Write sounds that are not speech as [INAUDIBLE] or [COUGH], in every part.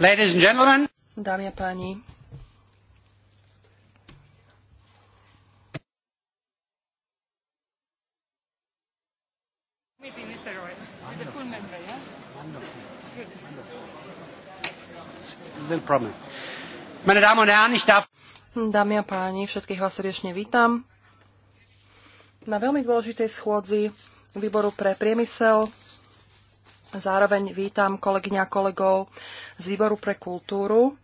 Ladies and gentlemen. Dámy a páni. No Dámy a páni, všetkých vás srdečne vítam na veľmi dôležitej schôdzi výboru pre priemysel, Zároveň vítam kolegyňa a kolegov z Výboru pre kultúru,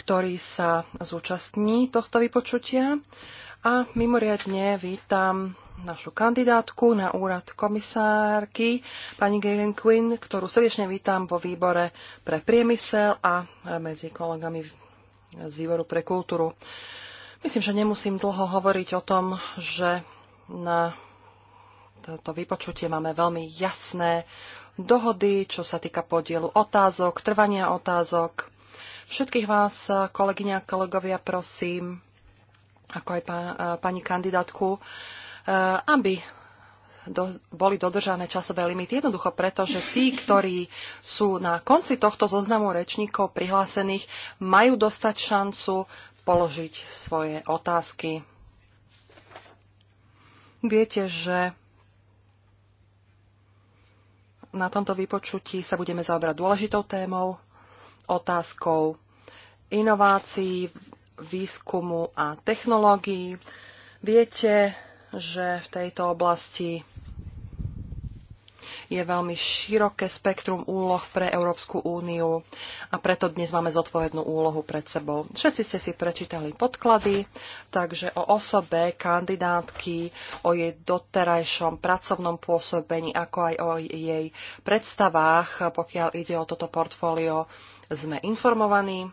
ktorí sa zúčastní tohto vypočutia. A mimoriadne vítam našu kandidátku na úrad komisárky, pani Gegen Quinn, ktorú srdečne vítam vo výbore pre priemysel a medzi kolegami z výboru pre kultúru. Myslím, že nemusím dlho hovoriť o tom, že na toto vypočutie máme veľmi jasné dohody, čo sa týka podielu otázok, trvania otázok. Všetkých vás, kolegyňa a kolegovia, prosím, ako aj pá, pani kandidátku, e, aby do, boli dodržané časové limity. Jednoducho preto, že tí, ktorí sú na konci tohto zoznamu rečníkov prihlásených, majú dostať šancu položiť svoje otázky. Viete, že na tomto vypočutí sa budeme zaoberať dôležitou témou, otázkou inovácií, výskumu a technológií. Viete, že v tejto oblasti je veľmi široké spektrum úloh pre Európsku úniu a preto dnes máme zodpovednú úlohu pred sebou. Všetci ste si prečítali podklady, takže o osobe kandidátky, o jej doterajšom pracovnom pôsobení, ako aj o jej predstavách, pokiaľ ide o toto portfólio, sme informovaní.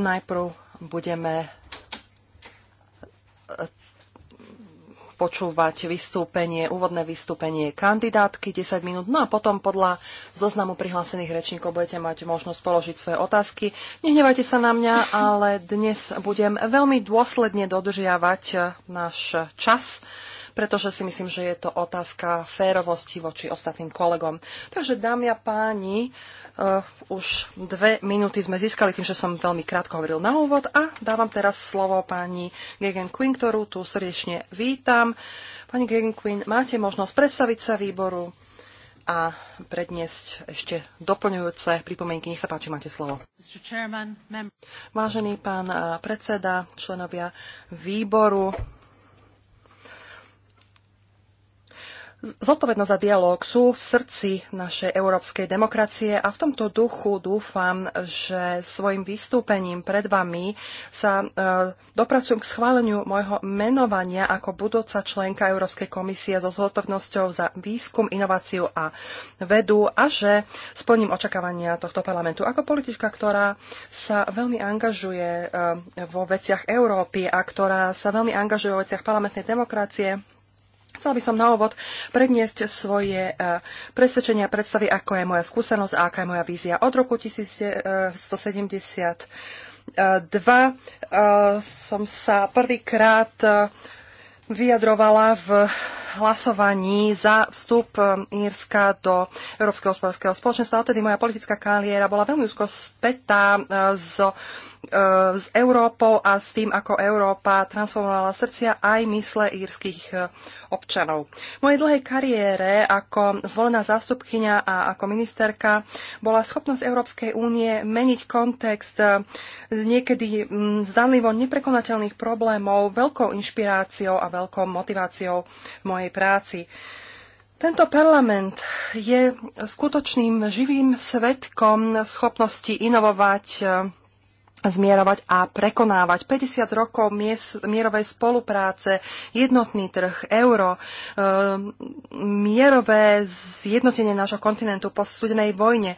Najprv budeme počúvať vystúpenie, úvodné vystúpenie kandidátky 10 minút, no a potom podľa zoznamu prihlásených rečníkov budete mať možnosť položiť svoje otázky. Nehnevajte sa na mňa, ale dnes budem veľmi dôsledne dodržiavať náš čas pretože si myslím, že je to otázka férovosti voči ostatným kolegom. Takže, dámy a páni, uh, už dve minúty sme získali tým, že som veľmi krátko hovoril na úvod a dávam teraz slovo pani Gegen Quinn, ktorú tu srdečne vítam. Pani Gegen Quinn, máte možnosť predstaviť sa výboru a predniesť ešte doplňujúce pripomienky. Nech sa páči, máte slovo. Vážený pán eh, predseda, členovia výboru, Zodpovednosť a dialog sú v srdci našej európskej demokracie a v tomto duchu dúfam, že svojim vystúpením pred vami sa e, dopracujem k schváleniu môjho menovania ako budúca členka Európskej komisie so zodpovednosťou za výskum, inováciu a vedu a že splním očakávania tohto parlamentu. Ako politička, ktorá sa veľmi angažuje e, vo veciach Európy a ktorá sa veľmi angažuje vo veciach parlamentnej demokracie, Chcela by som na úvod predniesť svoje e, presvedčenia, predstavy, ako je moja skúsenosť a aká je moja vízia. Od roku 1172 e, som sa prvýkrát e, vyjadrovala v hlasovaní za vstup Írska do Európskeho hospodárskeho spoločenstva. Odtedy moja politická kariéra bola veľmi úzko spätá so Eh, s Európou a s tým, ako Európa transformovala srdcia aj mysle írskych eh, občanov. V mojej dlhej kariére ako zvolená zástupkyňa a ako ministerka bola schopnosť Európskej únie meniť kontext eh, niekedy mm, zdanlivo neprekonateľných problémov veľkou inšpiráciou a veľkou motiváciou v mojej práci. Tento parlament je skutočným živým svetkom schopnosti inovovať zmierovať a prekonávať. 50 rokov mierovej spolupráce, jednotný trh, euro, e, mierové zjednotenie nášho kontinentu po studenej vojne.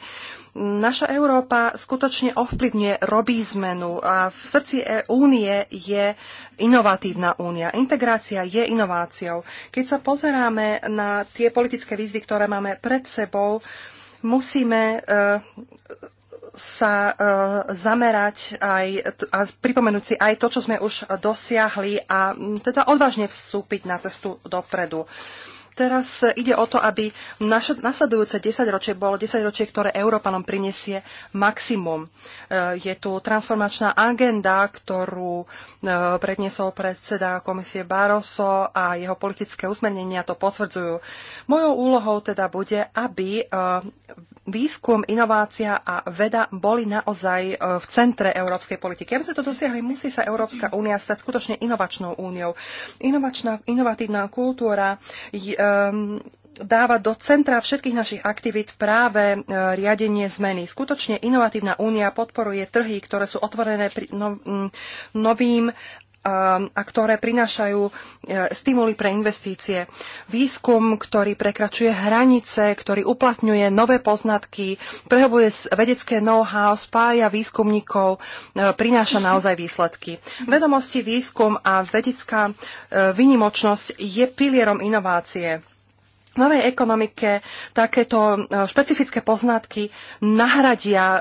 Naša Európa skutočne ovplyvňuje, robí zmenu a v srdci e- únie je inovatívna únia. Integrácia je inováciou. Keď sa pozeráme na tie politické výzvy, ktoré máme pred sebou, musíme e, sa e, zamerať aj a pripomenúť si aj to, čo sme už dosiahli a teda odvážne vstúpiť na cestu dopredu. Teraz ide o to, aby naša, nasledujúce 10 ročie bolo 10 ročie, ktoré Európanom prinesie maximum. E, je tu transformačná agenda, ktorú e, predniesol predseda komisie Barroso a jeho politické usmernenia to potvrdzujú. Mojou úlohou teda bude, aby výskum, inovácia a veda boli naozaj e, v centre európskej politiky. Aby sme to dosiahli, musí sa Európska únia stať skutočne inovačnou úniou. Inovačná, inovatívna kultúra um, dáva do centra všetkých našich aktivít práve e, riadenie zmeny. Skutočne inovatívna únia podporuje trhy, ktoré sú otvorené pri, no, novým Um, a ktoré prinášajú uh, stimuly pre investície. Výskum, ktorý prekračuje hranice, ktorý uplatňuje nové poznatky, prehlbuje vedecké know-how, spája výskumníkov, uh, prináša naozaj výsledky. Vedomosti, výskum a vedecká uh, vynimočnosť je pilierom inovácie novej ekonomike takéto e, špecifické poznatky nahradia e,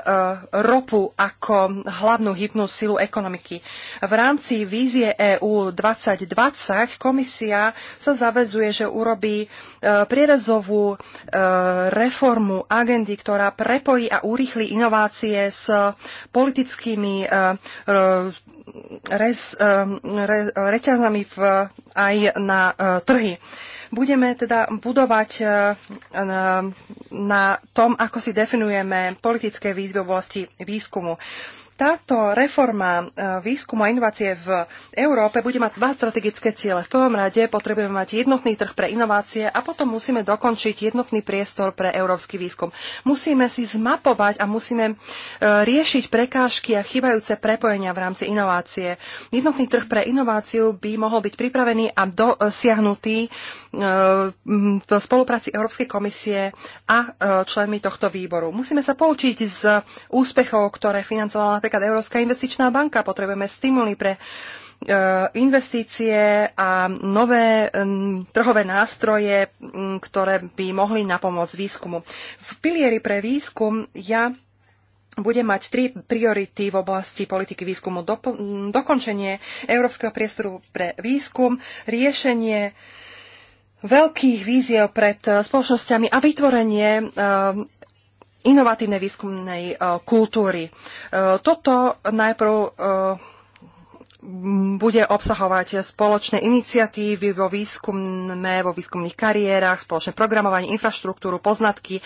ropu ako hlavnú hybnú silu ekonomiky. V rámci vízie EU 2020 komisia sa zavezuje, že urobí e, prierezovú reformu agendy, ktorá prepojí a urýchli inovácie s politickými rez, um, re, reťazami v, aj na uh, trhy. Budeme teda budovať uh, na tom, ako si definujeme politické výzvy v oblasti výskumu. Táto reforma e, výskumu a inovácie v Európe bude mať dva strategické ciele. V prvom rade potrebujeme mať jednotný trh pre inovácie a potom musíme dokončiť jednotný priestor pre európsky výskum. Musíme si zmapovať a musíme e, riešiť prekážky a chybajúce prepojenia v rámci inovácie. Jednotný trh pre inováciu by mohol byť pripravený a dosiahnutý e, v spolupráci Európskej komisie a členmi tohto výboru. Musíme sa poučiť z úspechov, ktoré financovala napríklad Európska investičná banka. Potrebujeme stimuly pre e, investície a nové trhové nástroje, ktoré by mohli napomôcť výskumu. V pilieri pre výskum ja budem mať tri priority v oblasti politiky výskumu. Dop- dokončenie Európskeho priestoru pre výskum, riešenie veľkých víziev pred e, spoločnosťami a vytvorenie e, inovatívnej výskumnej e, kultúry. E, toto najprv e, bude obsahovať spoločné iniciatívy vo výskume, vo výskumných kariérach, spoločné programovanie, infraštruktúru, poznatky,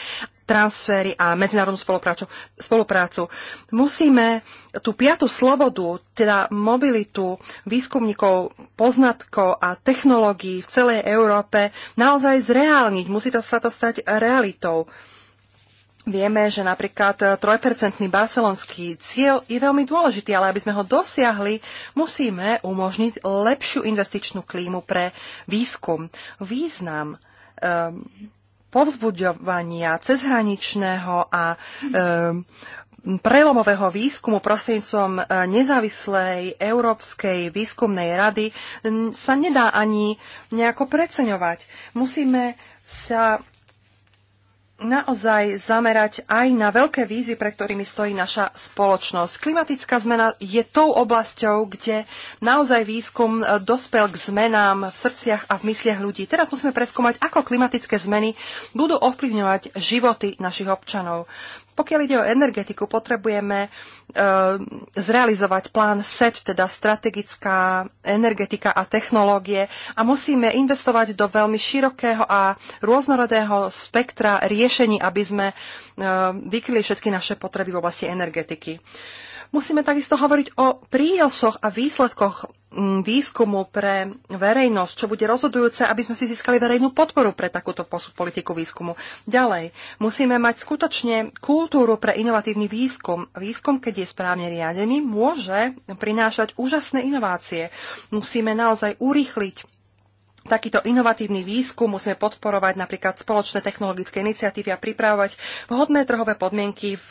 transfery a medzinárodnú spoluprácu. spoluprácu. Musíme tú piatu slobodu, teda mobilitu výskumníkov, poznatkov a technológií v celej Európe naozaj zreálniť. Musí to sa to stať realitou. Uh, Vieme, že napríklad e, trojpercentný barcelonský cieľ je veľmi dôležitý, ale aby sme ho dosiahli, musíme umožniť lepšiu investičnú klímu pre výskum. Význam um, e, povzbudovania cezhraničného a um, prelomového výskumu prostredníctvom nezávislej Európskej výskumnej rady sa nedá ani nejako preceňovať. Musíme sa naozaj zamerať aj na veľké vízy, pre ktorými stojí naša spoločnosť. Klimatická zmena je tou oblasťou, kde naozaj výskum e, dospel k zmenám v srdciach a v mysliach ľudí. Teraz musíme preskúmať, ako klimatické zmeny budú ovplyvňovať životy našich občanov. Pokiaľ ide o energetiku, potrebujeme e, zrealizovať plán SET, teda strategická energetika a technológie a musíme investovať do veľmi širokého a rôznorodého spektra riešení, aby sme e, vykryli všetky naše potreby v oblasti energetiky. Musíme takisto hovoriť o prínosoch a výsledkoch mm, výskumu pre verejnosť, čo bude rozhodujúce, aby sme si získali verejnú podporu pre takúto politiku výskumu. Ďalej, musíme mať skutočne kultúru pre inovatívny výskum. Výskum, keď je správne riadený, môže prinášať úžasné inovácie. Musíme naozaj urýchliť Takýto inovatívny výskum musíme podporovať napríklad spoločné technologické iniciatívy a pripravovať vhodné trhové podmienky v, e,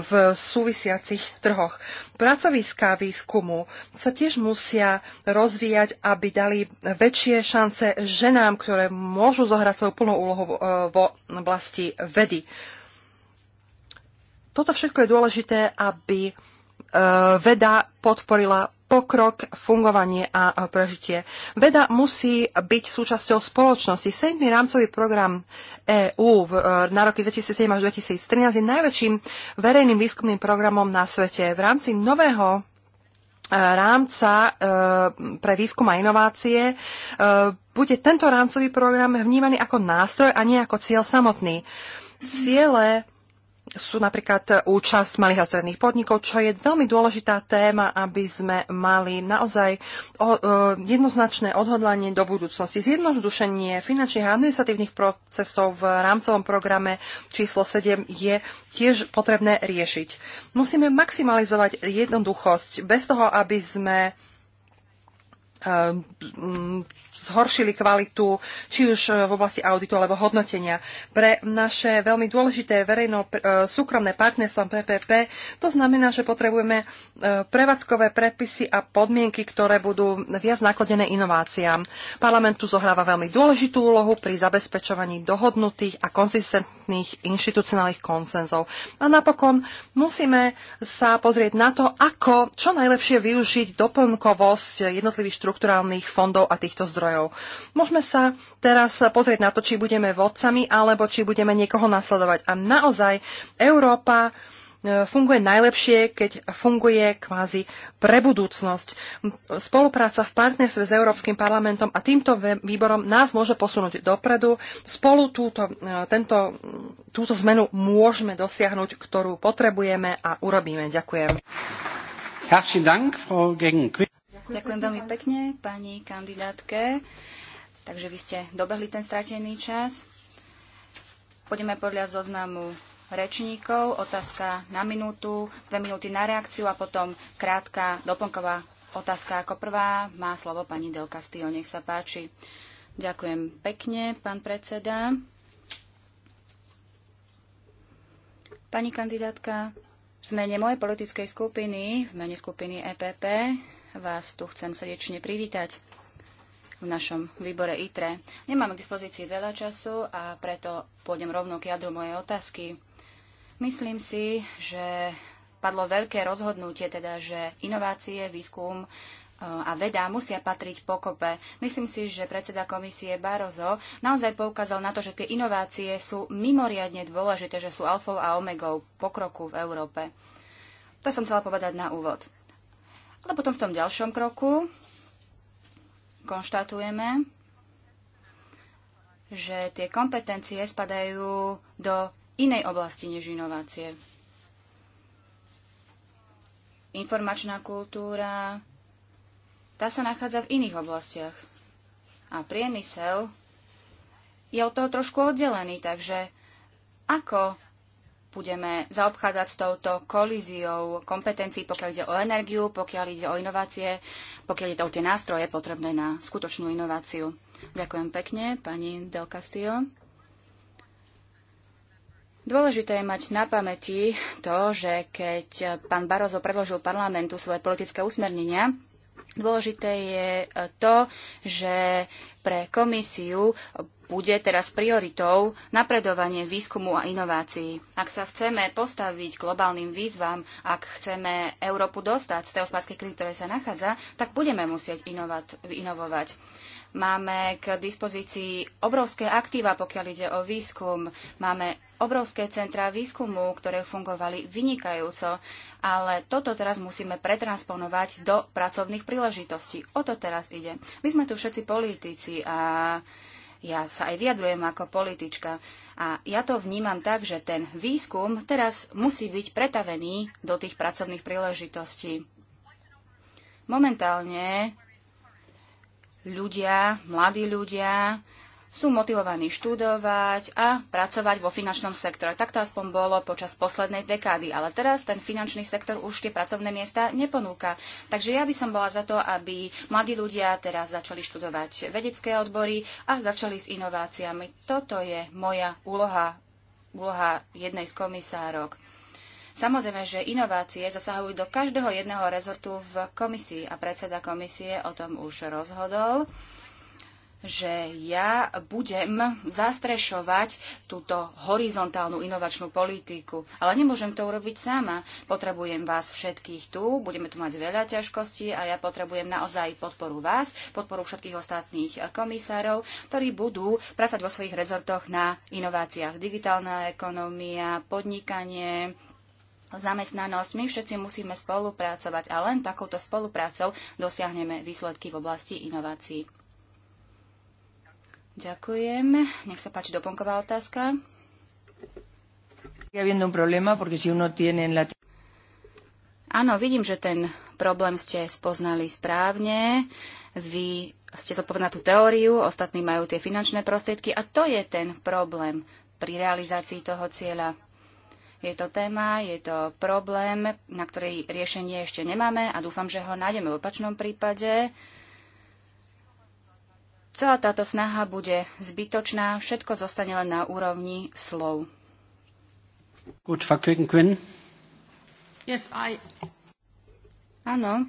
v súvisiacich trhoch. Pracoviská výskumu sa tiež musia rozvíjať, aby dali väčšie šance ženám, ktoré môžu zohrať svoju plnú úlohu e, vo oblasti vedy. Toto všetko je dôležité, aby e, veda podporila pokrok, fungovanie a prežitie. Veda musí byť súčasťou spoločnosti. 7. rámcový program EÚ e, na roky 2007 až 2013 je najväčším verejným výskumným programom na svete. V rámci nového e, rámca e, pre výskum a inovácie bude tento rámcový program vnímaný ako nástroj a nie ako cieľ samotný. Ciele sú napríklad účasť malých a stredných podnikov, čo je veľmi dôležitá téma, aby sme mali naozaj e, jednoznačné odhodlanie do budúcnosti. Zjednodušenie finančných a administratívnych procesov v rámcovom programe číslo 7 je tiež potrebné riešiť. Musíme maximalizovať jednoduchosť bez toho, aby sme Ehm, zhoršili kvalitu, či už e, v oblasti auditu alebo hodnotenia. Pre naše veľmi dôležité verejno-súkromné e, partnerstvo PPP to znamená, že potrebujeme e, prevádzkové prepisy a podmienky, ktoré budú viac nakladené inováciám. Parlament tu zohráva veľmi dôležitú úlohu pri zabezpečovaní dohodnutých a konzistentných inštitucionálnych konsenzov. A napokon musíme sa pozrieť na to, ako čo najlepšie využiť doplnkovosť jednotlivých štrukturálnych fondov a týchto zdrojov. Môžeme sa teraz pozrieť na to, či budeme vodcami alebo či budeme niekoho nasledovať. A naozaj Európa e, funguje najlepšie, keď funguje kvázi pre budúcnosť. Spolupráca v partnerstve s Európskym parlamentom a týmto výborom nás môže posunúť dopredu. Spolu túto, e, tento, túto zmenu môžeme dosiahnuť, ktorú potrebujeme a urobíme. Ďakujem. Herzlichen Dank, Frau Gegen Ďakujem veľmi pekne pani kandidátke. Takže vy ste dobehli ten stratený čas. Pôjdeme podľa zoznamu rečníkov. Otázka na minútu, dve minúty na reakciu a potom krátka doplnková otázka ako prvá. Má slovo pani Del Castillo. Nech sa páči. Ďakujem pekne, pán predseda. Pani kandidátka, v mene mojej politickej skupiny, v mene skupiny EPP, vás tu chcem srdečne privítať v našom výbore ITRE. Nemám k dispozícii veľa času a preto pôjdem rovno k jadru mojej otázky. Myslím si, že padlo veľké rozhodnutie, teda, že inovácie, výskum e, a veda musia patriť pokope. Myslím si, že predseda komisie Barozo naozaj poukázal na to, že tie inovácie sú mimoriadne dôležité, že sú alfou a omegou pokroku v Európe. To som chcela povedať na úvod. Ale no potom v tom ďalšom kroku konštatujeme, že tie kompetencie spadajú do inej oblasti než inovácie. Informačná kultúra, tá sa nachádza v iných oblastiach. A priemysel je od toho trošku oddelený, takže ako budeme zaobchádzať s touto kolíziou kompetencií, pokiaľ ide o energiu, pokiaľ ide o inovácie, pokiaľ ide o tie nástroje potrebné na skutočnú inováciu. Ďakujem pekne, pani Del Castillo. Dôležité je mať na pamäti to, že keď pán Barozo predložil parlamentu svoje politické usmernenia, dôležité je to, že pre komisiu bude teraz prioritou napredovanie výskumu a inovácií. Ak sa chceme postaviť globálnym výzvam, ak chceme Európu dostať z tej odpadskej krízy, ktoré sa nachádza, tak budeme musieť inovať, inovovať. Máme k dispozícii obrovské aktíva, pokiaľ ide o výskum. Máme obrovské centrá výskumu, ktoré fungovali vynikajúco, ale toto teraz musíme pretransponovať do pracovných príležitostí. O to teraz ide. My sme tu všetci politici a ja sa aj vyjadrujem ako politička a ja to vnímam tak, že ten výskum teraz musí byť pretavený do tých pracovných príležitostí. Momentálne ľudia, mladí ľudia, sú motivovaní študovať a pracovať vo finančnom sektore. Tak to aspoň bolo počas poslednej dekády, ale teraz ten finančný sektor už tie pracovné miesta neponúka. Takže ja by som bola za to, aby mladí ľudia teraz začali študovať vedecké odbory a začali s inováciami. Toto je moja úloha, úloha jednej z komisárok. Samozrejme, že inovácie zasahujú do každého jedného rezortu v komisii a predseda komisie o tom už rozhodol že ja budem zastrešovať túto horizontálnu inovačnú politiku. Ale nemôžem to urobiť sama. Potrebujem vás všetkých tu, budeme tu mať veľa ťažkostí a ja potrebujem naozaj podporu vás, podporu všetkých ostatných komisárov, ktorí budú pracovať vo svojich rezortoch na inováciách. Digitálna ekonomia, podnikanie, zamestnanosť. My všetci musíme spolupracovať a len takouto spoluprácou dosiahneme výsledky v oblasti inovácií. Ďakujem. Nech sa páči doplnková otázka. Áno, vidím, že ten problém ste spoznali správne. Vy ste zodpovedná tú teóriu, ostatní majú tie finančné prostriedky a to je ten problém pri realizácii toho cieľa. Je to téma, je to problém, na ktorý riešenie ešte nemáme a dúfam, že ho nájdeme v opačnom prípade. Celá táto snaha bude zbytočná, všetko zostane len na úrovni slov. Gut, Frau quinn Yes, I... Áno.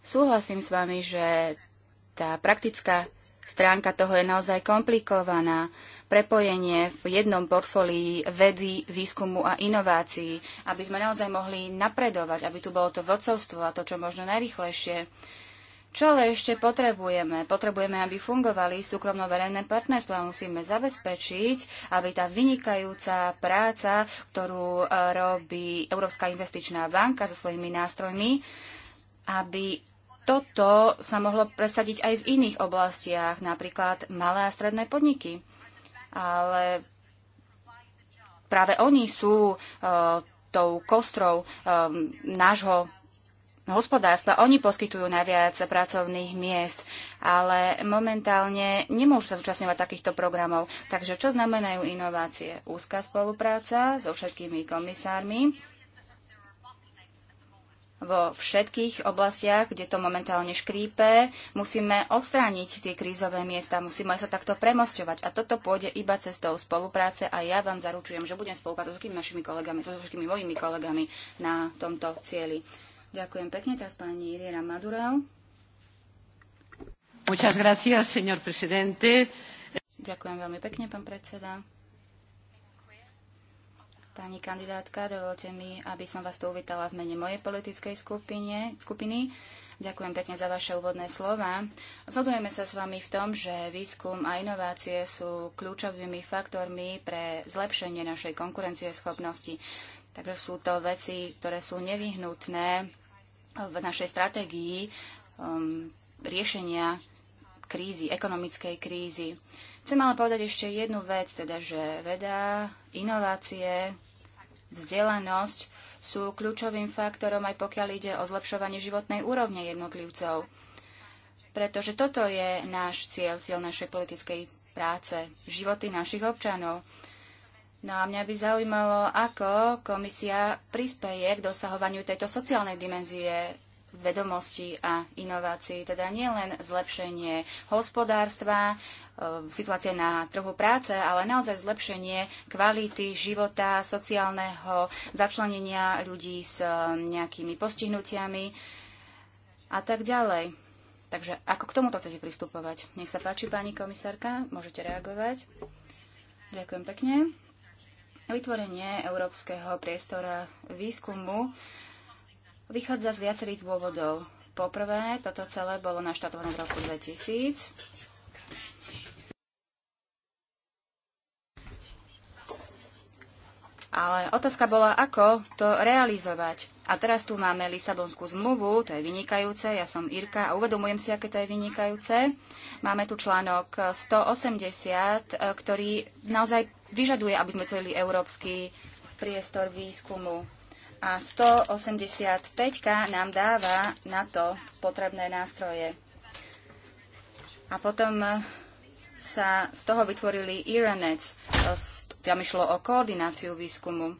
Súhlasím s vami, že tá praktická stránka toho je naozaj komplikovaná. Prepojenie v jednom portfólii vedy, výskumu a inovácií, aby sme naozaj mohli napredovať, aby tu bolo to vodcovstvo a to, čo možno najrychlejšie. Čo ale ešte potrebujeme? Potrebujeme, aby fungovali súkromno-verejné a Musíme zabezpečiť, aby tá vynikajúca práca, ktorú e, robí Európska investičná banka so svojimi nástrojmi, aby toto sa mohlo presadiť aj v iných oblastiach, napríklad malé a stredné podniky. Ale práve oni sú uh, tou kostrou um, nášho hospodárstva, oni poskytujú najviac pracovných miest, ale momentálne nemôžu sa zúčastňovať takýchto programov. Takže čo znamenajú inovácie? Úzka spolupráca so všetkými komisármi vo všetkých oblastiach, kde to momentálne škrípe, musíme odstrániť tie krízové miesta, musíme sa takto premosťovať. A toto pôjde iba cestou spolupráce a ja vám zaručujem, že budem spolupracovať s všetkými našimi kolegami, so všetkými mojimi kolegami na tomto cieli. Ďakujem pekne. Teraz pani Riera Madurel. Muchas gracias, señor presidente. Ďakujem veľmi pekne, pán predseda. Pani kandidátka, dovolte mi, aby som vás tu uvítala v mene mojej politickej skupine, skupiny. Ďakujem pekne za vaše úvodné slova. Zhodujeme sa s vami v tom, že výskum a inovácie sú kľúčovými faktormi pre zlepšenie našej konkurencieschopnosti. Takže sú to veci, ktoré sú nevyhnutné v našej stratégii um, riešenia krízy, ekonomickej krízy. Chcem ale povedať ešte jednu vec, teda, že veda, inovácie, vzdelanosť sú kľúčovým faktorom aj pokiaľ ide o zlepšovanie životnej úrovne jednotlivcov. Pretože toto je náš cieľ, cieľ našej politickej práce, životy našich občanov. No a mňa by zaujímalo, ako komisia prispeje k dosahovaniu tejto sociálnej dimenzie vedomostí a inovácií, teda nielen zlepšenie hospodárstva, e, situácie na trhu práce, ale naozaj zlepšenie kvality života, sociálneho začlenenia ľudí s e, nejakými postihnutiami a tak ďalej. Takže ako k tomuto chcete pristupovať? Nech sa páči, pani komisárka, môžete reagovať. Ďakujem pekne. Vytvorenie európskeho priestora výskumu vychádza z viacerých dôvodov. Poprvé, toto celé bolo naštatované v roku 2000 Ale otázka bola, ako to realizovať. A teraz tu máme Lisabonskú zmluvu, to je vynikajúce, ja som Irka a uvedomujem si, aké to je vynikajúce. Máme tu článok 180, ktorý naozaj vyžaduje, aby sme tvorili európsky priestor výskumu. A 185 nám dáva na to potrebné nástroje. A potom eh, sa z toho vytvorili IRANET. Eh, tam išlo o koordináciu výskumu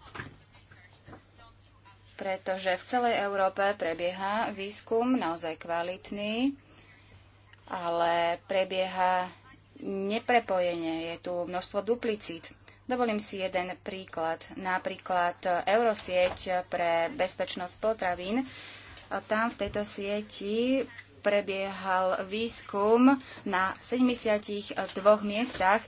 pretože v celej Európe prebieha výskum naozaj kvalitný, ale prebieha neprepojenie. Je tu množstvo duplicít. Dovolím si jeden príklad. Napríklad eh, Eurosieť eh, pre bezpečnosť potravín. Tam v tejto sieti prebiehal výskum na 72 miestach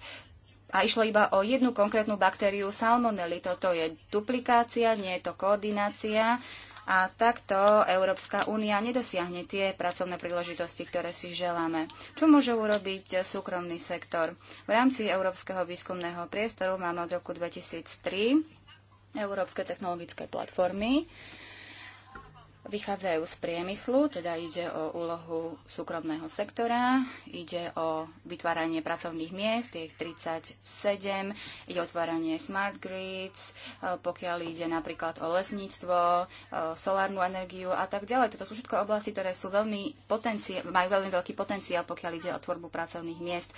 a išlo iba o jednu konkrétnu baktériu salmonely. Toto je duplikácia, nie je to koordinácia. A takto Európska únia nedosiahne tie pracovné príležitosti, ktoré si želáme. Čo môže urobiť súkromný sektor? V rámci Európskeho výskumného priestoru máme od roku 2003 Európske technologické platformy, vychádzajú z priemyslu, teda ide o úlohu súkromného sektora, ide o vytváranie pracovných miest, je ich 37, ide o otváranie smart grids, e, pokiaľ ide napríklad o lesníctvo, e, solárnu energiu a tak ďalej. Toto sú všetko oblasti, ktoré sú veľmi potenciál, majú veľmi veľký potenciál, pokiaľ ide o tvorbu pracovných miest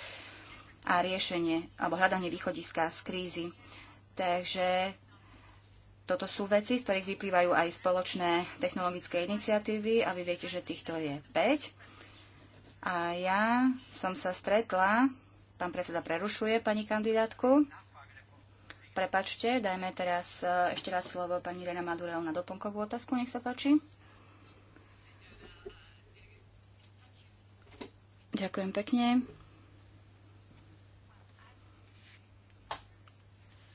a riešenie alebo hľadanie východiska z krízy. Takže toto sú veci, z ktorých vyplývajú aj spoločné technologické iniciatívy a vy viete, že týchto je 5. A ja som sa stretla, pán predseda prerušuje pani kandidátku. Prepačte, dajme teraz e, ešte raz slovo pani Rena Madurel na doplnkovú otázku, nech sa páči. Ďakujem pekne.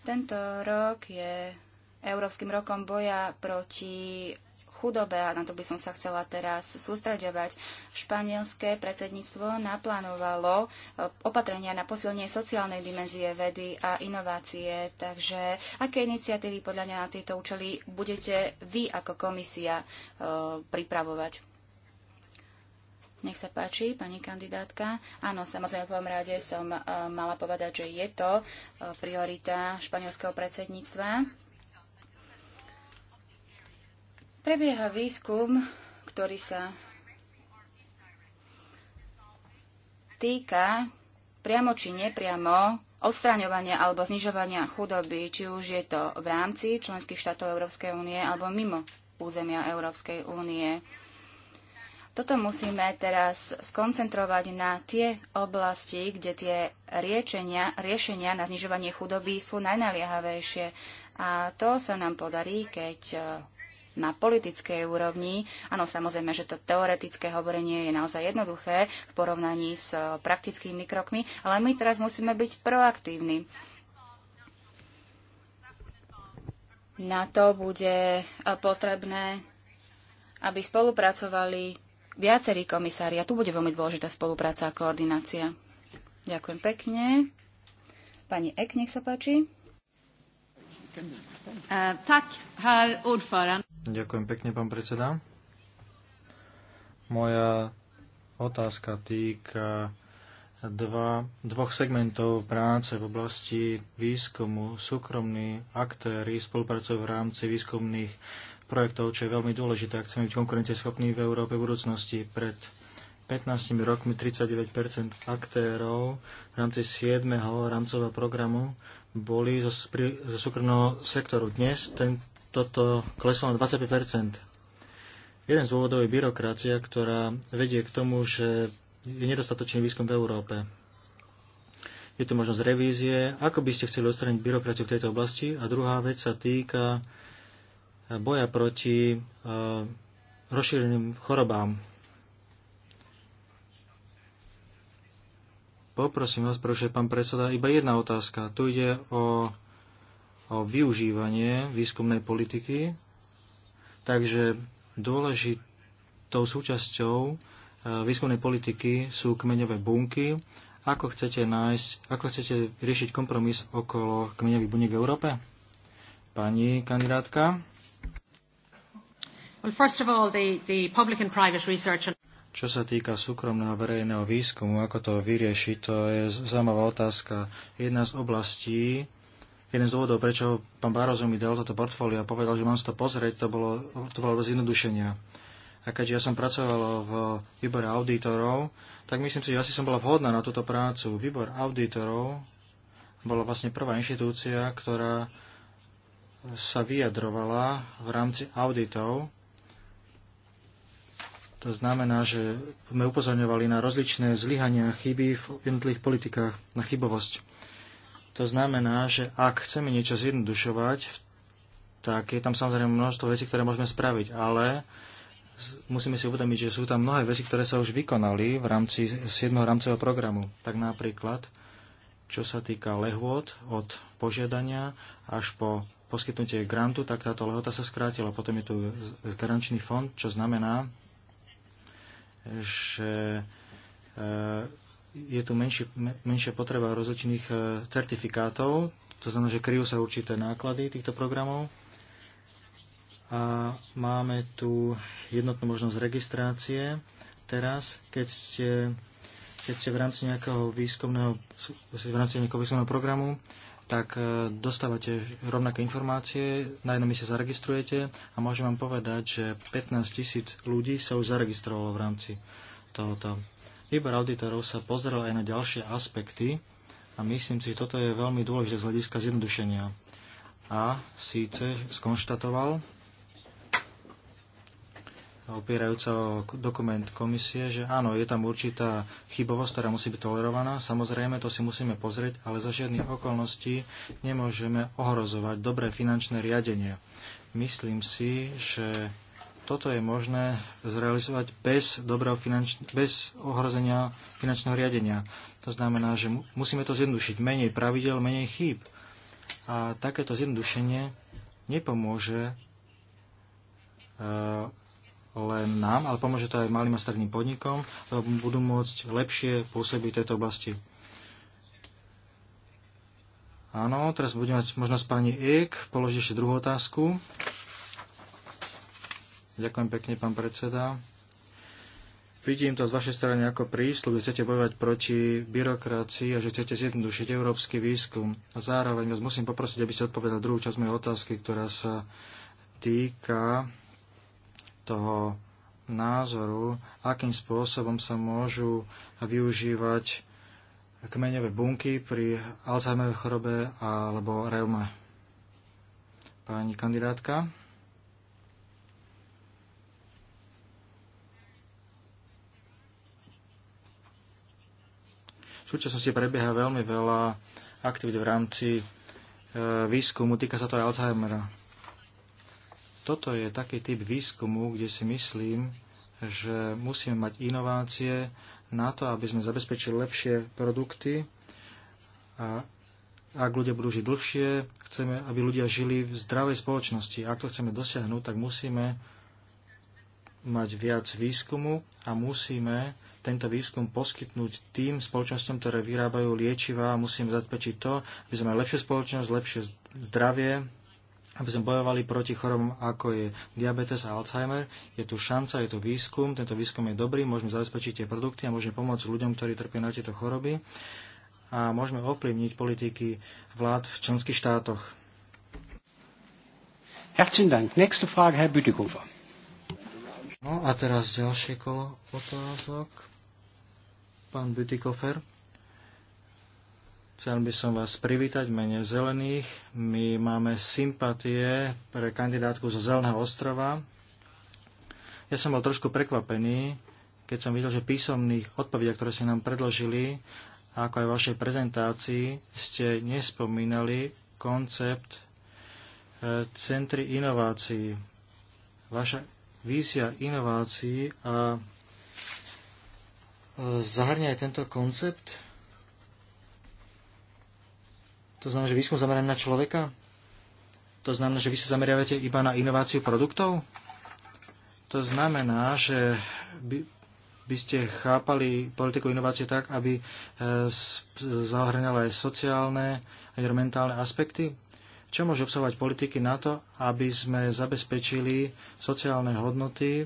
Tento rok je Európskym rokom boja proti chudobe a na to by som sa chcela teraz sústraďovať. Španielské predsedníctvo naplánovalo e, opatrenia na posilnenie sociálnej dimenzie vedy a inovácie, takže aké iniciatívy podľa mňa na tieto účely budete vy ako komisia e, pripravovať? Nech sa páči, pani kandidátka. Áno, samozrejme v prvom rade som e, mala povedať, že je to priorita španielského predsedníctva Prebieha výskum, ktorý sa týka priamo či nepriamo odstraňovania alebo znižovania chudoby, či už je to v rámci členských štátov Európskej únie alebo mimo územia Európskej únie. Toto musíme teraz skoncentrovať na tie oblasti, kde tie riečenia, riešenia na znižovanie chudoby sú najnaliehavejšie. A to sa nám podarí, keď na politickej úrovni. Áno, samozrejme, že to teoretické hovorenie je naozaj jednoduché v porovnaní s eh, praktickými krokmi, ale my teraz musíme byť proaktívni. Na to bude eh, potrebné, aby spolupracovali viacerí komisári a tu bude veľmi dôležitá spolupráca a koordinácia. Ďakujem pekne. Pani Ek, nech sa páči. Eh, tak, herr ordförande. Ďakujem pekne, pán predseda. Moja otázka týka dva, dvoch segmentov práce v oblasti výskumu. Súkromní aktéry spolupracujú v rámci výskumných projektov, čo je veľmi dôležité, ak chceme byť konkurencieschopní v Európe v budúcnosti. Pred 15 rokmi 39 aktérov v rámci 7. rámcového programu boli zo, zo súkromného sektoru. Dnes ten, toto kleslo na 25 Jeden z dôvodov je byrokracia, ktorá vedie k tomu, že je nedostatočný výskum v Európe. Je tu možnosť revízie. Ako by ste chceli odstrániť byrokraciu v tejto oblasti? A druhá vec sa týka eh, boja proti uh, rozšíreným chorobám. Poprosím vás, pretože pán predseda, iba jedna otázka. Tu ide o o využívanie výskumnej politiky. Takže dôležitou súčasťou e, výskumnej politiky sú kmeňové bunky. Ako chcete, nájsť, ako chcete riešiť kompromis okolo kmeňových buniek v Európe? Pani kandidátka. Well, first of all, the, the public and private research and čo sa týka súkromného verejného výskumu, ako to vyriešiť, to je zaujímavá otázka. Jedna z oblastí, jeden z dôvodov, prečo pán Barozo mi dal toto portfólio a povedal, že mám si to pozrieť, to bolo, to bolo bez zjednodušenia. A keďže ja som pracoval v výbore auditorov, tak myslím si, že asi som bola vhodná na túto prácu. Výbor auditorov bola vlastne prvá inštitúcia, ktorá sa vyjadrovala v rámci auditov. To znamená, že sme upozorňovali na rozličné zlyhania, chyby v jednotlivých politikách, na chybovosť. To znamená, že ak chceme niečo zjednodušovať, tak je tam samozrejme množstvo vecí, ktoré môžeme spraviť, ale musíme si uvedomiť, že sú tam mnohé veci, ktoré sa už vykonali v rámci 7. rámcového programu. Tak napríklad, čo sa týka lehôd od požiadania až po poskytnutie grantu, tak táto lehota sa skrátila. Potom je tu garančný fond, čo znamená, že e, je tu menšie, menšia potreba rozličných e, certifikátov, to znamená, že kryjú sa určité náklady týchto programov. A máme tu jednotnú možnosť registrácie. Teraz, keď ste, keď ste v rámci nejakého výskumného, v rámci nejakého výskumného programu, tak e, dostávate rovnaké informácie, na jednom sa zaregistrujete a môžem vám povedať, že 15 tisíc ľudí sa už zaregistrovalo v rámci tohoto Výbor auditorov sa pozrel aj na ďalšie aspekty a myslím si, že toto je veľmi dôležité z hľadiska zjednodušenia. A síce skonštatoval, opierajúca o dokument komisie, že áno, je tam určitá chybovosť, ktorá musí byť tolerovaná. Samozrejme, to si musíme pozrieť, ale za žiadnych okolností nemôžeme ohrozovať dobré finančné riadenie. Myslím si, že toto je možné zrealizovať bez, dobrého finanč- bez ohrozenia finančného riadenia. To znamená, že musíme to zjednodušiť. Menej pravidel, menej chýb. A takéto zjednodušenie nepomôže e, len nám, ale pomôže to aj malým a stredným podnikom, lebo budú môcť lepšie pôsobiť v tejto oblasti. Áno, teraz budeme mať možnosť pani Ek položiť ešte druhú otázku. Ďakujem pekne, pán predseda. Vidím to z vašej strany ako prísľub, že chcete bojovať proti byrokracii a že chcete zjednodušiť európsky výskum. A zároveň vás musím poprosiť, aby ste odpovedali druhú časť mojej otázky, ktorá sa týka toho názoru, akým spôsobom sa môžu využívať kmeňové bunky pri Alzheimerovej chorobe alebo reume. Pani kandidátka. V súčasnosti prebieha veľmi veľa aktivít v rámci e, výskumu, týka sa to aj Alzheimera. Toto je taký typ výskumu, kde si myslím, že musíme mať inovácie na to, aby sme zabezpečili lepšie produkty a ak ľudia budú žiť dlhšie, chceme, aby ľudia žili v zdravej spoločnosti. Ak to chceme dosiahnuť, tak musíme mať viac výskumu a musíme tento výskum poskytnúť tým spoločnosťom, ktoré vyrábajú liečivá a musíme zabezpečiť to, aby sme mali lepšiu spoločnosť, lepšie zdravie, aby sme bojovali proti chorom, ako je diabetes a Alzheimer. Je tu šanca, je tu výskum, tento výskum je dobrý, môžeme zabezpečiť tie produkty a môžeme pomôcť ľuďom, ktorí trpia na tieto choroby a môžeme ovplyvniť politiky vlád v členských štátoch. Herzlichen Dank. Nächste Frage, Herr Bütikofer. No a teraz ďalšie kolo otázok. Pán Bytykofer. chcel by som vás privítať mene Zelených. My máme sympatie pre kandidátku zo Zeleného ostrova. Ja som bol trošku prekvapený, keď som videl, že písomných odpovediach, ktoré ste nám predložili, ako aj v vašej prezentácii, ste nespomínali koncept eh, centry inovácií. Vaša vízia inovácií a e, zahrňa aj tento koncept? To znamená, že výskum zameraný na človeka? To znamená, že vy sa zameriavate iba na inováciu produktov? To znamená, že by, by ste chápali politiku inovácie tak, aby e, zahrňala aj sociálne, environmentálne aspekty? čo môžu obsahovať politiky na to, aby sme zabezpečili sociálne hodnoty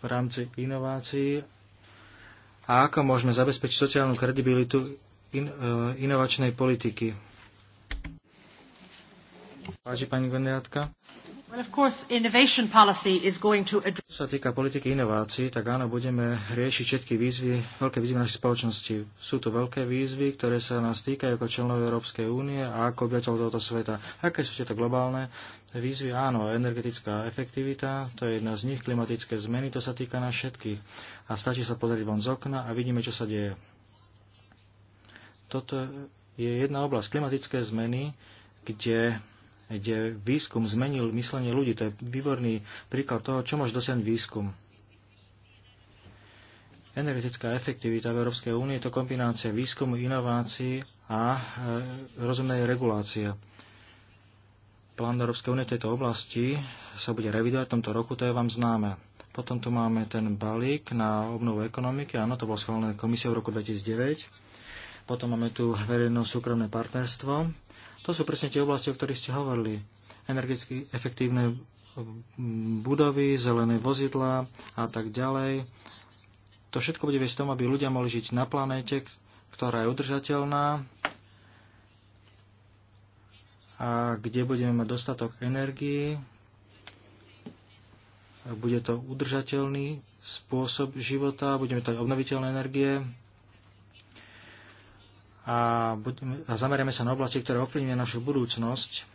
v rámci inovácií a ako môžeme zabezpečiť sociálnu kredibilitu in, e, inovačnej politiky. Páči pani kandidátka. Čo sa týka politiky inovácií, tak áno, budeme riešiť všetky výzvy, veľké výzvy našej spoločnosti. Sú to veľké výzvy, ktoré sa nás týkajú ako členov Európskej únie a ako obyvateľ tohoto sveta. Aké sú tieto globálne výzvy? Áno, energetická efektivita, to je jedna z nich, klimatické zmeny, to sa týka nás všetkých. A stačí sa pozrieť von z okna a vidíme, čo sa deje. Toto je jedna oblasť klimatické zmeny, kde kde výskum zmenil myslenie ľudí. To je výborný príklad toho, čo môže dosiahnuť výskum. Energetická efektivita v Európskej únie je to kombinácia výskumu, inovácií a e, rozumnej regulácie. Plán Európskej únie v tejto oblasti sa bude revidovať v tomto roku, to je vám známe. Potom tu máme ten balík na obnovu ekonomiky, áno, to bolo schválené komisiou v roku 2009. Potom máme tu verejno-súkromné partnerstvo, to sú presne tie oblasti, o ktorých ste hovorili. Energeticky efektívne budovy, zelené vozidlá a tak ďalej. To všetko bude viesť tomu, aby ľudia mohli žiť na planéte, ktorá je udržateľná a kde budeme mať dostatok energii. Bude to udržateľný spôsob života, budeme to aj obnoviteľné energie a, a zameriame sa na oblasti, ktoré ovplyvňuje našu budúcnosť.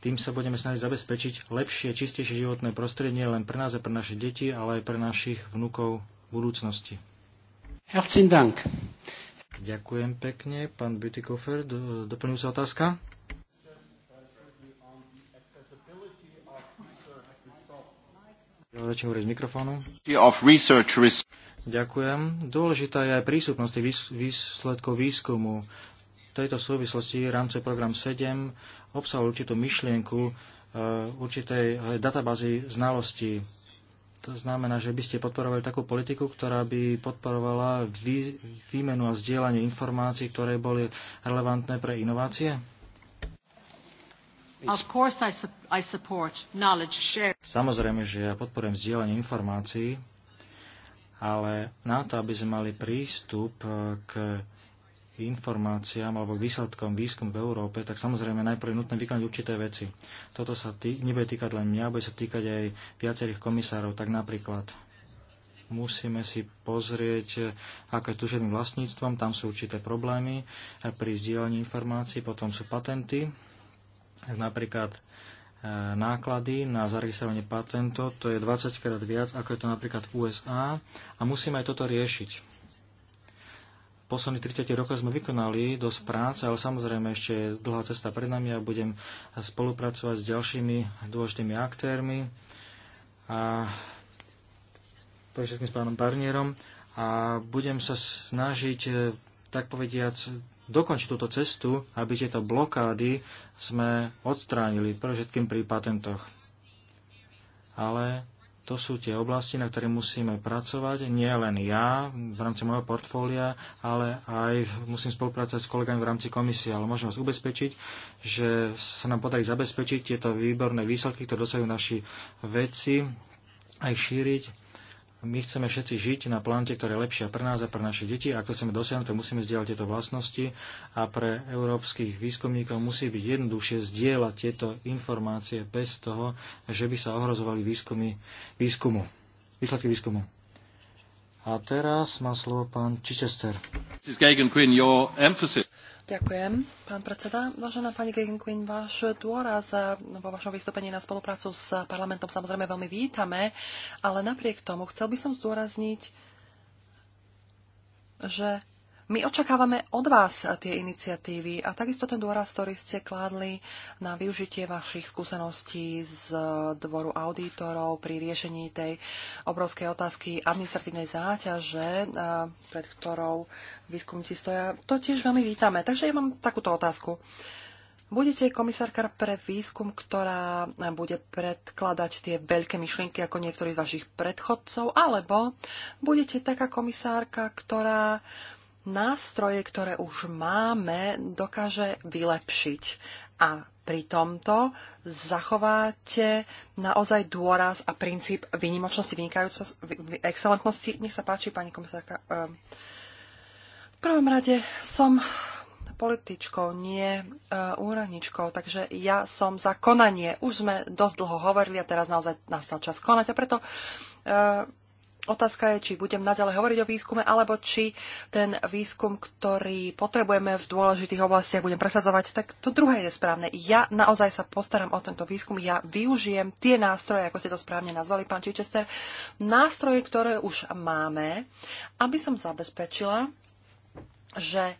Tým sa budeme snažiť zabezpečiť lepšie, čistejšie životné prostredie len pre nás a pre naše deti, ale aj pre našich vnúkov v budúcnosti. Herzlichen Dank. Ďakujem pekne. Pán Bütikofer, doplňujúca otázka? Rečím hovoriť mikrofónu. Ďakujem. Dôležitá je aj prísupnosť výsledkov výskumu. V tejto súvislosti rámce program 7 obsahol určitú myšlienku e, určitej e, databázy znalostí. To znamená, že by ste podporovali takú politiku, ktorá by podporovala vý, výmenu a zdieľanie informácií, ktoré boli relevantné pre inovácie? Samozrejme, že ja podporujem zdieľanie informácií, ale na to, aby sme mali prístup e, k informáciám alebo výsledkom výskum v Európe, tak samozrejme najprv je nutné vykonať určité veci. Toto sa tý, nebude týkať len mňa, bude sa týkať aj viacerých komisárov. Tak napríklad musíme si pozrieť, e, ako je tuženým vlastníctvom, tam sú určité problémy e, pri zdieľaní informácií, potom sú patenty. Napríklad E, náklady na zaregistrovanie patentov, to je 20 krát viac, ako je to napríklad v USA a musíme aj toto riešiť. V posledných 30 rokoch sme vykonali dosť práce, ale samozrejme ešte je dlhá cesta pred nami a budem spolupracovať s ďalšími dôležitými aktérmi a pre s pánom Barnierom a budem sa snažiť e, tak povediac dokončiť túto cestu, aby tieto blokády sme odstránili, pre všetkým pri patentoch. Ale to sú tie oblasti, na ktorých musíme pracovať, nie len ja v rámci môjho portfólia, ale aj musím spolupracovať s kolegami v rámci komisie. Ale môžem vás ubezpečiť, že sa nám podarí zabezpečiť tieto výborné výsledky, ktoré dosahujú naši vedci, aj šíriť my chceme všetci žiť na planete, ktorá je lepšia pre nás a pre naše deti. ak to chceme dosiahnuť, tak musíme zdieľať tieto vlastnosti a pre európskych výskumníkov musí byť jednoduchšie zdieľať tieto informácie bez toho, že by sa ohrozovali výskumy, výskumu, výsledky výskumu. A teraz má slovo pán Chichester. Ďakujem, pán predseda. Vážená pani Gegenquin, váš dôraz eh, vo vašom vystúpení na spoluprácu s parlamentom samozrejme veľmi vítame, ale napriek tomu chcel by som zdôrazniť, že my očakávame od vás tie iniciatívy a takisto ten dôraz, ktorý ste kládli na využitie vašich skúseností z dvoru auditorov pri riešení tej obrovskej otázky administratívnej záťaže, pred ktorou výskumníci stoja, to tiež veľmi vítame. Takže ja mám takúto otázku. Budete komisárka pre výskum, ktorá bude predkladať tie veľké myšlienky ako niektorí z vašich predchodcov, alebo budete taká komisárka, ktorá nástroje, ktoré už máme, dokáže vylepšiť. A pri tomto zachováte naozaj dôraz a princíp výnimočnosti, vynikajúcosti, excelentnosti. Nech sa páči, pani komisárka. Ehm, v prvom rade som političkou, nie e, úradničkou, takže ja som za konanie. Už sme dosť dlho hovorili a teraz naozaj nastal čas konať a preto e, Otázka je, či budem naďalej hovoriť o výskume, alebo či ten výskum, ktorý potrebujeme v dôležitých oblastiach, budem presadzovať, tak to druhé je správne. Ja naozaj sa postaram o tento výskum, ja využijem tie nástroje, ako ste to správne nazvali, pán Čičester, nástroje, ktoré už máme, aby som zabezpečila, že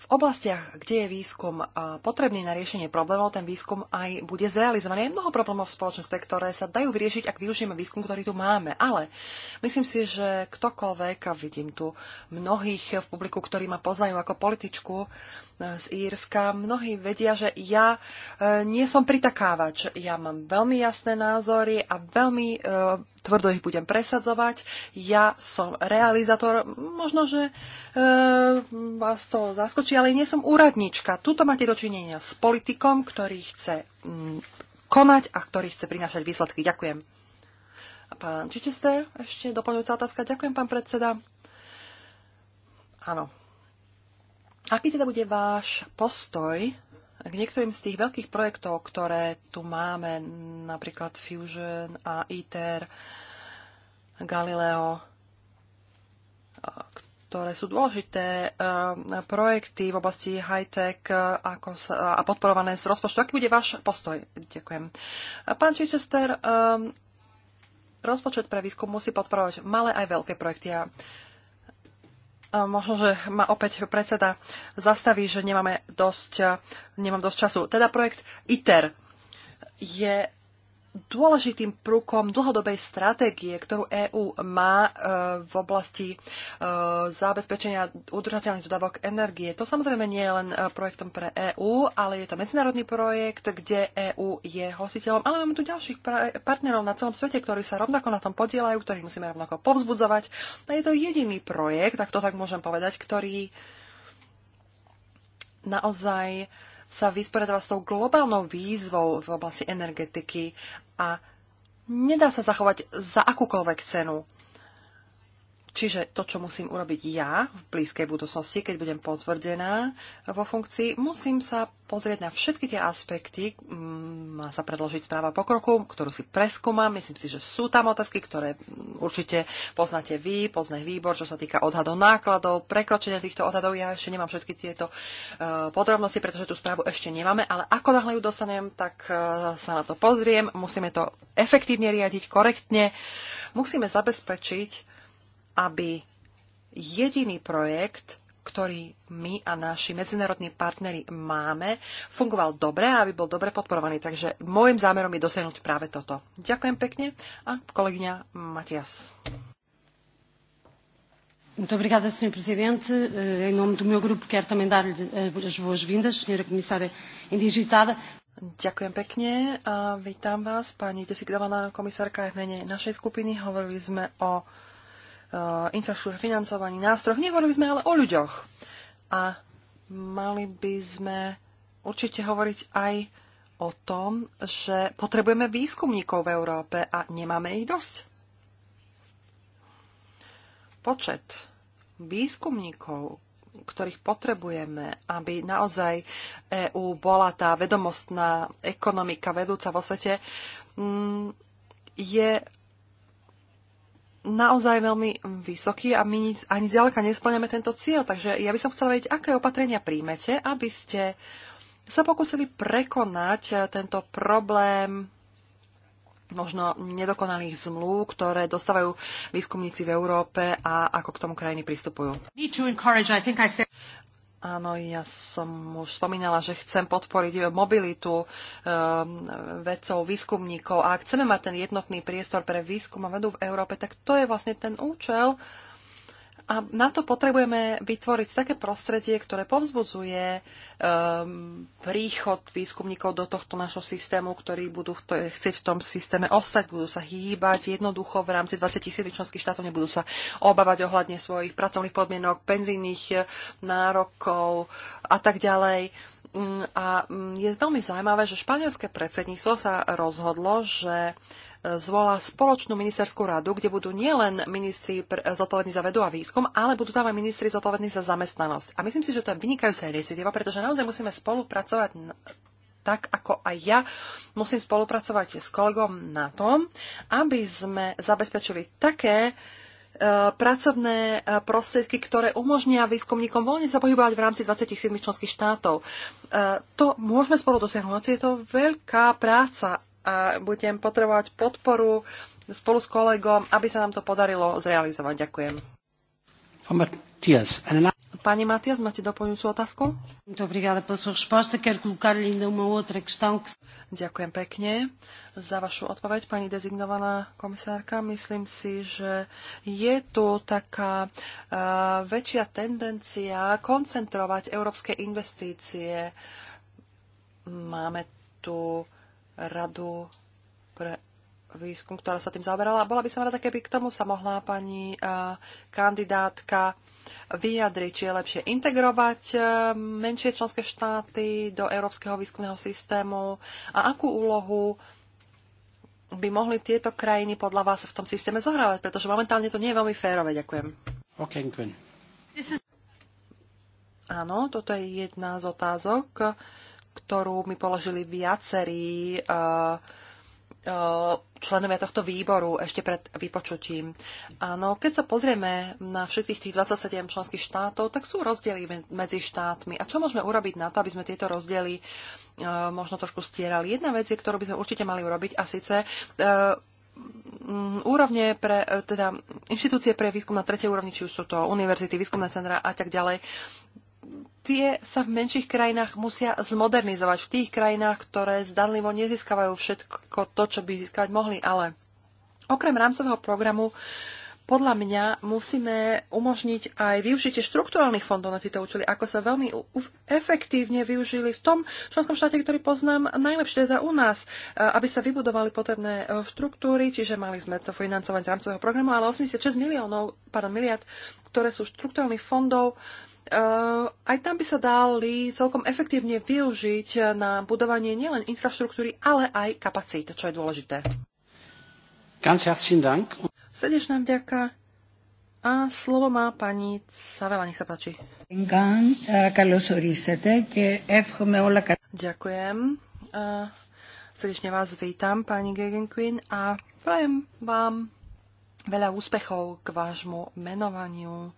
v oblastiach, kde je výskum potrebný na riešenie problémov, ten výskum aj bude zrealizovaný. Je mnoho problémov v spoločnosti, ktoré sa dajú vyriešiť, ak využijeme výskum, ktorý tu máme. Ale myslím si, že ktokoľvek, a vidím tu mnohých v publiku, ktorí ma poznajú ako političku, z Írska. Mnohí vedia, že ja e, nie som pritakávač. Ja mám veľmi jasné názory a veľmi e, tvrdo ich budem presadzovať. Ja som realizátor. Možno, že e, vás to zaskočí, ale nie som úradnička. Tuto máte dočinenia s politikom, ktorý chce konať a ktorý chce prinášať výsledky. Ďakujem. A pán Čičester, ešte doplňujúca otázka. Ďakujem, pán predseda. Áno, Aký teda bude váš postoj k niektorým z tých veľkých projektov, ktoré tu máme, napríklad Fusion a ITER, Galileo, ktoré sú dôležité projekty v oblasti high-tech a podporované z rozpočtu. Aký bude váš postoj? Ďakujem. Pán Chichester, rozpočet pre výskum musí podporovať malé aj veľké projekty. A možno, že ma opäť predseda zastaví, že nemáme dosť, nemám dosť času. Teda projekt ITER je dôležitým prúkom dlhodobej stratégie, ktorú EÚ má e, v oblasti e, zabezpečenia udržateľných dodávok energie. To samozrejme nie je len e, projektom pre EÚ, ale je to medzinárodný projekt, kde EÚ je hostiteľom. Ale máme tu ďalších partnerov na celom svete, ktorí sa rovnako na tom podielajú, ktorých musíme rovnako povzbudzovať. A je to jediný projekt, tak to tak môžem povedať, ktorý naozaj uh, sa vysporiadala s tou globálnou výzvou v oblasti energetiky a nedá sa zachovať za akúkoľvek cenu. Čiže to, čo musím urobiť ja v blízkej budúcnosti, keď budem potvrdená vo funkcii, musím sa pozrieť na všetky tie aspekty. Mm, má sa predložiť správa pokroku, ktorú si preskúmam. Myslím si, že sú tam otázky, ktoré mm, určite poznáte vy, pozná výbor, čo sa týka odhadov nákladov, prekročenia týchto odhadov. Ja ešte nemám všetky tieto e, podrobnosti, pretože tú správu ešte nemáme, ale ako náhle ju dostanem, tak e, sa na to pozriem. Musíme to efektívne riadiť, korektne. Musíme zabezpečiť, aby jediný projekt, ktorý my a naši medzinárodní partnery máme, fungoval dobre a aby bol dobre podporovaný. Takže môjim zámerom je dosiahnuť práve toto. Ďakujem pekne a kolegyňa Matias. Muito obrigada, Sr. Presidente. Eh, em nome do meu grupo, quero também dar-lhe eh, as boas-vindas, Sra. Comissária Indigitada. Ďakujem pekne a vítam vás, pani desigdovaná komisárka, v mene našej skupiny. Hovorili sme o Eh, infraštruktúre, financovaní, nástroch. Nehovorili sme ale o ľuďoch. A mali by sme určite hovoriť aj o tom, že potrebujeme výskumníkov v Európe a nemáme ich dosť. Počet výskumníkov, ktorých potrebujeme, aby naozaj EÚ bola tá vedomostná ekonomika vedúca vo svete, mm, je naozaj veľmi vysoký a my nic, ani zďaleka nesplňame tento cieľ. Takže ja by som chcela vedieť, aké opatrenia príjmete, aby ste sa pokúsili prekonať eh, tento problém možno nedokonalých zmluv, ktoré dostávajú výskumníci v Európe a ako k tomu krajiny pristupujú. Áno, ja som už spomínala, že chcem podporiť e, mobilitu um, vedcov, výskumníkov. A ak chceme mať ten jednotný priestor pre výskum a vedu v Európe, tak to je vlastne ten účel, uh, a na to potrebujeme vytvoriť také prostredie, ktoré povzbudzuje um, príchod výskumníkov do tohto našho systému, ktorí budú chcieť v tom systéme ostať, budú sa hýbať jednoducho v rámci 20 tisíc členských štátov, nebudú sa obávať ohľadne svojich pracovných podmienok, penzijných eh, nárokov a tak ďalej. Mm, a mm, je veľmi zaujímavé, že španielské predsedníctvo sa rozhodlo, že uh, zvolá spoločnú ministerskú radu, kde budú nielen ministri zodpovední za vedu a výskum, ale budú tam aj ministri zodpovední za zamestnanosť. A myslím si, že to je vynikajúca iniciatíva, pretože naozaj musíme spolupracovať tak ako aj ja musím spolupracovať s kolegom na tom, aby sme zabezpečili také e, pracovné e, prostriedky, ktoré umožnia výskumníkom voľne sa pohybovať v rámci 27 členských štátov. E, to môžeme spolu dosiahnuť, je to veľká práca a budem potrebovať podporu spolu s kolegom, aby sa nám to podarilo zrealizovať. Ďakujem. Pani Matias, máte doplňujúcu otázku? Ďakujem pekne za vašu odpoveď, pani dezignovaná komisárka. Myslím si, že je tu taká uh, väčšia tendencia koncentrovať európske investície. Máme tu uh, radu pre výskum, ktorá sa tým zaoberala. Bola by som rada, keby k tomu sa mohla pani kandidátka vyjadriť, či je lepšie integrovať menšie členské štáty do európskeho výskumného systému a akú úlohu by mohli tieto krajiny podľa vás v tom systéme zohrávať, pretože momentálne to nie je veľmi férové. Ďakujem. Okay, good. Áno, toto je jedna z otázok, ktorú mi položili viacerí eh, eh, členovia tohto výboru ešte pred vypočutím. Áno, keď sa pozrieme na všetkých tých 27 členských štátov, tak sú rozdiely medzi štátmi. A čo môžeme urobiť na to, aby sme tieto rozdiely eh, možno trošku stierali? Jedna vec je, ktorú by sme určite mali urobiť, a síce úrovne pre, teda inštitúcie pre výskum na tretej úrovni, či už sú to univerzity, výskumné centra a tak ďalej, tie sa v menších krajinách musia zmodernizovať. V tých krajinách, ktoré zdanlivo nezískavajú všetko to, čo by získať mohli. Ale okrem rámcového programu podľa mňa musíme umožniť aj využitie štrukturálnych fondov na tieto účely, ako sa veľmi efektívne využili v tom členskom štáte, ktorý poznám najlepšie, teda u nás, e, aby sa vybudovali potrebné e, štruktúry, čiže mali sme to financovať z rámcového programu, ale 86 miliónov, pardon, miliard, ktoré sú štrukturálnych fondov, aj tam by sa dali celkom efektívne využiť na budovanie nielen infraštruktúry, ale aj kapacít, čo je dôležité. Ganz herzlichen Dank. Srdečná vďaka. A slovo má pani Savela, nech sa páči. Ďakujem. Srdečne vás vítam, pani Gegenquin, a prajem vám Veľa úspechov k vášmu menovaniu.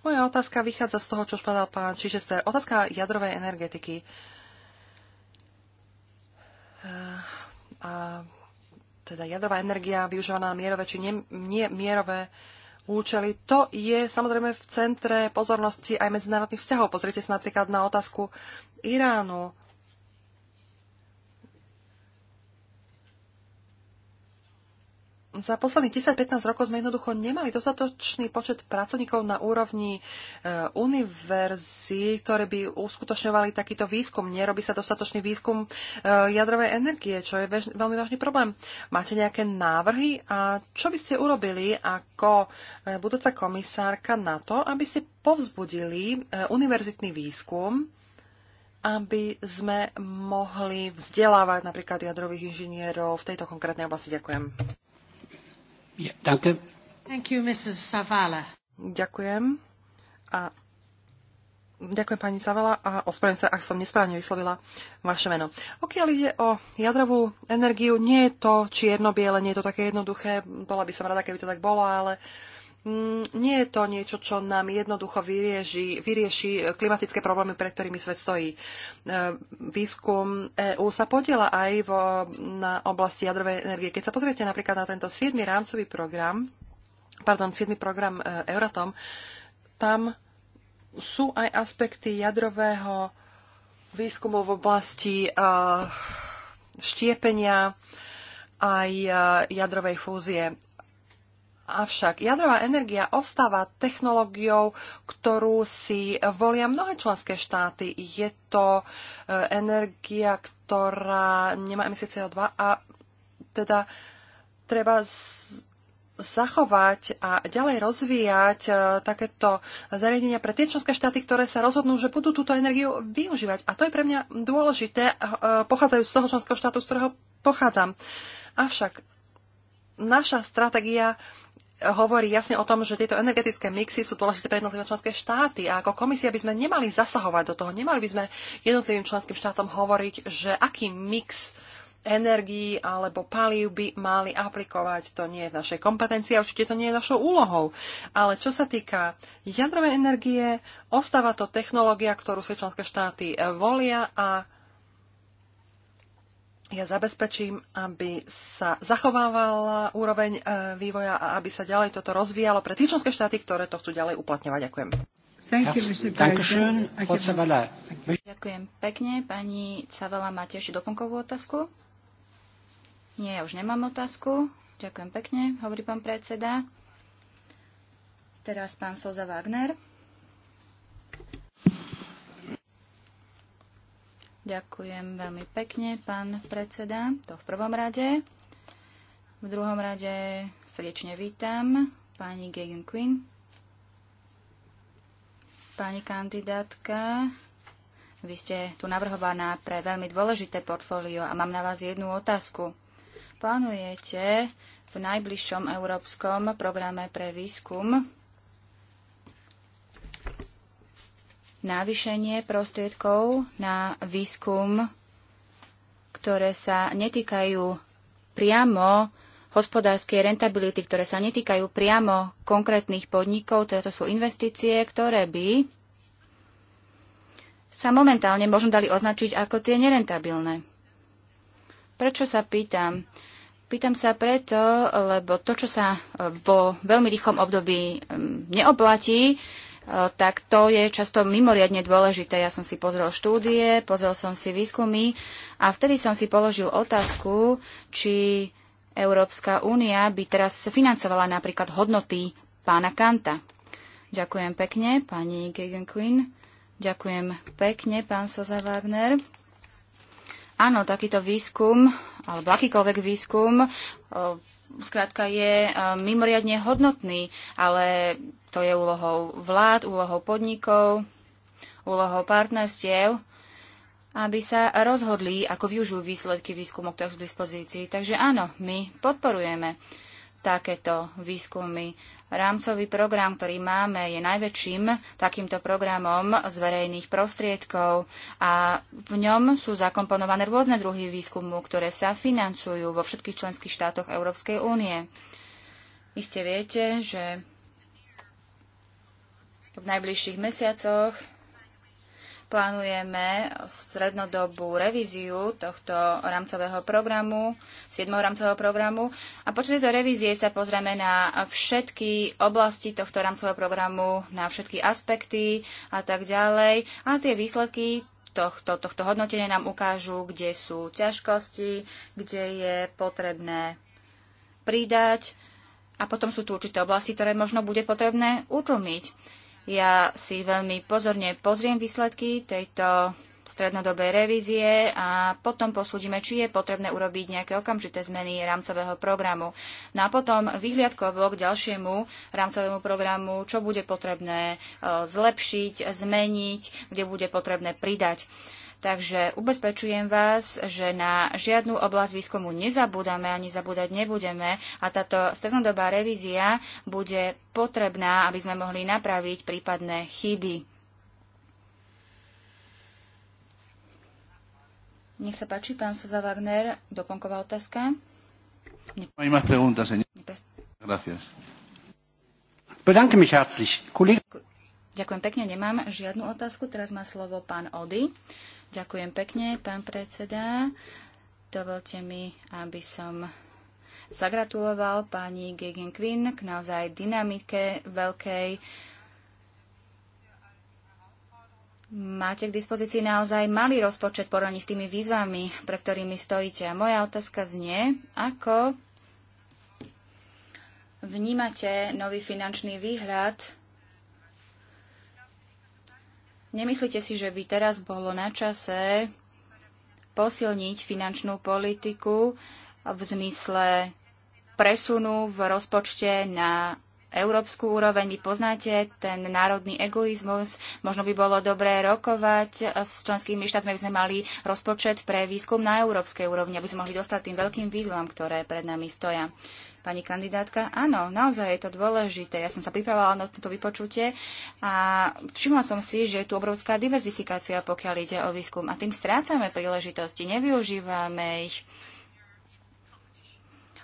Moja otázka vychádza z toho, čo už povedal pán Čižester. Otázka jadrovej energetiky. Eh, a teda jadrová energia využívaná na mierové či nie, nie mierové účely. To je samozrejme v centre pozornosti aj medzinárodných vzťahov. Pozrite sa napríklad na otázku Iránu. za posledných 10-15 rokov sme jednoducho nemali dostatočný počet pracovníkov na úrovni e, univerzí, ktoré by uskutočňovali takýto výskum. Nerobí sa dostatočný výskum e, jadrovej energie, čo je vež, veľmi vážny problém. Máte nejaké návrhy a čo by ste urobili ako e, budúca komisárka na to, aby ste povzbudili e, univerzitný výskum, aby sme mohli vzdelávať napríklad jadrových inžinierov v tejto konkrétnej oblasti. Ďakujem. Ďakujem. A Ďakujem pani Zavala a ospravedlňujem sa, ak som nesprávne vyslovila vaše meno. Pokiaľ ide o jadrovú energiu, nie je to čierno-biele, nie je to také jednoduché. Bola by som rada, keby to tak bolo, ale uh, Mm, nie je to niečo, čo nám jednoducho vyrieši, vyrieši klimatické problémy, pred ktorými svet stojí. E, výskum EÚ sa podiela aj vo, na oblasti jadrovej energie. Keď sa pozriete napríklad na tento 7. rámcový program, pardon, 7. program e, Euratom, tam sú aj aspekty jadrového výskumu v oblasti e, štiepenia aj jadrovej fúzie. Avšak jadrová energia ostáva technológiou, ktorú si volia mnohé členské štáty. Je to e, energia, ktorá nemá emisie CO2 a teda treba zachovať a ďalej rozvíjať e, takéto zariadenia pre tie členské štáty, ktoré sa rozhodnú, že budú túto energiu využívať. A to je pre mňa dôležité, e, pochádzajú z toho členského štátu, z ktorého pochádzam. Avšak naša stratégia hovorí jasne o tom, že tieto energetické mixy sú dôležité pre jednotlivé členské štáty a ako komisia by sme nemali zasahovať do toho, nemali by sme jednotlivým členským štátom hovoriť, že aký mix energií alebo palív by mali aplikovať. To nie je v našej kompetencii a určite to nie je našou úlohou. Ale čo sa týka jadrovej energie, ostáva to technológia, ktorú si členské štáty volia a ja zabezpečím, aby sa zachovávala úroveň e, vývoja a aby sa ďalej toto rozvíjalo pre tie členské štáty, ktoré to chcú ďalej uplatňovať. Ďakujem. Ďakujem pekne. Pani Cavala, máte ešte doplnkovú otázku? Nie, ja už nemám otázku. Ďakujem pekne, hovorí pán predseda. Teraz pán Soza Wagner. Ďakujem veľmi pekne, pán predseda. To v prvom rade. V druhom rade srdečne vítam pani Gagan Quinn. Pani kandidátka, vy ste tu navrhovaná pre veľmi dôležité portfólio a mám na vás jednu otázku. Plánujete v najbližšom európskom programe pre výskum navýšenie prostriedkov na výskum, ktoré sa netýkajú priamo hospodárskej rentability, ktoré sa netýkajú priamo konkrétnych podnikov, teda to sú investície, ktoré by sa momentálne možno dali označiť ako tie nerentabilné. Prečo sa pýtam? Pýtam sa preto, lebo to, čo sa vo veľmi rýchlom období mm, neoplatí, tak to je často mimoriadne dôležité. Ja som si pozrel štúdie, pozrel som si výskumy a vtedy som si položil otázku, či Európska únia by teraz financovala napríklad hodnoty pána Kanta. Ďakujem pekne, pani Gegenquin. Ďakujem pekne, pán Soza Wagner. Áno, takýto výskum, alebo akýkoľvek výskum, zkrátka je e, mimoriadne hodnotný, ale to je úlohou vlád, úlohou podnikov, úlohou partnerstiev, aby sa rozhodli, ako využijú výsledky výskumov, ktoré sú v dispozícii. Takže áno, my podporujeme takéto výskumy, Rámcový program, ktorý máme, je najväčším takýmto programom z verejných prostriedkov a v ňom sú zakomponované rôzne druhy výskumu, ktoré sa financujú vo všetkých členských štátoch Európskej únie. Iste viete, že v najbližších mesiacoch plánujeme strednodobú revíziu tohto rámcového programu, 7. rámcového programu. A počas tejto revízie sa pozrieme na všetky oblasti tohto rámcového programu, na všetky aspekty a tak ďalej. A tie výsledky tohto, tohto hodnotenia nám ukážu, kde sú ťažkosti, kde je potrebné pridať. A potom sú tu určité oblasti, ktoré možno bude potrebné utlmiť. Ja si veľmi pozorne pozriem výsledky tejto strednodobej revízie a potom posúdime, či je potrebné urobiť nejaké okamžité zmeny rámcového programu. No a potom vyhliadkovo k ďalšiemu rámcovému programu, čo bude potrebné e, zlepšiť, zmeniť, kde bude potrebné pridať. Takže ubezpečujem vás, že na žiadnu oblasť výskumu nezabúdame ani zabúdať nebudeme a táto strednodobá revízia bude potrebná, aby sme mohli napraviť prípadné chyby. Nech sa páči, pán Soza Wagner, doplnková otázka. No Ďakujem pekne, nemám žiadnu otázku. Teraz má slovo pán Ody. Ďakujem pekne, pán predseda. Dovolte mi, aby som zagratuloval pani Gegen Quinn k naozaj dynamike veľkej. Máte k dispozícii naozaj malý rozpočet porovnaní s tými výzvami, pre ktorými stojíte. A moja otázka znie, ako vnímate nový finančný výhľad Nemyslíte si, že by teraz bolo na čase posilniť finančnú politiku v zmysle presunu v rozpočte na európsku úroveň. Vy poznáte ten národný egoizmus. Možno by bolo dobré rokovať e, s členskými štátmi, aby sme mali rozpočet pre výskum na európskej úrovni, aby sme mohli dostať tým veľkým výzvam, ktoré pred nami stoja. Pani kandidátka, áno, naozaj je to dôležité. Ja som sa pripravovala na toto vypočutie a všimla som si, že je tu obrovská diverzifikácia, pokiaľ ide o výskum. A tým strácame príležitosti, nevyužívame ich.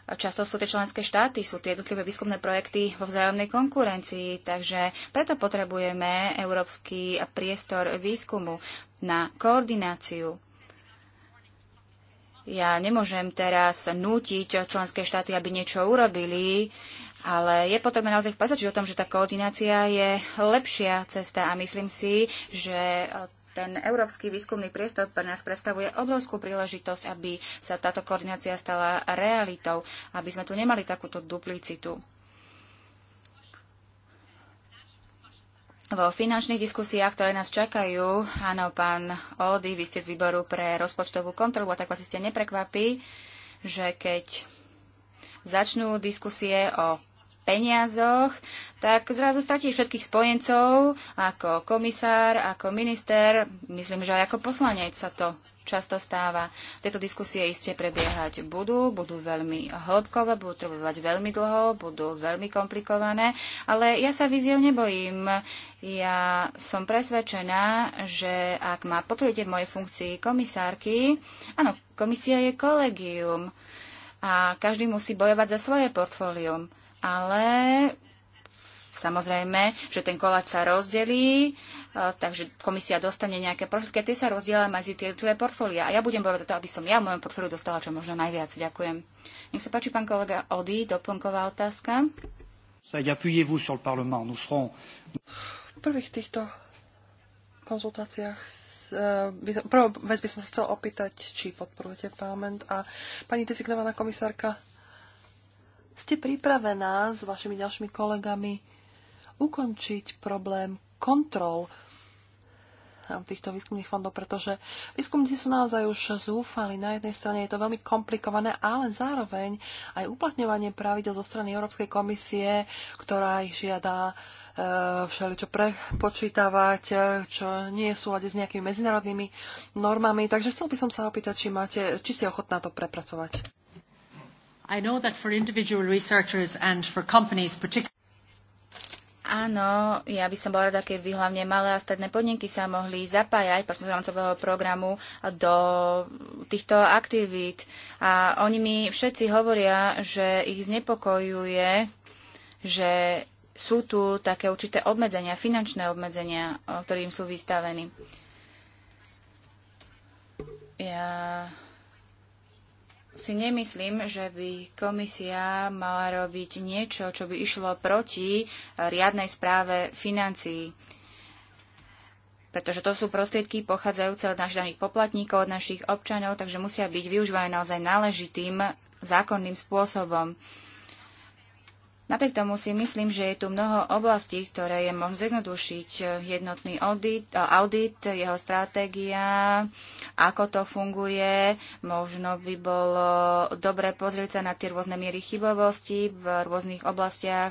Často sú tie členské štáty, sú tie jednotlivé výskumné projekty vo vzájomnej konkurencii, takže preto potrebujeme európsky priestor výskumu na koordináciu ja nemôžem teraz nútiť členské štáty, aby niečo urobili, ale je potrebné naozaj presvedčiť o tom, že tá koordinácia je lepšia cesta a myslím si, že ten európsky výskumný priestor pre nás predstavuje obrovskú príležitosť, aby sa táto koordinácia stala realitou, aby sme tu nemali takúto duplicitu. Vo finančných diskusiách, ktoré nás čakajú, áno, pán Ody, vy ste z výboru pre rozpočtovú kontrolu, a tak vás ste neprekvapí, že keď začnú diskusie o peniazoch, tak zrazu stratí všetkých spojencov, ako komisár, ako minister, myslím, že aj ako poslanec sa to často stáva. Tieto diskusie iste prebiehať budú, budú veľmi hĺbkové, budú trvovať veľmi dlho, budú veľmi komplikované, ale ja sa víziou nebojím. Ja som presvedčená, že ak ma potvrdíte v mojej funkcii komisárky, áno, komisia je kolegium a každý musí bojovať za svoje portfólium ale samozrejme, že ten koláč sa rozdelí, e, takže komisia dostane nejaké prostriedky, tie sa rozdielajú medzi tie tvoje portfólia. A ja budem bojovať za to, aby som ja v mojom portfóliu dostala čo možno najviac. Ďakujem. Nech sa páči, pán kolega Odi, doplnková otázka. V prvých týchto konzultáciách e, prvú vec by som sa chcel opýtať, či podporujete parlament a pani dezignovaná komisárka ste pripravená s vašimi ďalšími kolegami ukončiť problém kontrol um, týchto výskumných fondov, pretože výskumníci sú naozaj už zúfali. Na jednej strane je to veľmi komplikované, ale zároveň aj uplatňovanie pravidel zo strany Európskej komisie, ktorá ich žiada e, všeličo prepočítavať, uh, čo nie je v súlade s nejakými medzinárodnými normami. Takže chcel by som sa opýtať, či, máte, či ste ochotná to prepracovať. I know that for individual researchers and for companies particularly Áno, ja by som bola rada, keby hlavne malé a stredné podniky sa mohli zapájať prostredníctvom programu do týchto aktivít. A oni mi všetci hovoria, že ich znepokojuje, že sú tu také určité obmedzenia, finančné obmedzenia, ktorým sú vystavení. Ja si nemyslím, že by komisia mala robiť niečo, čo by išlo proti riadnej správe financií. Pretože to sú prostriedky pochádzajúce od našich daných poplatníkov, od našich občanov, takže musia byť využívané naozaj náležitým zákonným spôsobom. Napriek tomu si myslím, že je tu mnoho oblastí, ktoré je možné zjednodušiť. Eh, jednotný audit, eh, audit, jeho stratégia, ako to funguje. Možno by bolo dobre pozrieť sa na tie rôzne miery chybovosti v rôznych oblastiach.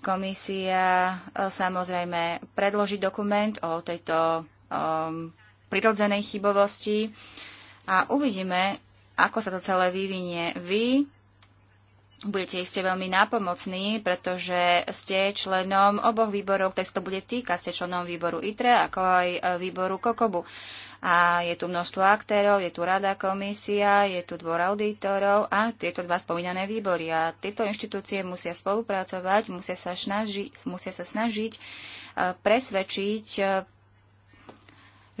Komisia eh, samozrejme predloží dokument o tejto um, prirodzenej chybovosti a uvidíme, ako sa to celé vyvinie. Vy Budete iste veľmi nápomocní, pretože ste členom oboch výborov, tak to bude týka, ste členom výboru ITRE, ako aj e, výboru KOKOBU. A je tu množstvo aktérov, je tu rada, komisia, je tu dvor auditorov a tieto dva spomínané výbory. A tieto inštitúcie musia spolupracovať, musia sa, šnaži, musia sa snažiť e, presvedčiť e,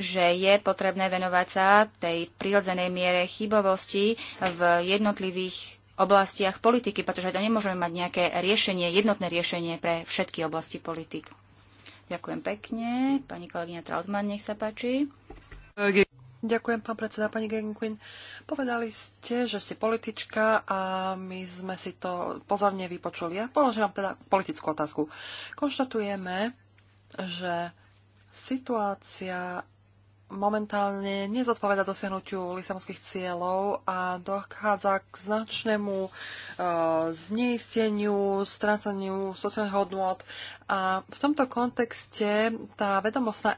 že je potrebné venovať sa tej prirodzenej miere chybovosti v jednotlivých oblastiach politiky, pretože to nemôžeme mať nejaké riešenie, jednotné riešenie pre všetky oblasti politik. Ďakujem pekne. Pani kolegyňa Trautmann, nech sa páči. Ďakujem, pán predseda, pani Genquin. Povedali ste, že ste politička a my sme si to pozorne vypočuli. Ja položím vám teda politickú otázku. Konštatujeme, že situácia momentálne nezodpoveda dosiahnutiu lisabonských cieľov a dochádza k značnému uh, e, zneisteniu, strácaniu sociálnych hodnot. A v tomto kontexte tá vedomostná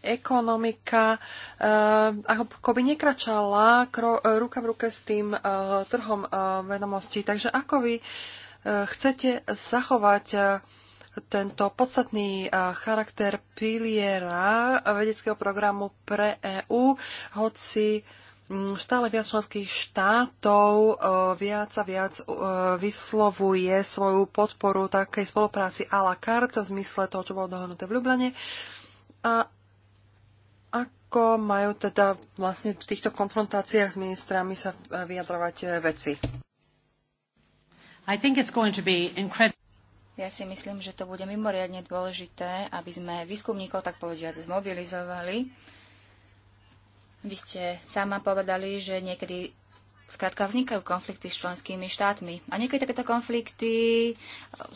ekonomika uh, ako by nekračala kro, uh, ruka v ruke s tým uh, trhom uh, vedomostí. Takže ako vy uh, chcete zachovať uh, tento podstatný charakter piliera vedeckého programu pre EÚ, hoci mm, stále viac členských štátov viac a viac vyslovuje svoju podporu takej spolupráci à la carte v zmysle toho, čo bolo dohodnuté v Ljubljane. A ako majú teda vlastne v týchto konfrontáciách s ministrami sa vyjadrovať e, veci? I think it's going to be incredible. Ja si myslím, že to bude mimoriadne dôležité, aby sme výskumníkov, tak povediať, zmobilizovali. Vy ste sama povedali, že niekedy skrátka vznikajú konflikty s členskými štátmi. A niekedy takéto konflikty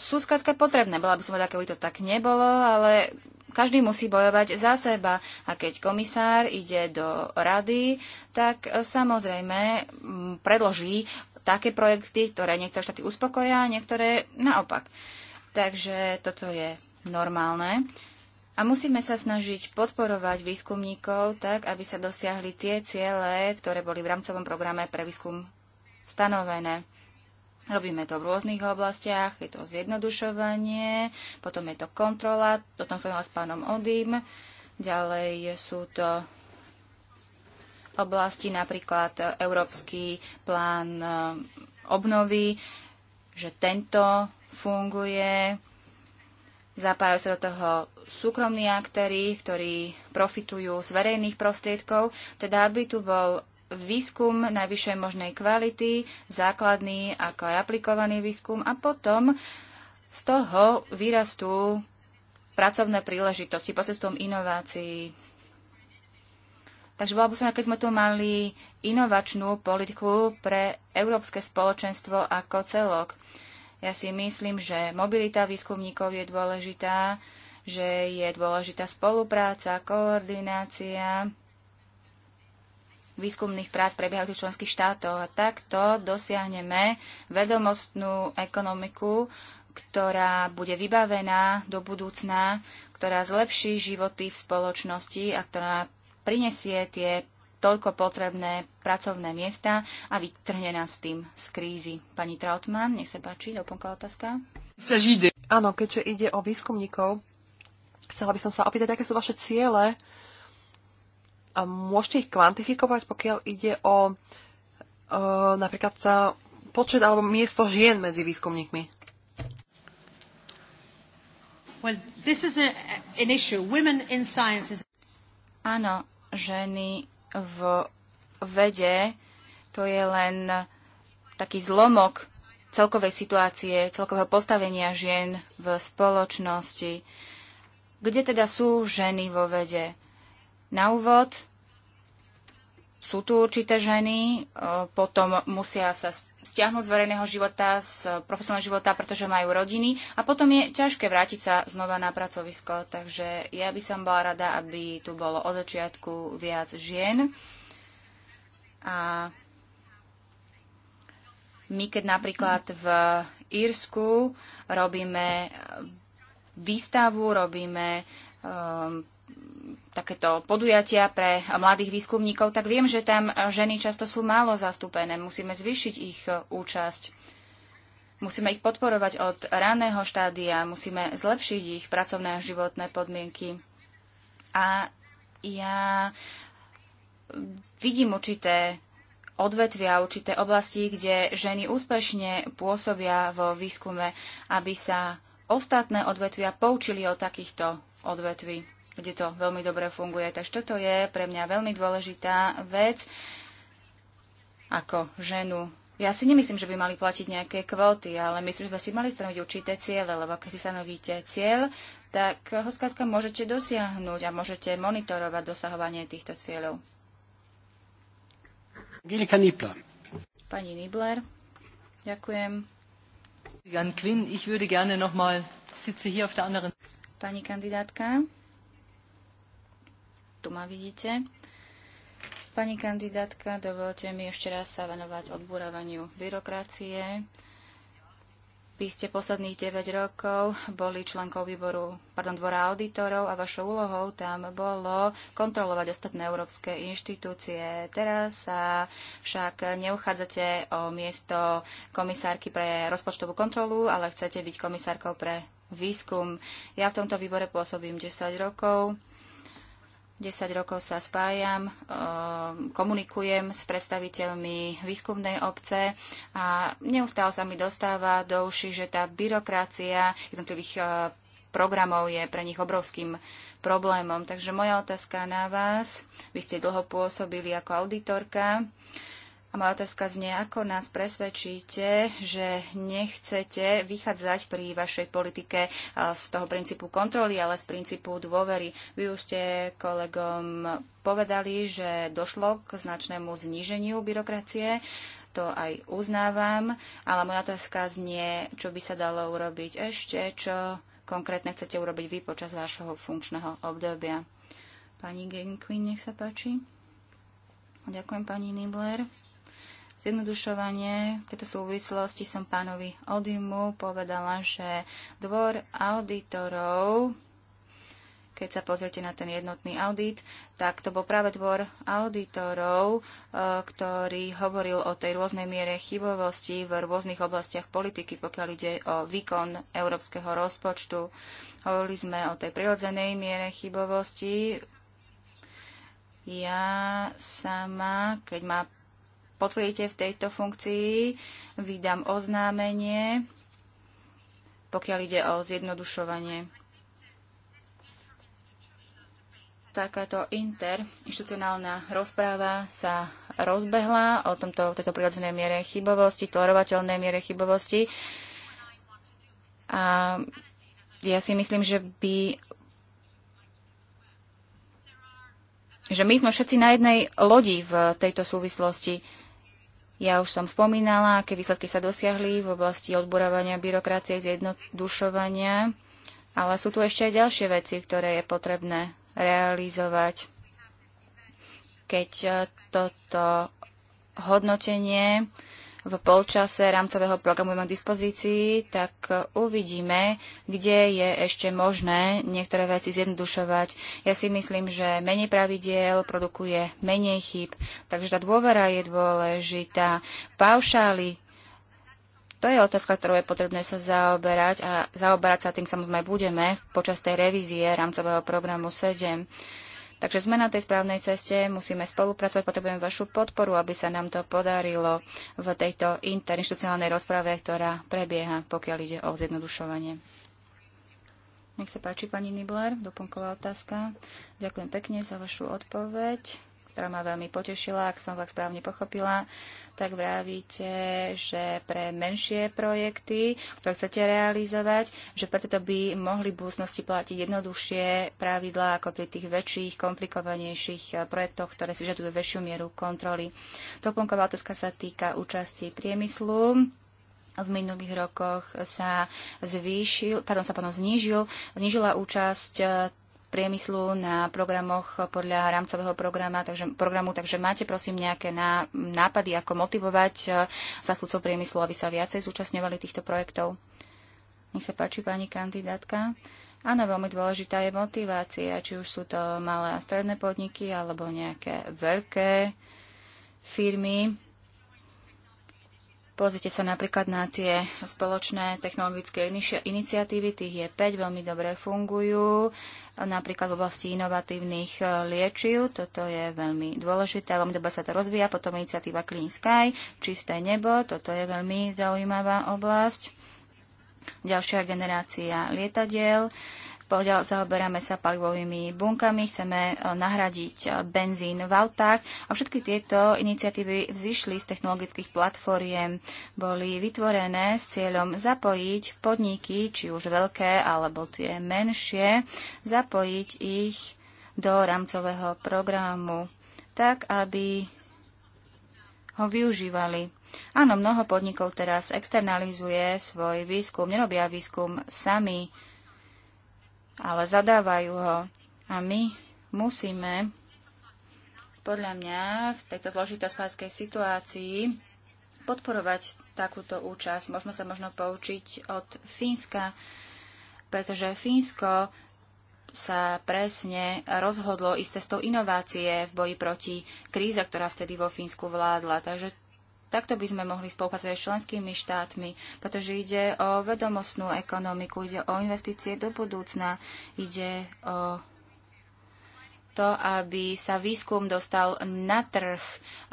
sú skrátka potrebné. Bola by som rada, keby to tak nebolo, ale každý musí bojovať za seba. A keď komisár ide do rady, tak e, samozrejme predloží také projekty, ktoré niektoré štáty uspokoja niektoré naopak. Uh, Takže toto je normálne. A musíme sa snažiť podporovať výskumníkov tak, aby sa dosiahli tie ciele, ktoré boli v rámcovom programe pre výskum stanovené. Robíme to v rôznych oblastiach, je to zjednodušovanie, potom je to kontrola, o tom som s pánom Odím, ďalej sú to oblasti napríklad Európsky plán eh, obnovy, že tento funguje. Zapájajú sa do toho súkromní aktéry, ktorí profitujú z verejných prostriedkov, teda aby tu bol výskum najvyššej možnej kvality, základný ako aj aplikovaný výskum a potom z toho vyrastú pracovné príležitosti posledstvom inovácií. Takže bola by som, keď sme tu mali inovačnú politiku pre európske spoločenstvo ako celok. Ja si myslím, že mobilita výskumníkov je dôležitá, že je dôležitá spolupráca, koordinácia výskumných prác prebiehajúcich členských štátov. A takto dosiahneme vedomostnú ekonomiku, ktorá bude vybavená do budúcna, ktorá zlepší životy v spoločnosti a ktorá prinesie tie toľko potrebné pracovné miesta a vytrhne nás tým z krízy. Pani Trautmann, nech sa páči, doplnková otázka. Áno, keďže ide o výskumníkov, chcela by som sa opýtať, aké sú vaše ciele a môžete ich kvantifikovať, pokiaľ ide o e, napríklad sa počet alebo miesto žien medzi výskumníkmi. Well, this is a, an issue. Women in science is... Áno, ženy v vede, to je len taký zlomok celkovej situácie, celkového postavenia žien v spoločnosti. Kde teda sú ženy vo vede? Na úvod sú tu určité ženy, e, potom musia sa stiahnuť z verejného života, z profesionálneho života, pretože majú rodiny a potom je ťažké vrátiť sa znova na pracovisko. Takže ja by som bola rada, aby tu bolo od začiatku viac žien. A my keď napríklad v Írsku robíme výstavu, robíme um, takéto podujatia pre mladých výskumníkov, tak viem, že tam ženy často sú málo zastúpené. Musíme zvýšiť ich e, účasť. Musíme ich podporovať od raného štádia, musíme zlepšiť ich pracovné a životné podmienky. A ja vidím určité odvetvia, určité oblasti, kde ženy úspešne pôsobia vo výskume, aby sa ostatné odvetvia poučili o takýchto odvetví kde to veľmi dobre funguje. Takže toto je pre mňa veľmi dôležitá vec ako ženu. Ja si nemyslím, že by mali platiť nejaké kvóty, ale myslím, že by si mali stanoviť určité ciele, lebo keď si stanovíte cieľ, tak ho skladka môžete dosiahnuť a môžete monitorovať dosahovanie týchto cieľov. Angelika Nibler. Pani Nibler, ďakujem. Jan Quinn, ich würde gerne mal sitze hier auf der anderen Pani kandidátka, tu ma vidíte. Pani kandidátka, dovolte mi ešte raz sa venovať odburovaniu byrokracie. Vy ste posledných 9 rokov boli členkou výboru, pardon, dvora auditorov a vašou úlohou tam bolo kontrolovať ostatné európske inštitúcie. Teraz sa však neuchádzate o miesto komisárky pre rozpočtovú kontrolu, ale chcete byť komisárkou pre výskum. Ja v tomto výbore pôsobím 10 rokov. 10 rokov sa spájam, um, komunikujem s predstaviteľmi výskumnej obce a neustále sa mi dostáva do uši, že tá byrokracia jednotlivých uh, programov je pre nich obrovským problémom. Takže moja otázka na vás, vy ste dlho pôsobili ako auditorka, a moja otázka znie, ako nás presvedčíte, že nechcete vychádzať pri vašej politike eh, z toho princípu kontroly, ale z princípu dôvery. Vy už ste kolegom povedali, že došlo k značnému zníženiu byrokracie to aj uznávam, ale moja otázka znie, čo by sa dalo urobiť ešte, čo konkrétne chcete urobiť vy počas vášho funkčného obdobia. Pani Genkvin, nech sa páči. Ďakujem, pani Nibler zjednodušovanie. V tejto súvislosti som pánovi Odimu povedala, že dvor auditorov keď sa pozriete na ten jednotný audit, tak to bol práve dvor auditorov, e, ktorý hovoril o tej rôznej miere chybovosti v rôznych oblastiach politiky, pokiaľ ide o výkon európskeho rozpočtu. Hovorili sme o tej prirodzenej miere chybovosti. Ja sama, keď ma potvrdíte v tejto funkcii, vydám oznámenie, pokiaľ ide o zjednodušovanie. Takáto interinstitucionálna rozpráva sa rozbehla o tomto, tejto prirodzenej miere chybovosti, tolerovateľnej miere chybovosti. A ja si myslím, že by že my sme všetci na jednej lodi v tejto súvislosti. Ja už som spomínala, aké výsledky sa dosiahli v oblasti odborovania byrokracie, zjednodušovania, ale sú tu ešte aj ďalšie veci, ktoré je potrebné realizovať. Keď eh, toto hodnotenie v polčase rámcového programu mám dispozícii, tak uvidíme, kde je ešte možné niektoré veci zjednodušovať. Ja si myslím, že menej pravidiel produkuje menej chyb, takže tá dôvera je dôležitá. Paušály to je otázka, ktorou je potrebné sa zaoberať a zaoberať sa tým samozrejme budeme počas tej revízie rámcového programu 7. Takže sme na tej správnej ceste, musíme spolupracovať, potrebujeme vašu podporu, aby sa nám to podarilo v tejto interinstitucionálnej rozprave, ktorá prebieha, pokiaľ ide o zjednodušovanie. Nech sa páči, pani Nibler, doplnková otázka. Ďakujem pekne za vašu odpoveď ktorá ma veľmi potešila, ak som vás správne pochopila, tak vravíte, že pre menšie projekty, ktoré chcete realizovať, že preto by mohli v budúcnosti platiť jednoduchšie pravidlá ako pri tých väčších, komplikovanejších eh, projektoch, ktoré si žiadajú väčšiu mieru kontroly. Doplnková otázka sa týka účasti priemyslu v minulých rokoch sa zvýšil, pardon, sa pardon, znížil, znížila účasť eh, priemyslu, na programoch podľa rámcového programa, takže, programu, takže máte prosím nejaké ná, nápady, ako motivovať eh, zástupcov priemyslu, aby sa viacej zúčastňovali týchto projektov? Nech sa páči, pani kandidátka. Áno, veľmi dôležitá je motivácia, či už sú to malé a stredné podniky alebo nejaké veľké firmy. Pozrite sa napríklad na tie spoločné technologické iniciatívy, tých je 5, veľmi dobre fungujú, napríklad v oblasti inovatívnych e, liečiv, toto je veľmi dôležité, veľmi dobre sa to rozvíja, potom iniciatíva Clean Sky, čisté nebo, toto je veľmi zaujímavá oblasť. Ďalšia generácia lietadiel. Uh, zaoberáme sa palivovými bunkami, chceme e, nahradiť e, benzín v autách a všetky tieto iniciatívy vzýšli z technologických platformiem, boli vytvorené s cieľom zapojiť podniky, či už veľké alebo tie menšie, zapojiť ich do rámcového programu, tak aby ho využívali. Áno, mnoho podnikov teraz externalizuje svoj výskum, nerobia výskum sami, ale zadávajú ho. A my musíme, podľa mňa, v tejto zložitej situácii podporovať takúto účasť. Môžeme sa možno poučiť od Fínska, pretože Fínsko sa presne rozhodlo ísť cestou inovácie v boji proti kríze, ktorá vtedy vo Fínsku vládla. Takže Takto by sme mohli spolupracovať s členskými štátmi, pretože ide o vedomostnú ekonomiku, ide o investície do budúcna, ide o to, aby sa výskum dostal na trh,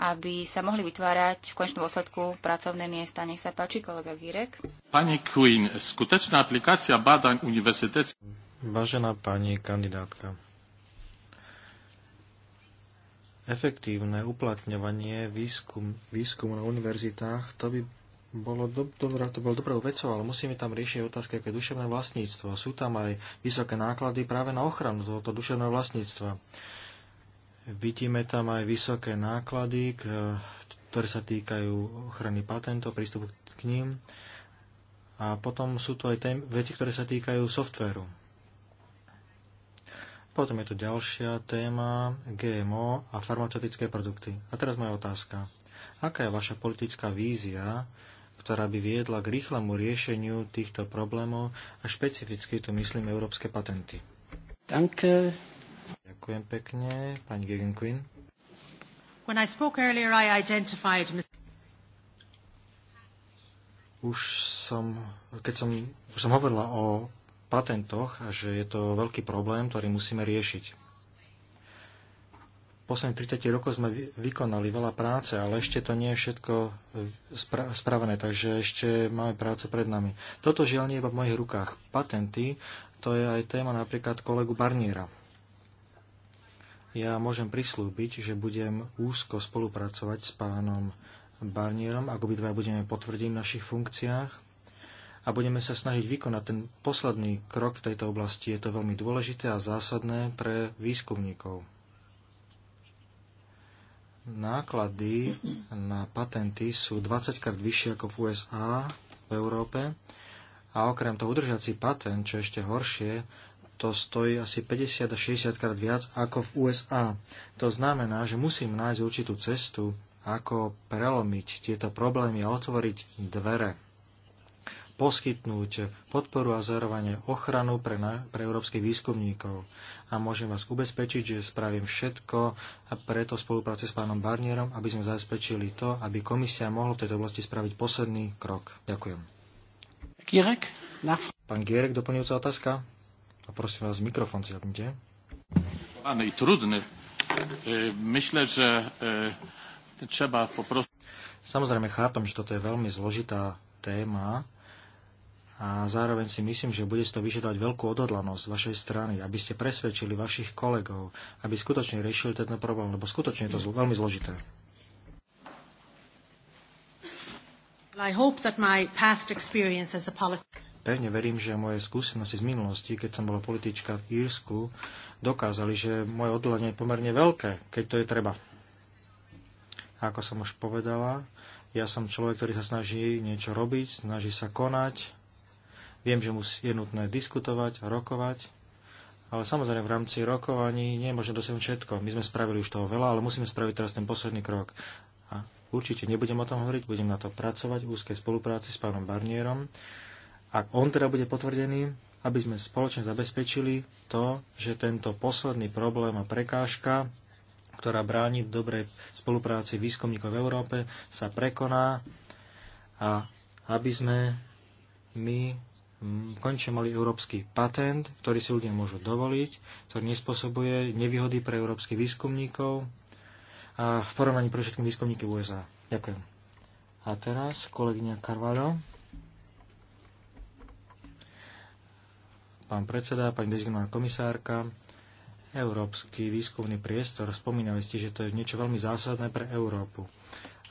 aby sa mohli vytvárať v končnom dôsledku pracovné miesta. Nech sa páči, kolega Gírek. Pani Queen, skutečná aplikácia bádaň univerziteckých... Vážená pani kandidátka, efektívne uplatňovanie výskum, výskumu na univerzitách, to by bolo do, dobrá, to bolo dobrou vecou, ale musíme tam riešiť otázky, ako duševné vlastníctvo. Sú tam aj vysoké náklady práve na ochranu tohoto duševného vlastníctva. Vidíme tam aj vysoké náklady, ktoré sa týkajú ochrany patentov, prístupu k ním. A potom sú tu aj tém, veci, ktoré sa týkajú softvéru. Potom je tu ďalšia téma GMO a farmaceutické produkty. A teraz moja otázka. Aká je vaša politická vízia, ktorá by viedla k rýchlemu riešeniu týchto problémov a špecificky tu myslím európske patenty? Danke. Ďakujem pekne, pani Gegenquin. When I spoke earlier, I identified... Už som, keď som, už som hovorila o patentoch a že je to veľký problém, ktorý musíme riešiť. V posledných 30 rokov sme vykonali veľa práce, ale ešte to nie je všetko e, spra- spravené, takže ešte máme prácu pred nami. Toto žiaľ nie je iba v mojich rukách. Patenty, to je aj téma napríklad kolegu Barniera. Ja môžem prislúbiť, že budem úzko spolupracovať s pánom Barnierom, by dva budeme potvrdiť v našich funkciách a budeme sa snažiť vykonať ten posledný krok v tejto oblasti. Je to veľmi dôležité a zásadné pre výskumníkov. Náklady na patenty sú 20 krát vyššie ako v USA, v Európe a okrem toho udržací patent, čo je ešte horšie, to stojí asi 50 až 60 krát viac ako v USA. To znamená, že musím nájsť určitú cestu, ako prelomiť tieto problémy a otvoriť dvere poskytnúť podporu a zároveň ochranu pre, na, pre európskych výskumníkov. A môžem vás ubezpečiť, že spravím všetko a preto spolupráce s pánom Barnierom, aby sme zabezpečili to, aby komisia mohla v tejto oblasti spraviť posledný krok. Ďakujem. Gierek, na... Pán Gierek, doplňujúca otázka? A prosím vás, mikrofón si zapnite. Áno, i trudný. E, myslím, že e, treba poprosiť. Samozrejme, chápem, že toto je veľmi zložitá téma, a zároveň si myslím, že bude si to vyžadovať veľkú odhodlanosť z vašej strany, aby ste presvedčili vašich kolegov, aby skutočne riešili tento problém, lebo skutočne je to veľmi zložité. Pevne verím, že moje skúsenosti z minulosti, keď som bola politička v Írsku, dokázali, že moje odhodlanie je pomerne veľké, keď to je treba. A ako som už povedala, ja som človek, ktorý sa snaží niečo robiť, snaží sa konať, Viem, že musí je nutné diskutovať, rokovať, ale samozrejme v rámci rokovaní nie je možné dosiahnuť všetko. My sme spravili už toho veľa, ale musíme spraviť teraz ten posledný krok. A určite nebudem o tom hovoriť, budem na to pracovať v úzkej spolupráci s pánom Barnierom. Ak on teda bude potvrdený, aby sme spoločne zabezpečili to, že tento posledný problém a prekážka, ktorá bráni dobrej spolupráci výskumníkov v Európe, sa prekoná a aby sme my konečne mali európsky patent, ktorý si ľudia môžu dovoliť, ktorý nespôsobuje nevýhody pre európskych výskumníkov a v porovnaní pre všetkých výskumníky USA. Ďakujem. A teraz kolegyňa Carvalho. Pán predseda, pani dezignovaná komisárka, Európsky výskumný priestor, spomínali ste, že to je niečo veľmi zásadné pre Európu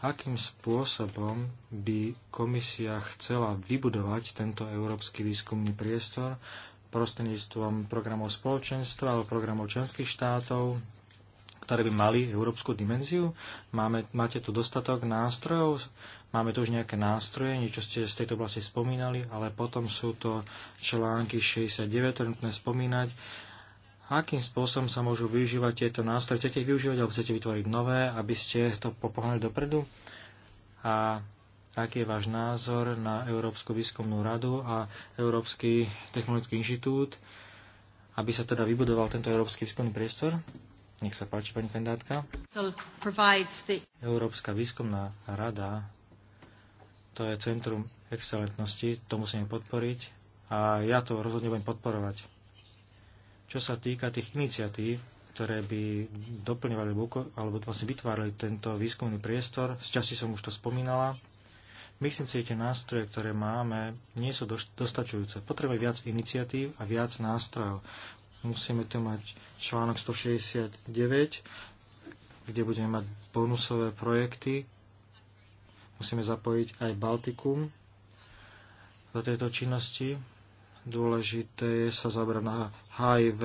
akým spôsobom by komisia chcela vybudovať tento európsky výskumný priestor prostredníctvom programov spoločenstva alebo programov členských štátov, ktoré by mali európsku dimenziu? Máme, máte tu dostatok nástrojov? Máme tu už nejaké nástroje, niečo ste z tejto oblasti spomínali, ale potom sú to články 69, ktoré nutné spomínať, Akým spôsobom sa môžu využívať tieto nástroje? Chcete ich využívať alebo chcete vytvoriť nové, aby ste to popohnali dopredu? A aký je váš názor na Európsku výskumnú radu a Európsky technologický inštitút, aby sa teda vybudoval tento Európsky výskumný priestor? Nech sa páči, pani kandidátka. Európska výskumná rada, to je centrum excelentnosti, to musíme podporiť a ja to rozhodne budem podporovať. Čo sa týka tých iniciatív, ktoré by doplňovali alebo vlastne vytvárali tento výskumný priestor, z časti som už to spomínala, Myslím si, že tie nástroje, ktoré máme, nie sú dostačujúce. Potrebujeme viac iniciatív a viac nástrojov. Musíme tu mať článok 169, kde budeme mať bonusové projekty. Musíme zapojiť aj Baltikum do tejto činnosti. Dôležité je sa zabrať na HIV,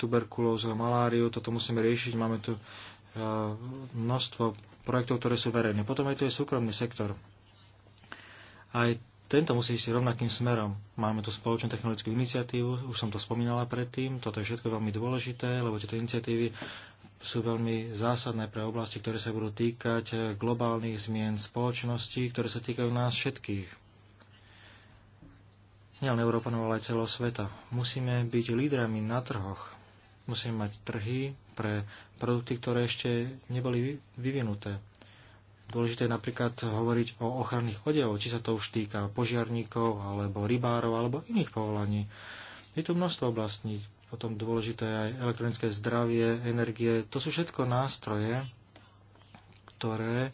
tuberkulózu a maláriu. Toto musíme riešiť. Máme tu e, množstvo projektov, ktoré sú verejné. Potom aj tu je súkromný sektor. Aj tento musí ísť rovnakým smerom. Máme tu spoločnú technologickú iniciatívu, už som to spomínala predtým, toto je všetko veľmi dôležité, lebo tieto iniciatívy sú veľmi zásadné pre oblasti, ktoré sa budú týkať globálnych zmien spoločnosti, ktoré sa týkajú nás všetkých nielen Európanov, ale aj celého sveta. Musíme byť lídrami na trhoch. Musíme mať trhy pre produkty, ktoré ešte neboli vyvinuté. Dôležité je napríklad hovoriť o ochranných odevoch, či sa to už týka požiarníkov, alebo rybárov, alebo iných povolaní. Je tu množstvo oblastní, potom dôležité aj elektronické zdravie, energie. To sú všetko nástroje, ktoré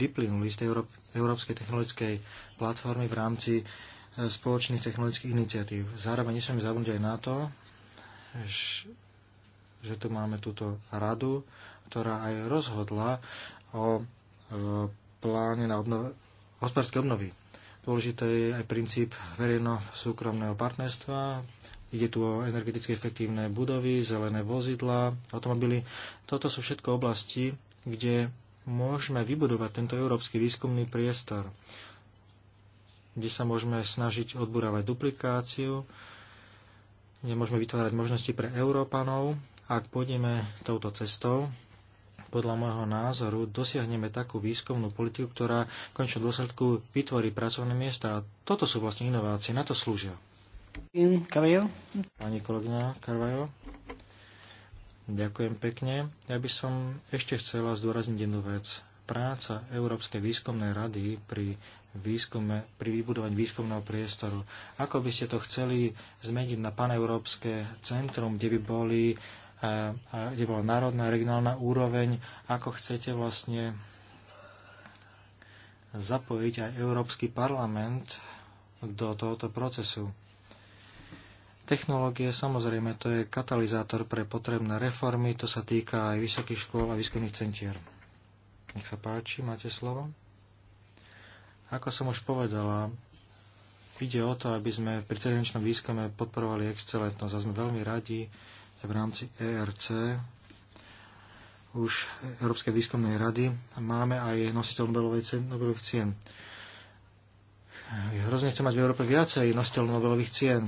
vyplynuli z tej európskej technologickej platformy v rámci spoločných technologických iniciatív. Zároveň nesmieme zabudnúť aj na to, že tu máme túto radu, ktorá aj rozhodla o e, pláne na obnov- hospodárskej obnovy. Dôležité je aj princíp verejno-súkromného partnerstva. Ide tu o energeticky efektívne budovy, zelené vozidla, automobily. Toto sú všetko oblasti, kde môžeme vybudovať tento európsky výskumný priestor kde sa môžeme snažiť odburávať duplikáciu, kde môžeme vytvárať možnosti pre Európanov. Ak pôjdeme touto cestou, podľa môjho názoru dosiahneme takú výskumnú politiku, ktorá v končnom dôsledku vytvorí pracovné miesta. A toto sú vlastne inovácie, na to slúžia. Pani kolegyňa Carvajo. Ďakujem pekne. Ja by som ešte chcela zdôrazniť jednu vec. Práca Európskej výskumnej rady pri výskume, pri vybudovaní výskumného priestoru. Ako by ste to chceli zmeniť na paneurópske centrum, kde by boli eh, eh, kde bola národná a regionálna úroveň, ako chcete vlastne zapojiť aj Európsky parlament do tohoto procesu. Technológie, samozrejme, to je katalizátor pre potrebné reformy, to sa týka aj vysokých škôl a výskumných centier. Nech sa páči, máte slovo. Ako som už povedala, ide o to, aby sme pri cezhraničnom výskume podporovali excelentnosť a sme veľmi radi, že v rámci ERC už Európskej výskumnej rady máme aj nositeľ Nobelových cien. Hrozne chcem mať v Európe viacej nositeľov Nobelových cien.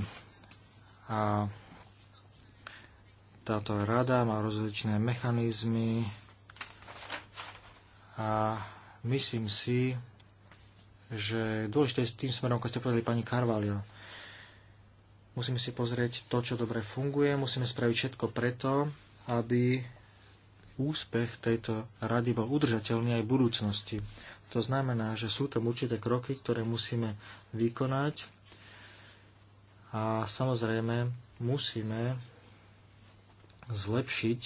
A táto rada má rozličné mechanizmy a myslím si, že dôležité je s tým smerom, ako ste povedali pani Karvalio. Musíme si pozrieť to, čo dobre funguje, musíme spraviť všetko preto, aby úspech tejto rady bol udržateľný aj v budúcnosti. To znamená, že sú tam určité kroky, ktoré musíme vykonať a samozrejme musíme zlepšiť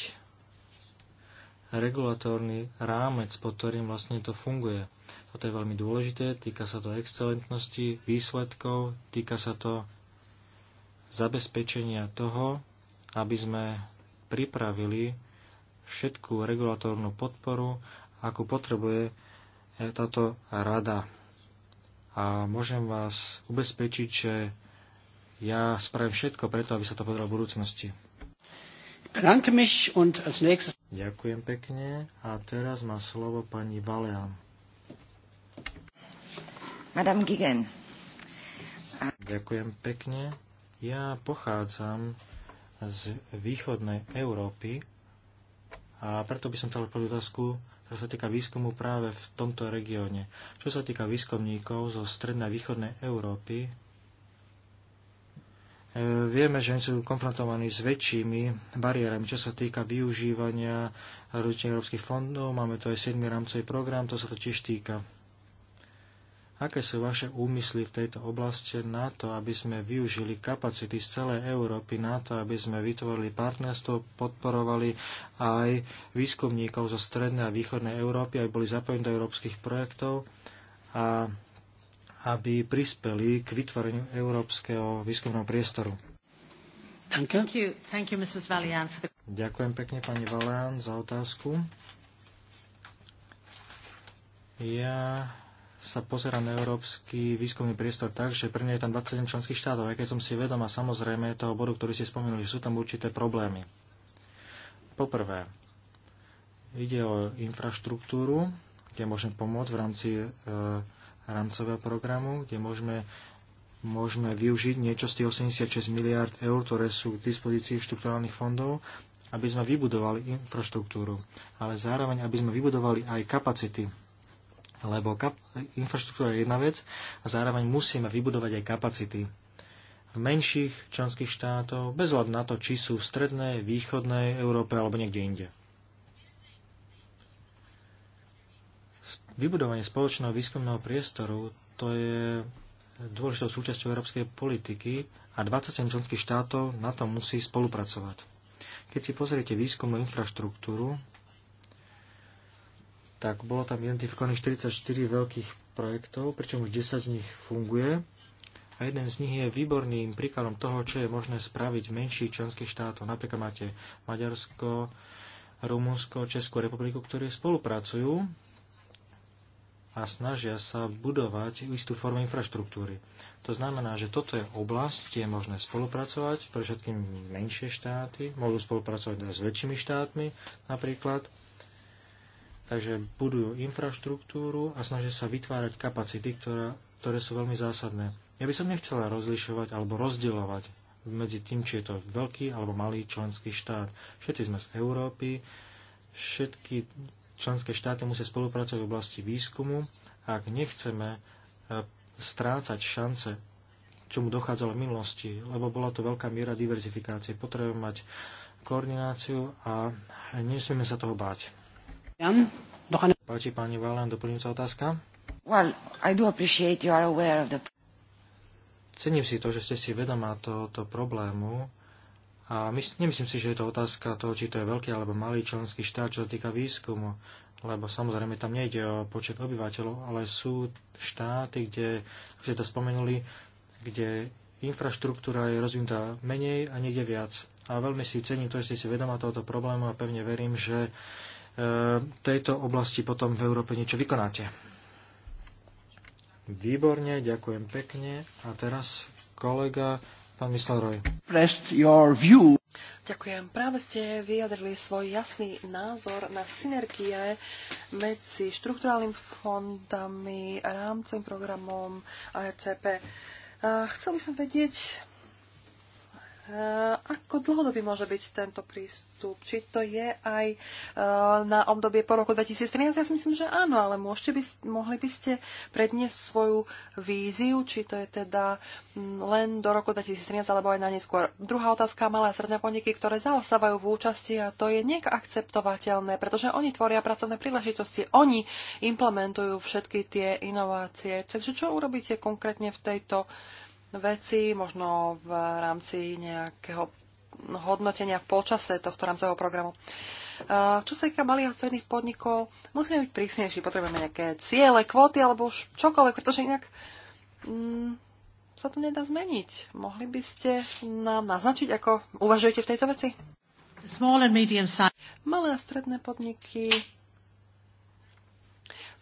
regulatórny rámec, pod ktorým vlastne to funguje. Toto je veľmi dôležité, týka sa to excelentnosti, výsledkov, týka sa to zabezpečenia toho, aby sme pripravili všetkú regulatórnu podporu, ako potrebuje eh, táto rada. A môžem vás ubezpečiť, že ja spravím všetko preto, aby sa to podalo v budúcnosti. Bedanke mich und als nächstes Ďakujem pekne. A teraz má slovo pani Valean. Madame Gigen. A... Ďakujem pekne. Ja pochádzam z východnej Európy a preto by som chcel odpovedať otázku, ktorá sa týka výskumu práve v tomto regióne. Čo sa týka výskumníkov zo strednej a východnej Európy, Vieme, že oni sú konfrontovaní s väčšími bariérami, čo sa týka využívania rôznych európskych fondov. Máme tu aj 7. rámcový program, to sa to tiež týka. Aké sú vaše úmysly v tejto oblasti na to, aby sme využili kapacity z celej Európy na to, aby sme vytvorili partnerstvo, podporovali aj výskumníkov zo strednej a východnej Európy, aby boli zapojení do európskych projektov a aby prispeli k vytvoreniu európskeho výskumného priestoru. Thank you. Thank you, Mrs. Valian, for the... Ďakujem pekne pani Valian za otázku. Ja sa pozerám na európsky výskumný priestor tak, že pre mňa je tam 27 členských štátov, aj keď som si vedom a samozrejme toho bodu, ktorý ste spomenuli, že sú tam určité problémy. Poprvé, ide o infraštruktúru, kde môžem pomôcť v rámci e, rámcového programu, kde môžeme, môžeme využiť niečo z tých 86 miliard eur, ktoré sú k dispozícii štrukturálnych fondov, aby sme vybudovali infraštruktúru, ale zároveň, aby sme vybudovali aj kapacity lebo kap- infraštruktúra je jedna vec a zároveň musíme vybudovať aj kapacity v menších členských štátov, bez hľadu na to, či sú v strednej, východnej Európe alebo niekde inde. Vybudovanie spoločného výskumného priestoru to je dôležitou súčasťou európskej politiky a 27 členských štátov na tom musí spolupracovať. Keď si pozriete výskumnú infraštruktúru, tak bolo tam identifikovaných 44 veľkých projektov, pričom už 10 z nich funguje a jeden z nich je výborným príkladom toho, čo je možné spraviť v menších členských štátoch. Napríklad máte Maďarsko, Rumunsko, Českú republiku, ktorí spolupracujú a snažia sa budovať istú formu infraštruktúry. To znamená, že toto je oblasť, kde je možné spolupracovať, pre všetkým menšie štáty, môžu spolupracovať aj s väčšími štátmi napríklad. Takže budujú infraštruktúru a snažia sa vytvárať kapacity, ktoré, ktoré sú veľmi zásadné. Ja by som nechcela rozlišovať alebo rozdielovať medzi tým, či je to veľký alebo malý členský štát. Všetci sme z Európy, všetky členské štáty musia spolupracovať v oblasti výskumu. Ak nechceme e, strácať šance, čomu dochádzalo v minulosti, lebo bola to veľká miera diverzifikácie, potrebujeme mať koordináciu a nesmieme sa toho báť. Páči pani Valen, doplňujúca otázka. Well, I do appreciate you are aware of the... Cením si to, že ste si vedomá tohoto problému a my, nemyslím si, že je to otázka toho, či to je veľký alebo malý členský štát, čo sa týka výskumu, lebo samozrejme tam nejde o počet obyvateľov, ale sú štáty, kde, ako ste to spomenuli, kde infraštruktúra je rozvinutá menej a niekde viac. A veľmi si cením to, že ste si vedoma tohoto problému a pevne verím, že e, v tejto oblasti potom v Európe niečo vykonáte. Výborne, ďakujem pekne. A teraz kolega pán Misleroj. Ďakujem. Práve ste vyjadrili svoj jasný názor na synergie medzi štruktúrálnym fondami, rámcovým programom a ECP. Chcel by som vedieť, Eh, ako dlhodobý môže byť tento prístup? Či to je aj eh, na obdobie po roku 2013? Ja si myslím, že áno, ale môžete by, mohli by ste predniesť svoju víziu, či to je teda mm, len do roku 2013 alebo aj na neskôr. Druhá otázka, malé a stredné podniky, ktoré zaostávajú v účasti a to je akceptovateľné, pretože oni tvoria pracovné príležitosti, oni implementujú všetky tie inovácie. Takže čo urobíte konkrétne v tejto veci, možno v rámci nejakého hodnotenia v počase tohto rámcového programu. Čo sa týka malých a stredných podnikov, musíme byť prísnejší, potrebujeme nejaké ciele, kvóty alebo už čokoľvek, pretože inak mm, sa to nedá zmeniť. Mohli by ste nám naznačiť, ako uvažujete v tejto veci? Small and medium size. Malé a stredné podniky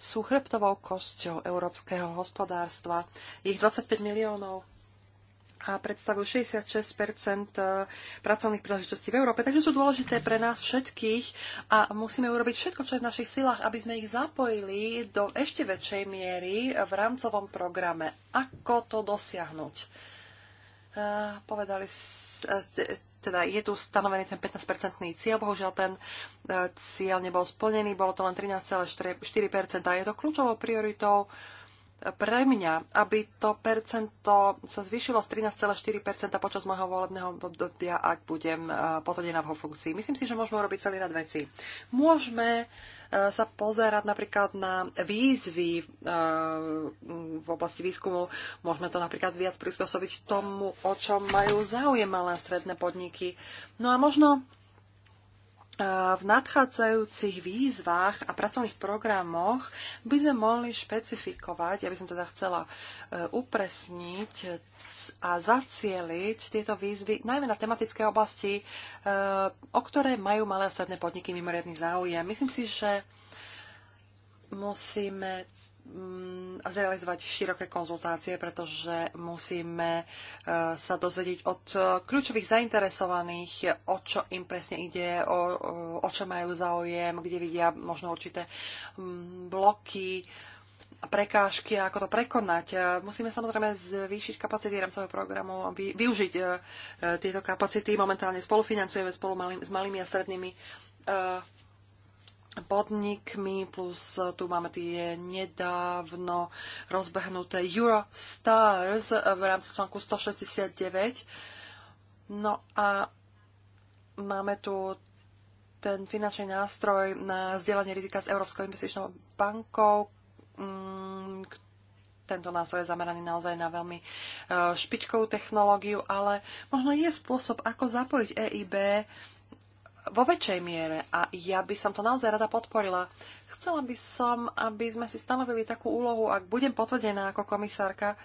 sú chrbtovou kosťou európskeho hospodárstva. Ich 25 miliónov a predstavujú 66 e, pracovných príležitostí v Európe. Takže sú dôležité pre nás všetkých a musíme urobiť všetko, čo je v našich silách, aby sme ich zapojili do ešte väčšej miery v rámcovom programe. Ako to dosiahnuť? E, povedali, e, teda je tu stanovený ten 15-percentný cieľ, bohužiaľ ten cieľ nebol splnený, bolo to len 13,4 a je to kľúčovou prioritou pre mňa, aby to percento sa zvýšilo z 13,4% počas môjho volebného obdobia, ak budem eh, potvrdená v funkcii. Myslím si, že môžeme urobiť celý rad vecí. Môžeme eh, sa pozerať napríklad na výzvy eh, v oblasti výskumu. Môžeme to napríklad viac prispôsobiť tomu, o čom majú záujem malé stredné podniky. No a možno v nadchádzajúcich výzvach a pracovných programoch by sme mohli špecifikovať, ja by som teda chcela e, upresniť a zacieliť tieto výzvy najmä na tematické oblasti, e, o ktoré majú malé a stredné podniky mimoriadný záujem. Myslím si, že musíme Mm, a zrealizovať široké konzultácie, pretože musíme e, sa dozvedieť od e, kľúčových zainteresovaných, e, o čo im presne ide, o, o čo majú záujem, kde vidia možno určité mm, bloky a prekážky a ako to prekonať. Musíme samozrejme zvýšiť kapacity rámcového programu, vy, využiť tieto kapacity. Momentálne spolufinancujeme spolu malým, s malými a strednými podnikmi, plus eh, tu máme tie nedávno rozbehnuté Eurostars eh, v rámci článku 169. No a máme tu ten finančný nástroj na zdieľanie rizika s Európskou investičnou bankou. Mm, tento nástroj je zameraný naozaj na veľmi eh, špičkovú technológiu, ale možno je spôsob, ako zapojiť EIB vo väčšej miere a ja by som to naozaj rada podporila. Chcela by som, aby sme si stanovili takú úlohu, ak budem potvrdená ako komisárka,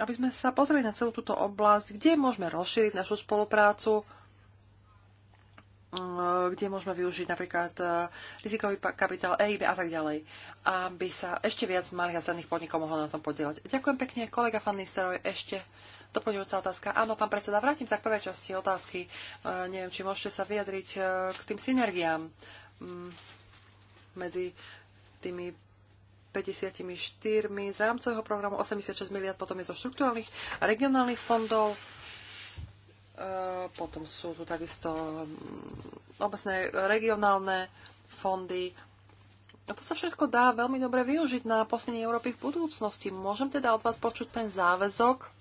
aby sme sa pozreli na celú túto oblasť, kde môžeme rozšíriť našu spoluprácu, mm, kde môžeme využiť napríklad e, rizikový kapitál EIB a tak ďalej, aby sa ešte viac malých a stredných podnikov mohlo na tom podielať. Ďakujem pekne, kolega Fannisterov, ešte Doplňujúca otázka. Áno, pán predseda, vrátim sa k prvej časti otázky. E, neviem, či môžete sa vyjadriť e, k tým synergiám m, mm, medzi tými 54 z rámcového programu, 86 miliard potom je zo štruktúrnych a regionálnych fondov. E, potom sú tu takisto mm, obecné regionálne fondy, a to sa všetko dá veľmi dobre využiť na posledenie Európy v budúcnosti. Môžem teda od vás počuť ten záväzok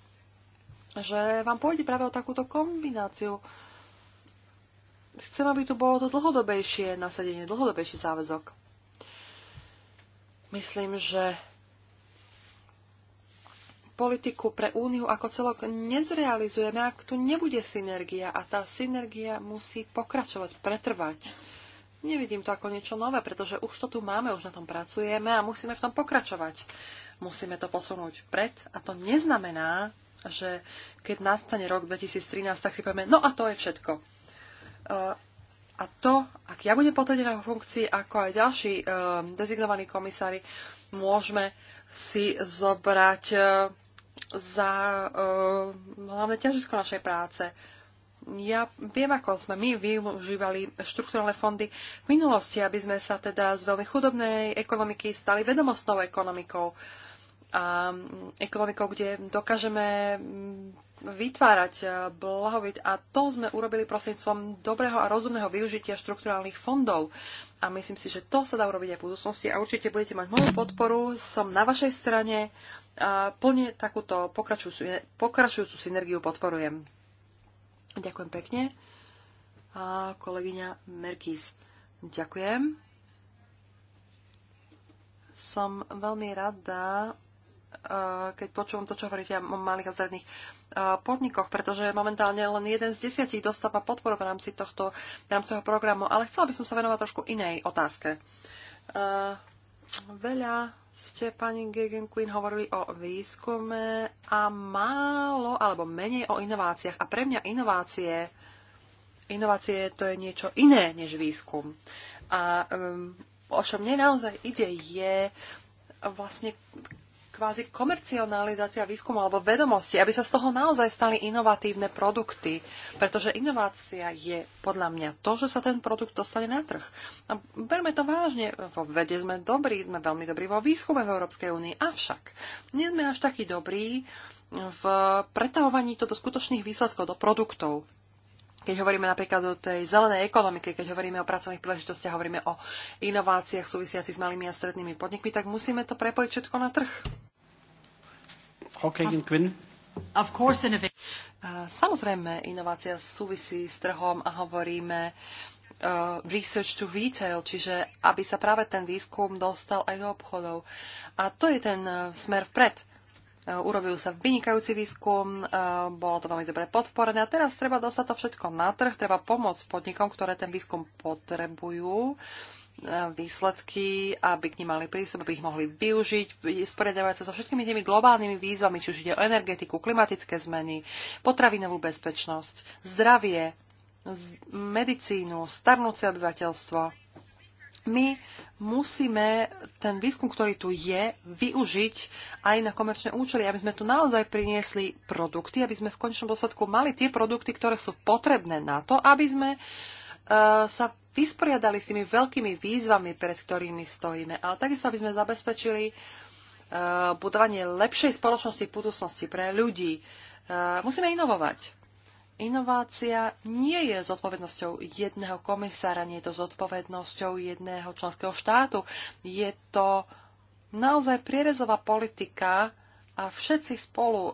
že vám pôjde práve o takúto kombináciu. Chcem, aby tu bolo to dlhodobejšie nasadenie, dlhodobejší záväzok. Myslím, že politiku pre úniu ako celok nezrealizujeme, ak tu nebude synergia a tá synergia musí pokračovať, pretrvať. Nevidím to ako niečo nové, pretože už to tu máme, už na tom pracujeme a musíme v tom pokračovať. Musíme to posunúť vpred a to neznamená, že keď nastane rok 2013, tak si povieme, no a to je všetko. E, a to, ak ja budem potvrdená vo funkcii, ako aj ďalší e, dezignovaní komisári, môžeme si zobrať e, za hlavné ťažisko našej práce. Ja viem, ako sme my využívali štruktúrne fondy v minulosti, aby sme sa teda z veľmi chudobnej ekonomiky stali vedomostnou ekonomikou. Uh, a ekonomikou, kde dokážeme vytvárať blahobyt a to sme urobili prostredníctvom dobrého a rozumného využitia štrukturálnych fondov. A myslím si, že to sa dá urobiť aj v budúcnosti a určite budete mať moju podporu. Som na vašej strane a plne takúto pokračujúcu, pokračujúcu synergiu podporujem. Ďakujem pekne. A kolegyňa Merkis, ďakujem. Som veľmi rada, Eh, keď počúvam to, čo hovoríte o malých a stredných eh, podnikoch, pretože momentálne len jeden z desiatich dostáva podporu v rámci tohto rámcového programu, ale chcela by som sa venovať trošku inej otázke. Eh, veľa ste, pani Gegen Queen, hovorili o výskume a málo alebo menej o inováciách. A pre mňa inovácie, inovácie to je niečo iné než výskum. A um, o čo mne naozaj ide, je vlastne kvázi komercionalizácia výskumu alebo vedomosti, aby sa z toho naozaj stali inovatívne produkty. Pretože inovácia je podľa mňa to, že sa ten produkt dostane na trh. A berme to vážne. Vo vede sme dobrí, sme veľmi dobrí vo výskume v Európskej únii. Avšak nie sme až takí dobrí v pretahovaní to do skutočných výsledkov, do produktov keď hovoríme napríklad o tej zelenej ekonomike, keď hovoríme o pracovných príležitostiach, hovoríme o inováciách súvisiacich s malými a strednými podnikmi, tak musíme to prepojiť všetko na trh. Okay, Of course, innovation. Samozrejme, inovácia súvisí s trhom a hovoríme uh, research to retail, čiže aby sa práve ten výskum dostal aj do obchodov. A to je ten uh, smer vpred Eh, urobil sa vynikajúci výskum, eh, bolo to veľmi dobre podporené a teraz treba dostať to všetko na trh, treba pomôcť podnikom, ktoré ten výskum potrebujú eh, výsledky, aby k nim mali prístup, aby ich mohli využiť, sporiadavať sa so všetkými tými globálnymi výzvami, či už ide o energetiku, klimatické zmeny, potravinovú bezpečnosť, zdravie, medicínu, starnúce obyvateľstvo. My musíme ten výskum, ktorý tu je, využiť aj na komerčné účely, aby sme tu naozaj priniesli produkty, aby sme v končnom dôsledku mali tie produkty, ktoré sú potrebné na to, aby sme uh, sa vysporiadali s tými veľkými výzvami, pred ktorými stojíme. Ale takisto, aby sme zabezpečili uh, budovanie lepšej spoločnosti v budúcnosti pre ľudí. Uh, musíme inovovať. Inovácia nie je zodpovednosťou jedného komisára, nie je to zodpovednosťou jedného členského štátu. Je to naozaj prierezová politika a všetci spolu, eh,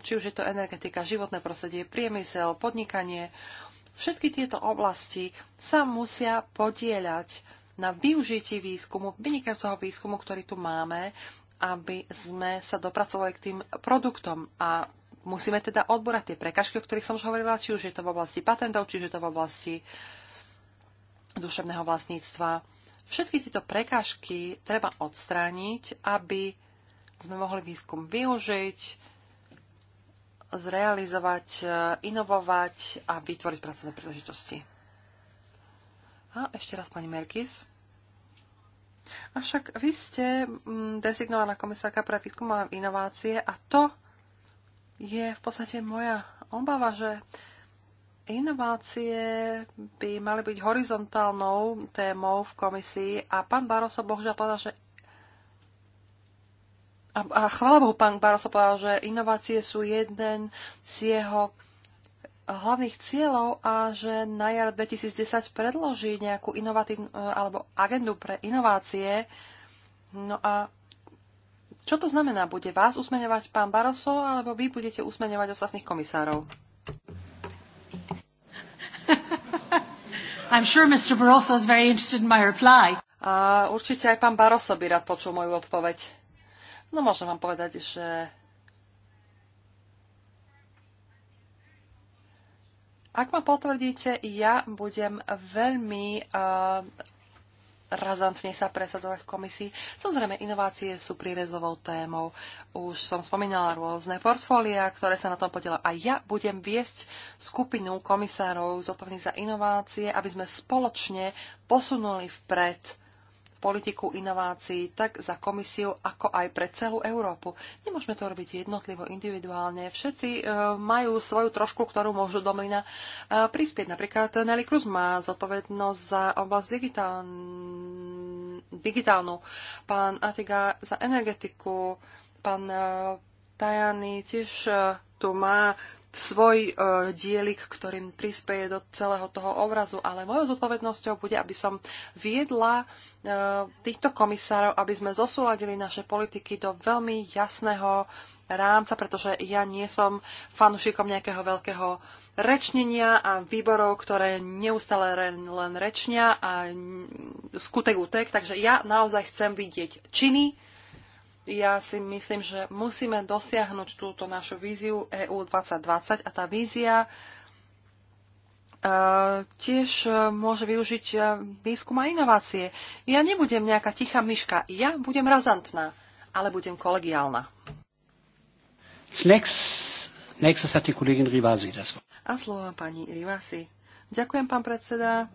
či už je to energetika, životné prostredie, priemysel, podnikanie, všetky tieto oblasti sa musia podieľať na využití výskumu, vynikajúceho výskumu, ktorý tu máme, aby sme sa dopracovali k tým produktom. A musíme teda odborať tie prekažky, o ktorých som už hovorila, či už je to v oblasti patentov, či už je to v oblasti duševného vlastníctva. Všetky tieto prekážky treba odstrániť, aby sme mohli výskum využiť, zrealizovať, inovovať a vytvoriť pracovné príležitosti. A ešte raz pani Merkis. Avšak vy ste mm, designovaná komisárka pre výskum a inovácie a to je v podstate moja obava, že inovácie by mali byť horizontálnou témou v komisii a pán Baroso bohužiaľ povedal, že a, a chvála Bohu, pán Baroso povedal, že inovácie sú jeden z jeho hlavných cieľov a že na jar 2010 predloží nejakú inovatívnu alebo agendu pre inovácie. No a čo to znamená? Bude vás usmeňovať pán Barroso, alebo vy budete usmeňovať ostatných komisárov? [LAUGHS] I'm sure Mr. Barroso is very interested in my reply. A určite aj pán Barroso by rád počul moju odpoveď. No môžem vám povedať, že Ak ma potvrdíte, ja budem veľmi uh, razantne sa presadzovať v komisii. Samozrejme, inovácie sú prírezovou témou. Už som spomínala rôzne portfólia, ktoré sa na tom podiela. A ja budem viesť skupinu komisárov zodpovedných za inovácie, aby sme spoločne posunuli vpred politiku inovácií tak za komisiu, ako aj pre celú Európu. Nemôžeme to robiť jednotlivo, individuálne. Všetci e, majú svoju trošku, ktorú môžu do mlyna e, prispieť. Napríklad Nelly Cruz má zodpovednosť za oblasť digitál... digitálnu, pán Atiga za energetiku, pán e, Tajani tiež e, tu má svoj e, dielik, ktorým prispieje do celého toho obrazu, ale mojou zodpovednosťou bude, aby som viedla e, týchto komisárov, aby sme zosúladili naše politiky do veľmi jasného rámca, pretože ja nie som fanúšikom nejakého veľkého rečnenia a výborov, ktoré neustále len, len rečnia a skutek utek, takže ja naozaj chcem vidieť činy, ja si myslím, že musíme dosiahnuť túto našu víziu EU 2020 a tá vízia e, tiež e, môže využiť e, výskum a inovácie. Ja nebudem nejaká tichá myška, ja budem razantná, ale budem kolegiálna. A slovo pani Rivasi. Ďakujem, pán predseda.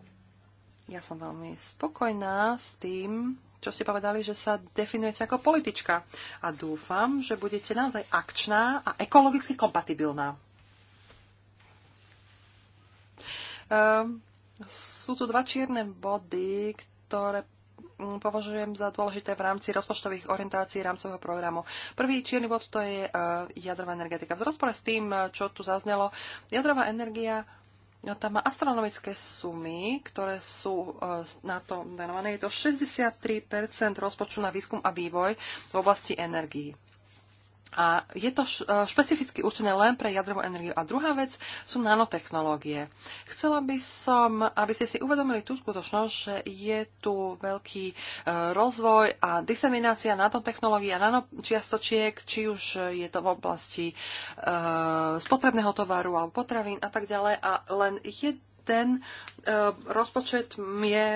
Ja som veľmi spokojná s tým, čo ste povedali, že sa definujete ako politička. A dúfam, že budete naozaj akčná a ekologicky kompatibilná. Um, sú tu dva čierne body, ktoré mm, považujem za dôležité v rámci rozpočtových orientácií rámcového programu. Prvý čierny bod to je eh, jadrová energetika. V rozpore s tým, eh, čo tu zaznelo, jadrová energia No, tam má astronomické sumy, ktoré sú e, na to danované. Je to 63% rozpočtu na výskum a vývoj v oblasti energií. A je to špecificky určené len pre jadrovú energiu. A druhá vec sú nanotechnológie. Chcela by som, aby ste si uvedomili tú skutočnosť, že je tu veľký e, rozvoj a diseminácia nanotechnológií a nanočiastočiek, či už je to v oblasti e, spotrebného tovaru alebo potravín a tak ďalej. A len jed, ten e, rozpočet je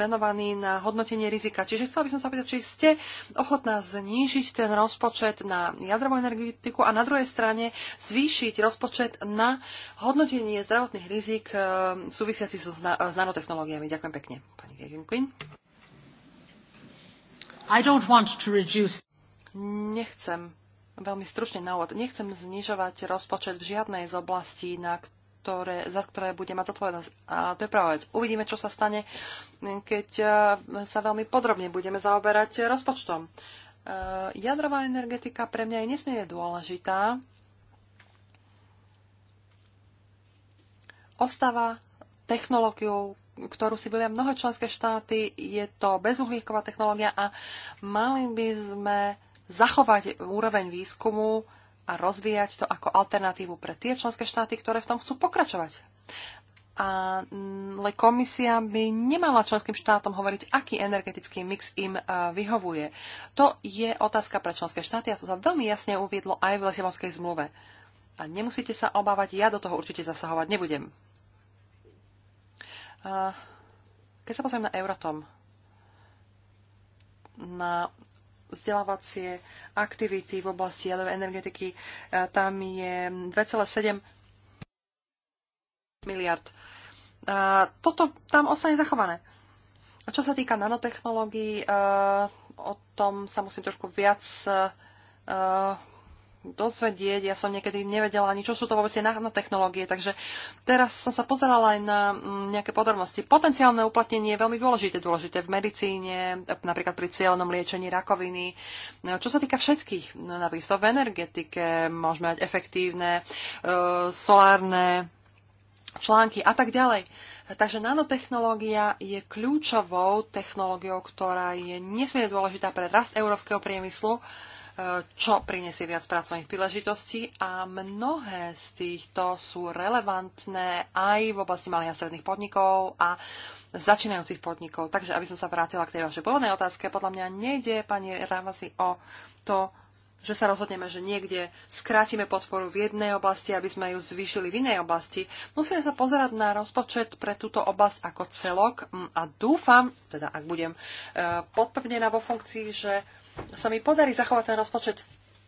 venovaný na hodnotenie rizika. Čiže chcela by som sa pýtať, či ste ochotná znížiť ten rozpočet na jadrovú energetiku a na druhej strane zvýšiť rozpočet na hodnotenie zdravotných rizik e, súvisiaci so s nanotechnológiami. Ďakujem pekne, pani Gegenquin. I don't want to reduce... Nechcem veľmi stručne na úvod. Nechcem znižovať rozpočet v žiadnej z oblastí, na ktoré, za ktoré bude mať zodpovednosť. A to je práva vec. Uvidíme, čo sa stane, keď e, sa veľmi podrobne budeme zaoberať rozpočtom. E, jadrová energetika pre mňa je nesmierne dôležitá. Ostáva technológiou, ktorú si vylia mnohé členské štáty. Je to bezuhlíková technológia a mali by sme zachovať úroveň výskumu a rozvíjať to ako alternatívu pre tie členské štáty, ktoré v tom chcú pokračovať. Ale mm, komisia by nemala členským štátom hovoriť, aký energetický mix im e, vyhovuje. To je otázka pre členské štáty a to sa veľmi jasne uviedlo aj v Lesiavonskej zmluve. A nemusíte sa obávať, ja do toho určite zasahovať nebudem. Keď sa pozriem na Euratom, na vzdelávacie aktivity v oblasti jadrovej energetiky. E, tam je 2,7 miliard. A toto tam ostane zachované. A čo sa týka nanotechnológií, e, o tom sa musím trošku viac e, dozvedieť. Ja som niekedy nevedela ani, čo sú to vôbec nanotechnológie, takže teraz som sa pozerala aj na mm, nejaké podrobnosti. Potenciálne uplatnenie je veľmi dôležité, dôležité v medicíne, napríklad pri cieľnom liečení rakoviny. No, čo sa týka všetkých, no, napríklad v energetike, môžeme mať efektívne e, solárne články a tak ďalej. Takže nanotechnológia je kľúčovou technológiou, ktorá je nesmierne dôležitá pre rast európskeho priemyslu. Uh, čo prinesie viac pracovných príležitostí a mnohé z týchto sú relevantné aj v oblasti malých a stredných podnikov a začínajúcich podnikov. Takže aby som sa vrátila k tej vašej pôvodnej otázke, podľa mňa nejde, pani Ramasi, o to, že sa rozhodneme, že niekde skrátime podporu v jednej oblasti, aby sme ju zvýšili v inej oblasti. Musíme sa pozerať na rozpočet pre túto oblasť ako celok mm, a dúfam, teda ak budem eh, podprvnená vo funkcii, že sa mi podarí zachovať ten rozpočet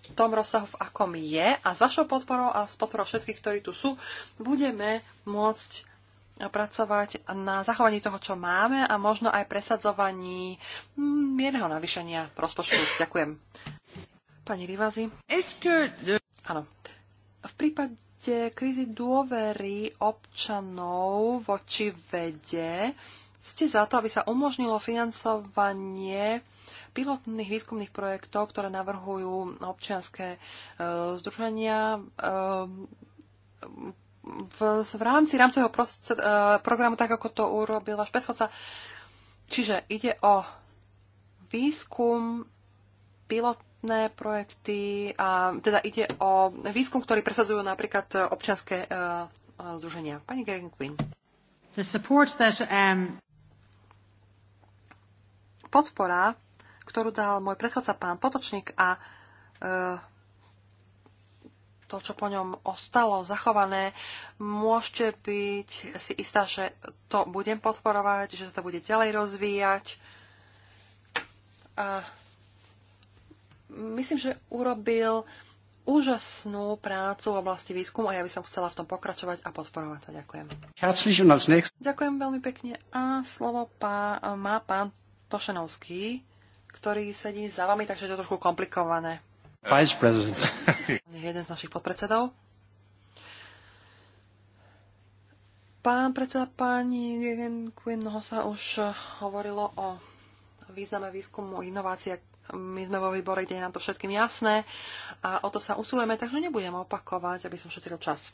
v tom rozsahu, v akom je a s vašou podporou a s podporou všetkých, ktorí tu sú, budeme môcť pracovať na zachovaní toho, čo máme a možno aj presadzovaní mm, mierneho navýšenia rozpočtu. Ďakujem. Pani Rivazi. Áno. V prípade krízy dôvery občanov voči vede ste za to, aby sa umožnilo financovanie pilotných výskumných projektov, ktoré navrhujú občianské e, združenia e, v, v rámci rámcového e, programu, tak ako to urobil váš predchodca. Čiže ide o výskum, pilotné projekty a teda ide o výskum, ktorý presadzujú napríklad občianské uh, združenia. Pani gagin Quinn. The support that, um... Podpora ktorú dal môj predchodca pán Potočník a e, to, čo po ňom ostalo zachované, môžete byť si istá, že to budem podporovať, že sa to bude ďalej rozvíjať. A myslím, že urobil úžasnú prácu v oblasti výskumu a ja by som chcela v tom pokračovať a podporovať to. Ďakujem. Ďakujem veľmi pekne a slovo pá, má pán Tošenovský ktorý sedí za vami, takže je to trošku komplikované. Vice President. On je jeden z našich podpredsedov. Pán predseda, pani Gegenquin, mnoho sa už hovorilo o význame výskumu inovácie. My sme vo výbore, kde je nám to všetkým jasné a o to sa usilujeme, takže nebudem opakovať, aby som šetril čas.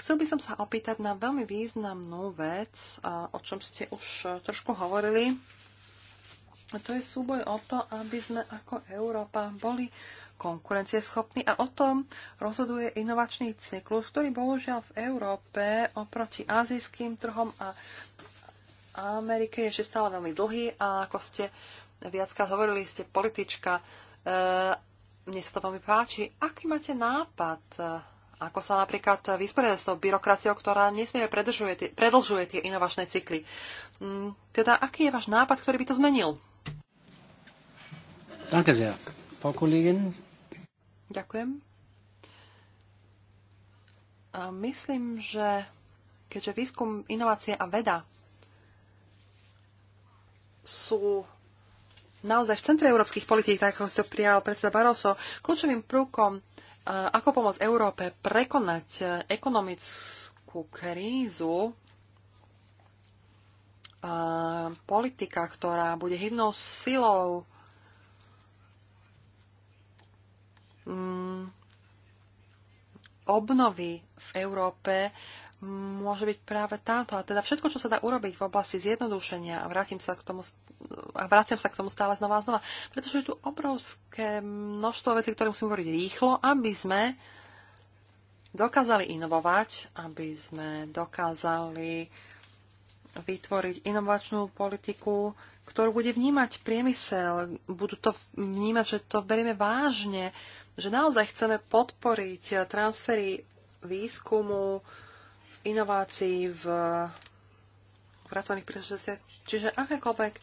Chcel by som sa opýtať na veľmi významnú vec, o čom ste už trošku hovorili a to je súboj o to, aby sme ako Európa boli konkurencieschopní a o tom rozhoduje inovačný cyklus, ktorý bohužiaľ v Európe oproti azijským trhom a Amerike je ešte stále veľmi dlhý a ako ste viacka hovorili, ste politička. E, mne sa to veľmi páči. Aký máte nápad? Eh, ako sa napríklad vysporiadať s tou byrokraciou, ktorá nesmie predlžuje tie inovačné cykly? Mm, teda, aký je váš nápad, ktorý by to zmenil? Danke sehr. Frau Kollegin. Ďakujem. A myslím, že keďže výskum, inovácie a veda sú naozaj v centre európskych politík, tak ako si to prijal predseda Barroso, kľúčovým prúkom, e, ako pomôcť Európe prekonať e, ekonomickú krízu, e, politika, ktorá bude hybnou silou Mm, obnovy v Európe môže byť práve táto. A teda všetko, čo sa dá urobiť v oblasti zjednodušenia, a, vrátim sa k tomu, a vraciam sa k tomu stále znova a znova, pretože je tu obrovské množstvo vecí, ktoré musíme hovoriť rýchlo, aby sme dokázali inovovať, aby sme dokázali vytvoriť inovačnú politiku, ktorú bude vnímať priemysel. Budú to vnímať, že to berieme vážne, že naozaj chceme podporiť transfery výskumu, inovácií v pracovných príležitostiach, čiže akékoľvek eh,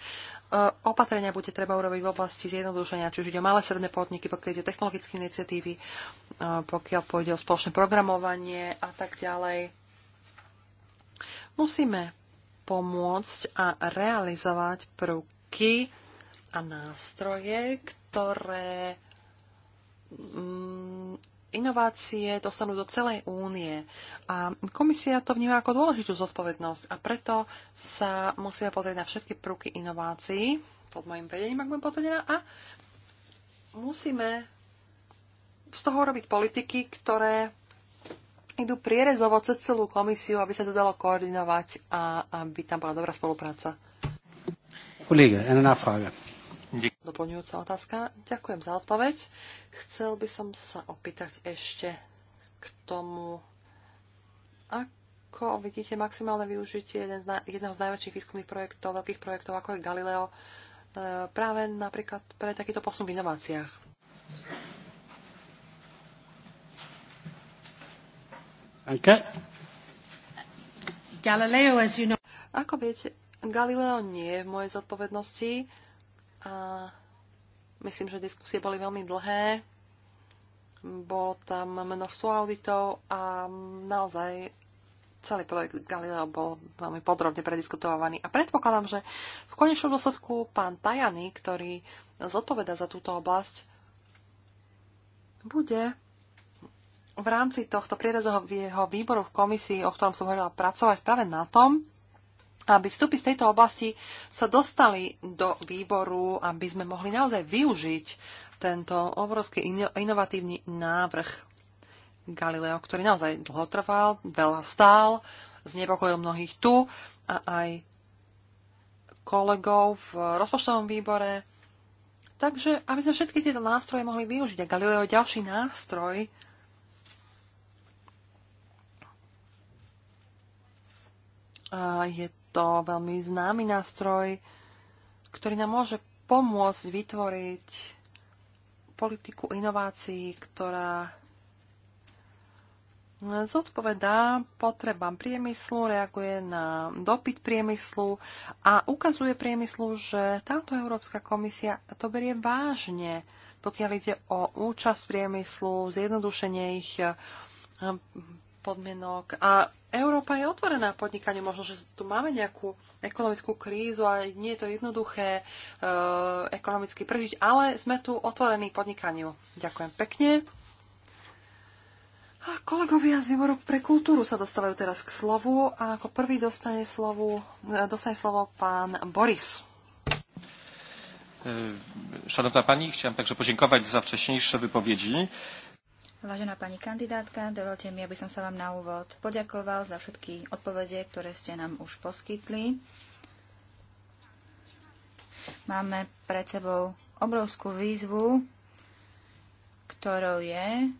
opatrenia bude treba urobiť v oblasti zjednodušenia, či už ide o malé sredné podniky, pokiaľ ide o technologické iniciatívy, eh, pokiaľ pôjde o spoločné programovanie a tak ďalej. Musíme pomôcť a realizovať prvky a nástroje, ktoré Mm, inovácie dostanú do celej únie. A komisia to vníma ako dôležitú zodpovednosť a preto sa musíme pozrieť na všetky prvky inovácií pod mojim vedením, ak budem potvrdená, a musíme z toho robiť politiky, ktoré idú prierezovo cez celú komisiu, aby sa to dalo koordinovať a aby tam bola dobrá spolupráca. Kolega, jedna náfraga doplňujúca otázka. Ďakujem za odpoveď. Chcel by som sa opýtať ešte k tomu, ako vidíte maximálne využitie jeden z na, jedného z najväčších výskumných projektov, veľkých projektov, ako je Galileo, e, práve napríklad pre takýto posun v inováciách. Galileo, as you know... Ako viete, Galileo nie je v mojej zodpovednosti a myslím, že diskusie boli veľmi dlhé. Bolo tam množstvo auditov a naozaj celý projekt Galileo bol veľmi podrobne prediskutovaný a predpokladám, že v konečnom dôsledku pán Tajany, ktorý zodpoveda za túto oblasť, bude v rámci tohto prierezového výboru v komisii, o ktorom som hovorila, pracovať práve na tom, aby vstupy z tejto oblasti sa dostali do výboru, aby sme mohli naozaj využiť tento obrovský inovatívny návrh Galileo, ktorý naozaj dlho trval, veľa stál, znepokojil mnohých tu a aj kolegov v rozpočtovom výbore. Takže, aby sme všetky tieto nástroje mohli využiť. A Galileo je ďalší nástroj, a je to veľmi známy nástroj, ktorý nám môže pomôcť vytvoriť politiku inovácií, ktorá zodpovedá potrebám priemyslu, reaguje na dopyt priemyslu a ukazuje priemyslu, že táto Európska komisia to berie vážne, pokiaľ ide o účasť priemyslu, zjednodušenie ich podmienok. A Európa je otvorená podnikaniu. Možno, že tu máme nejakú ekonomickú krízu a nie je to jednoduché e, ekonomicky prežiť, ale sme tu otvorení podnikaniu. Ďakujem pekne. A kolegovia z výboru pre kultúru sa dostávajú teraz k slovu a ako prvý dostane, slovu, e, dostane slovo pán Boris. E, Szanowna Pani, chciałem także podziękować za wcześniejsze wypowiedzi. Vážená pani kandidátka, dovolte mi, aby som sa vám na úvod poďakoval za všetky odpovede, ktoré ste nám už poskytli. Máme pred sebou obrovskú výzvu, ktorou je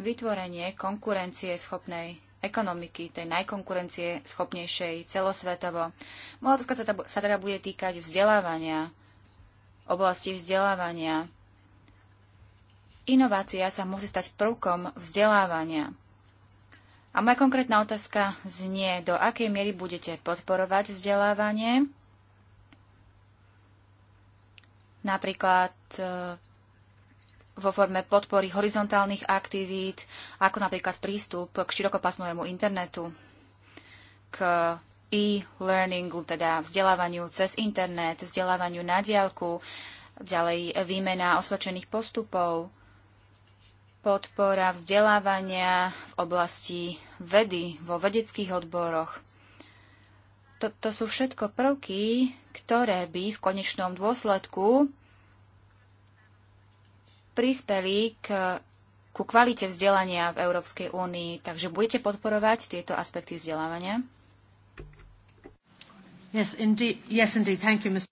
vytvorenie konkurencie schopnej ekonomiky, tej najkonkurencie schopnejšej celosvetovo. Moja otázka teda sa teda bude týkať vzdelávania, oblasti vzdelávania, Inovácia sa musí stať prvkom vzdelávania. A moja konkrétna otázka znie, do akej miery budete podporovať vzdelávanie, napríklad e, vo forme podpory horizontálnych aktivít, ako napríklad prístup k širokopasmovému internetu, k e-learningu, teda vzdelávaniu cez internet, vzdelávaniu na diálku, ďalej výmena osvedčených postupov, podpora vzdelávania v oblasti vedy, vo vedeckých odboroch. Toto sú všetko prvky, ktoré by v konečnom dôsledku prispeli k, ku kvalite vzdelania v Európskej únii. Takže budete podporovať tieto aspekty vzdelávania? Yes, indeed. Yes, indeed. Thank you, Mr.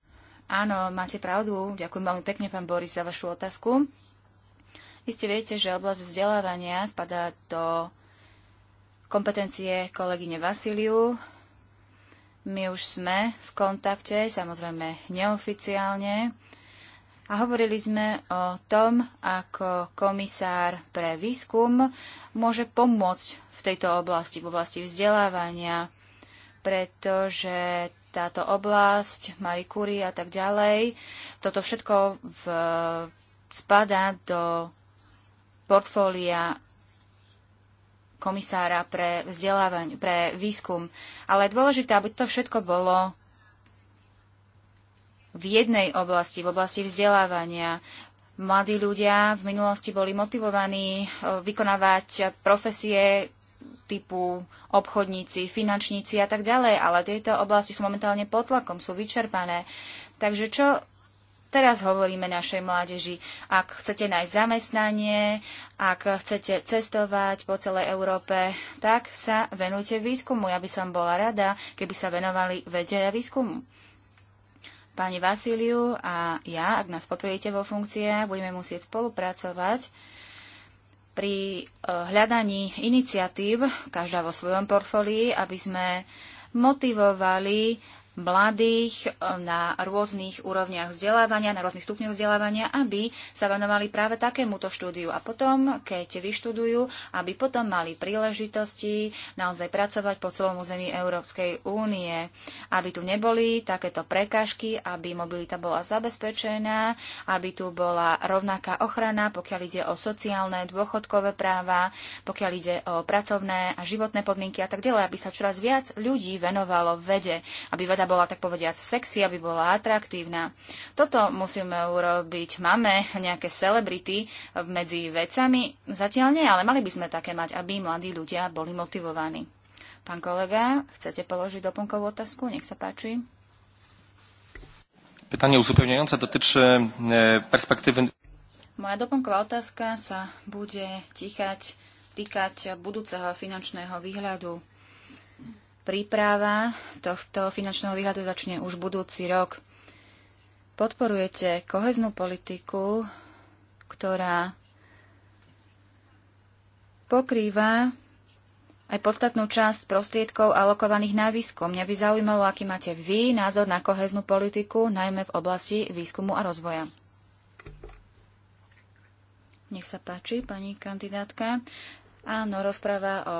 Áno, máte pravdu. Ďakujem veľmi pekne, pán Boris, za vašu otázku. Iste viete, že oblasť vzdelávania spadá do kompetencie kolegyne Vasiliu. My už sme v kontakte, samozrejme neoficiálne, a hovorili sme o tom, ako komisár pre výskum môže pomôcť v tejto oblasti, v oblasti vzdelávania, pretože táto oblasť, Marie Curie a tak ďalej, toto všetko v, spadá do portfólia komisára pre vzdelávanie, pre výskum. Ale je dôležité, aby to všetko bolo v jednej oblasti, v oblasti vzdelávania. Mladí ľudia v minulosti boli motivovaní e, vykonávať profesie typu obchodníci, finančníci a tak ďalej, ale tieto oblasti sú momentálne pod tlakom, sú vyčerpané. Takže čo teraz hovoríme našej mládeži. Ak chcete nájsť zamestnanie, ak chcete cestovať po celej Európe, tak sa venujte výskumu. Ja by som bola rada, keby sa venovali vede a výskumu. Pani Vasíliu a ja, ak nás potvrdíte vo funkcie, budeme musieť spolupracovať pri e, hľadaní iniciatív, každá vo svojom portfólii, aby sme motivovali mladých eh, na rôznych úrovniach vzdelávania, na rôznych stupňoch vzdelávania, aby sa venovali práve takémuto štúdiu. A potom, keď vyštudujú, aby potom mali príležitosti naozaj pracovať po celom území Európskej únie, aby tu neboli takéto prekážky, aby mobilita bola zabezpečená, aby tu bola rovnaká ochrana, pokiaľ ide o sociálne, dôchodkové práva, pokiaľ ide o pracovné a životné podmienky a tak ďalej, aby sa čoraz viac ľudí venovalo vede, aby veda teda bola tak povediať sexy, aby bola atraktívna. Toto musíme urobiť. Máme nejaké celebrity medzi vecami? Zatiaľ nie, ale mali by sme také mať, aby mladí ľudia boli motivovaní. Pán kolega, chcete položiť doplnkovú otázku? Nech sa páči. Pytanie uzupevňujúce dotyczy e, perspektívy... Moja doplnková otázka sa bude týkať, týkať budúceho finančného výhľadu. Príprava tohto finančného výhľadu začne už budúci rok. Podporujete koheznú politiku, ktorá pokrýva aj podstatnú časť prostriedkov alokovaných na výskum. Mňa by zaujímalo, aký máte vy názor na koheznú politiku, najmä v oblasti výskumu a rozvoja. Nech sa páči, pani kandidátka. Áno, rozpráva o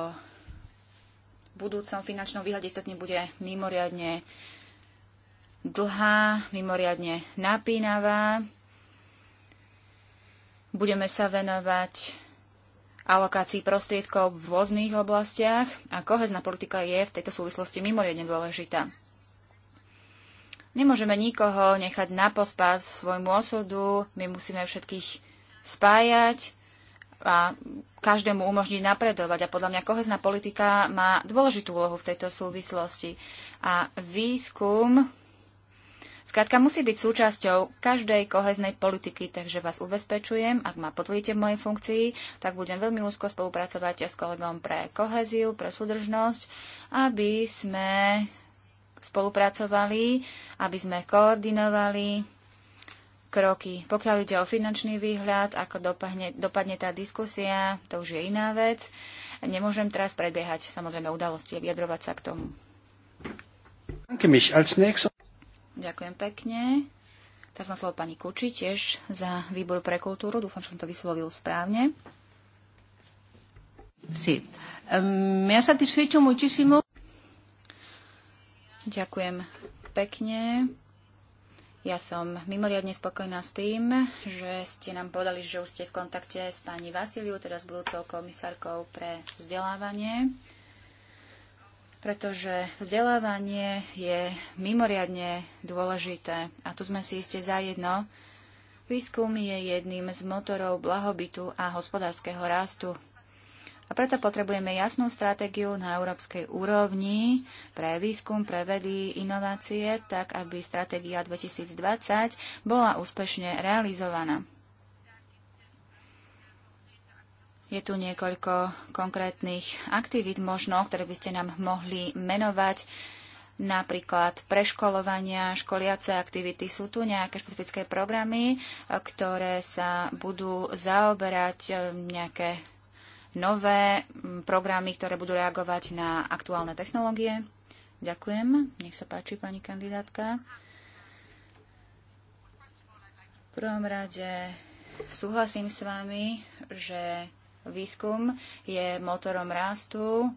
budúcom finančnom výhľade istotne bude mimoriadne dlhá, mimoriadne napínavá. Budeme sa venovať alokácii prostriedkov v rôznych oblastiach a kohezná politika je v tejto súvislosti mimoriadne dôležitá. Nemôžeme nikoho nechať na pospas svojmu osudu, my musíme všetkých spájať, a každému umožniť napredovať. A podľa mňa kohezná politika má dôležitú úlohu v tejto súvislosti. A výskum Skrátka musí byť súčasťou každej koheznej politiky, takže vás ubezpečujem, ak ma potvrdíte v mojej funkcii, tak budem veľmi úzko spolupracovať s kolegom pre koheziu, pre súdržnosť, aby sme spolupracovali, aby sme koordinovali kroky. Pokiaľ ide o finančný výhľad, ako dopadne, dopadne tá diskusia, to už je iná vec. Nemôžem teraz predbiehať samozrejme udalosti a vyjadrovať sa k tomu. Ďakujem pekne. Teraz som slovo pani Kuči tiež za výbor pre kultúru. Dúfam, že som to vyslovil správne. Sí. Um, ja sa ti Ďakujem pekne. Ja som mimoriadne spokojná s tým, že ste nám povedali, že už ste v kontakte s pani Vasiliu, teda s budúcou komisárkou pre vzdelávanie, pretože vzdelávanie je mimoriadne dôležité. A tu sme si iste zajedno. Výskum je jedným z motorov blahobytu a hospodárskeho rastu a preto potrebujeme jasnú stratégiu na európskej úrovni pre výskum, pre vedy, inovácie, tak aby stratégia 2020 bola úspešne realizovaná. Je tu niekoľko konkrétnych aktivít možno, ktoré by ste nám mohli menovať napríklad preškolovania, školiace aktivity. Sú tu nejaké špecifické programy, ktoré sa budú zaoberať e, nejaké nové mm, programy, ktoré budú reagovať na aktuálne technológie? Ďakujem. Nech sa páči, pani kandidátka. V prvom rade súhlasím s vami, že výskum je motorom rastu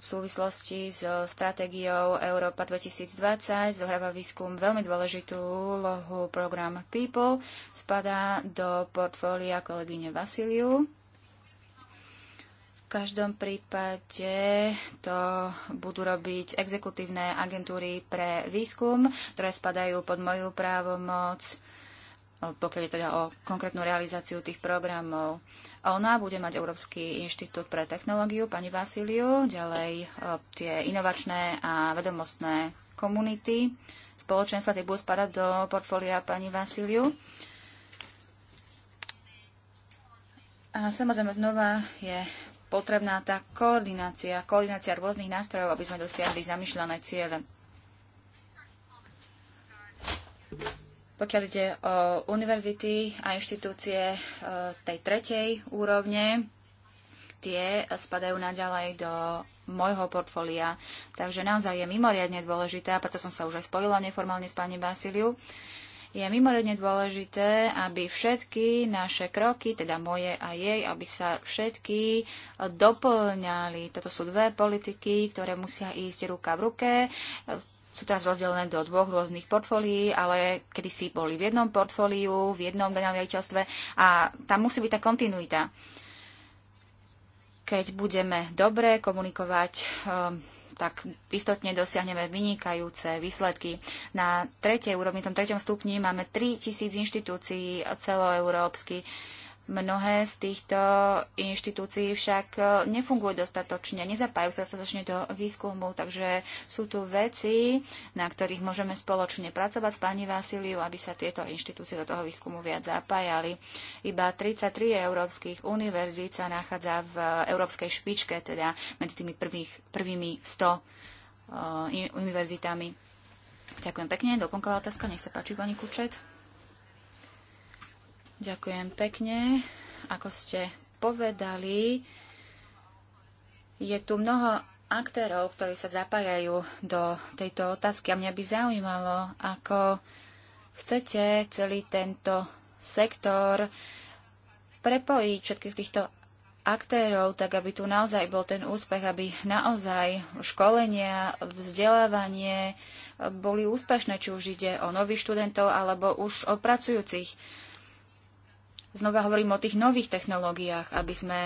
v súvislosti s stratégiou Európa 2020 zohráva výskum veľmi dôležitú úlohu program People. Spadá do portfólia kolegyne Vasiliu každom prípade to budú robiť exekutívne agentúry pre výskum, ktoré spadajú pod moju právomoc, pokiaľ je teda o konkrétnu realizáciu tých programov. Ona bude mať Európsky inštitút pre technológiu, pani Vasiliu, ďalej tie inovačné a vedomostné komunity, spoločenstva, tie budú spadať do portfólia pani Vasiliu. A samozrejme znova je potrebná tá koordinácia, koordinácia rôznych nástrojov, aby sme dosiahli zamýšľané ciele. Pokiaľ ide o univerzity a inštitúcie e, tej tretej úrovne, tie spadajú naďalej do môjho portfólia. Takže naozaj je mimoriadne dôležité, a preto som sa už aj spojila neformálne s pani Basiliu, je mimoriadne dôležité, aby všetky naše kroky, teda moje a jej, aby sa všetky doplňali. Toto sú dve politiky, ktoré musia ísť ruka v ruke sú teraz rozdelené do dvoch rôznych portfólií, ale kedysi boli v jednom portfóliu, v jednom danom a tam musí byť tá kontinuita. Keď budeme dobre komunikovať um, tak istotne dosiahneme vynikajúce výsledky. Na tretej úrovni, tom treťom stupni máme 3000 inštitúcií celoeurópsky, Mnohé z týchto inštitúcií však e, nefungujú dostatočne, nezapájú sa dostatočne do výskumu, takže sú tu veci, na ktorých môžeme spoločne pracovať s pani Vasiliu, aby sa tieto inštitúcie do toho výskumu viac zapájali. Iba 33 európskych univerzít sa nachádza v európskej špičke, teda medzi tými prvých, prvými 100 uh, e, univerzitami. Ďakujem pekne. Doplnková otázka, nech sa páči, pani Kučet. Ďakujem pekne. Ako ste povedali, je tu mnoho aktérov, ktorí sa zapájajú do tejto otázky. A mňa by zaujímalo, ako chcete celý tento sektor prepojiť všetkých týchto aktérov, tak aby tu naozaj bol ten úspech, aby naozaj školenia, vzdelávanie boli úspešné, či už ide o nových študentov alebo už o pracujúcich Znova hovorím o tých nových technológiách, aby sme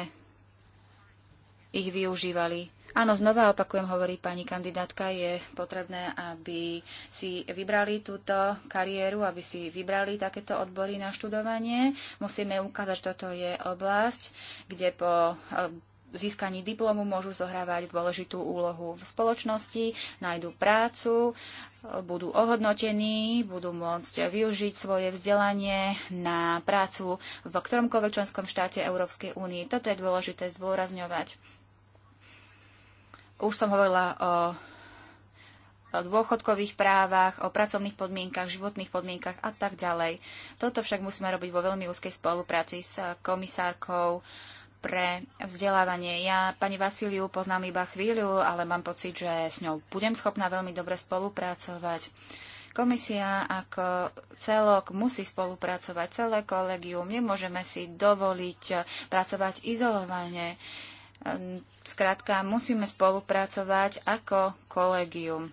ich využívali. Áno, znova opakujem, hovorí pani kandidátka, je potrebné, aby si vybrali túto kariéru, aby si vybrali takéto odbory na študovanie. Musíme ukázať, že toto je oblasť, kde po e, získaní diplomu môžu zohrávať dôležitú úlohu v spoločnosti, nájdu prácu budú ohodnotení, budú môcť využiť svoje vzdelanie na prácu v ktoromkoľvek členskom štáte Európskej únie. Toto je dôležité zdôrazňovať. Už som hovorila o o dôchodkových právach, o pracovných podmienkach, životných podmienkach a tak ďalej. Toto však musíme robiť vo veľmi úzkej spolupráci s komisárkou pre vzdelávanie. Ja pani Vasiliu poznám iba chvíľu, ale mám pocit, že s ňou budem schopná veľmi dobre spolupracovať. Komisia ako celok musí spolupracovať, celé kolegium. Nemôžeme si dovoliť pracovať izolovane. Ehm, Skrátka, musíme spolupracovať ako kolegium.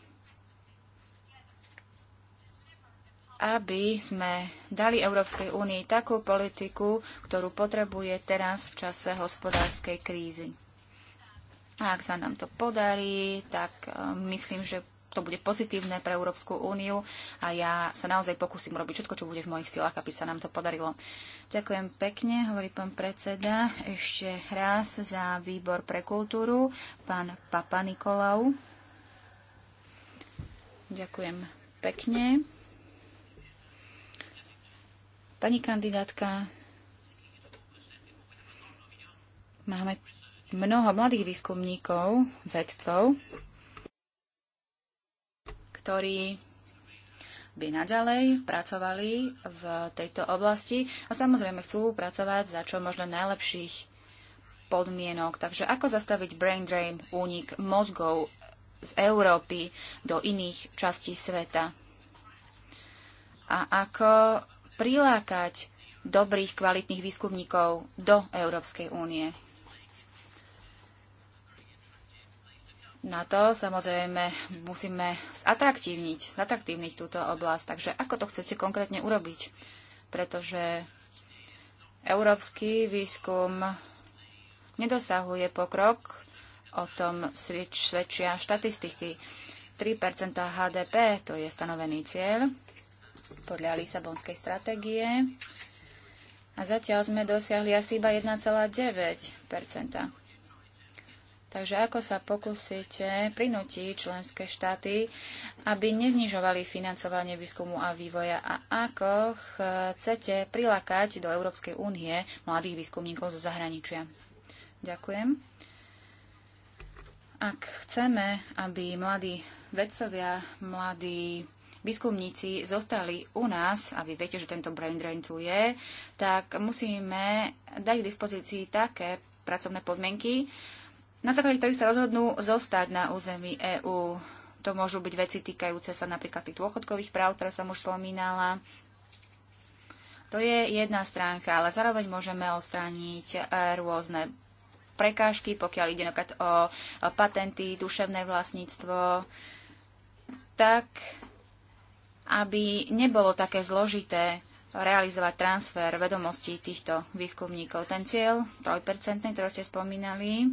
aby sme dali Európskej únii takú politiku, ktorú potrebuje teraz v čase hospodárskej krízy. A ak sa nám to podarí, tak e, myslím, že to bude pozitívne pre Európsku úniu a ja sa naozaj pokúsim robiť všetko, čo bude v mojich silách, aby sa nám to podarilo. Ďakujem pekne, hovorí pán predseda. Ešte raz za výbor pre kultúru, pán Papa Nikolau. Ďakujem pekne. Pani kandidátka, máme mnoho mladých výskumníkov, vedcov, ktorí by naďalej pracovali v tejto oblasti a samozrejme chcú pracovať za čo možno najlepších podmienok. Takže ako zastaviť brain drain, únik mozgov z Európy do iných častí sveta? A ako prilákať dobrých, kvalitných výskumníkov do Európskej únie. Na to samozrejme musíme zatraktívniť, zatraktívniť túto oblasť. Takže ako to chcete konkrétne urobiť? Pretože európsky výskum nedosahuje pokrok, o tom svedčia štatistiky. 3 HDP, to je stanovený cieľ, podľa Lisabonskej stratégie. A zatiaľ sme dosiahli asi iba 1,9 Takže ako sa pokúsite prinútiť členské štáty, aby neznižovali financovanie výskumu a vývoja a ako chcete prilákať do Európskej únie mladých výskumníkov zo zahraničia? Ďakujem. Ak chceme, aby mladí vedcovia, mladí výskumníci zostali u nás, a vy viete, že tento brain drain tu je, tak musíme dať k dispozícii také pracovné podmienky, na základe ktorých sa rozhodnú zostať na území EÚ. To môžu byť veci týkajúce sa napríklad tých dôchodkových práv, ktoré som už spomínala, to je jedna stránka, ale zároveň môžeme odstrániť e, rôzne prekážky, pokiaľ ide napríklad o patenty, duševné vlastníctvo, tak aby nebolo také zložité realizovať transfer vedomostí týchto výskumníkov. Ten cieľ 3%, ktorý ste spomínali,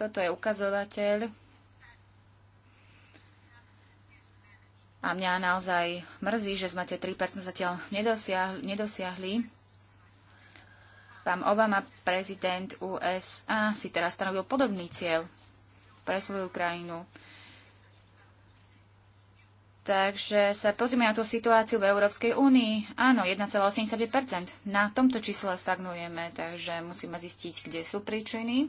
toto je ukazovateľ, A mňa naozaj mrzí, že sme tie 3% zatiaľ nedosiahli, nedosiahli. Pán Obama, prezident USA, si teraz stanovil podobný cieľ pre svoju krajinu. Takže sa pozrieme na tú situáciu v Európskej únii. Áno, 1,85%. Na tomto čísle stagnujeme, takže musíme zistiť, kde sú príčiny,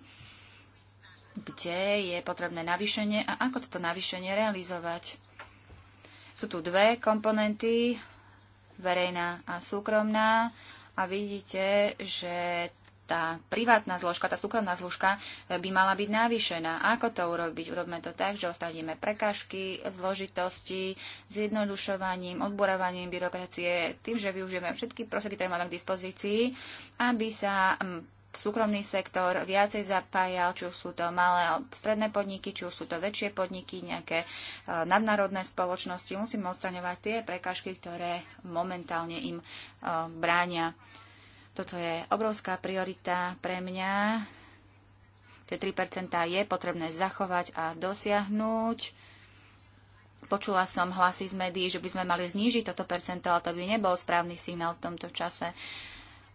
kde je potrebné navýšenie a ako toto navýšenie realizovať. Sú tu dve komponenty, verejná a súkromná. A vidíte, že tá privátna zložka, tá súkromná zložka e, by mala byť navýšená. A ako to urobiť? Urobme to tak, že ostaneme prekažky, zložitosti, zjednodušovaním, odborovaním byrokracie, tým, že využijeme všetky prostriedky, ktoré máme k dispozícii, aby sa súkromný sektor viacej zapájal, či už sú to malé stredné podniky, či už sú to väčšie podniky, nejaké e, nadnárodné spoločnosti. Musíme odstraňovať tie prekažky, ktoré momentálne im e, bránia toto je obrovská priorita pre mňa. Tie 3% je potrebné zachovať a dosiahnuť. Počula som hlasy z médií, že by sme mali znížiť toto percento, ale to by nebol správny signál v tomto čase.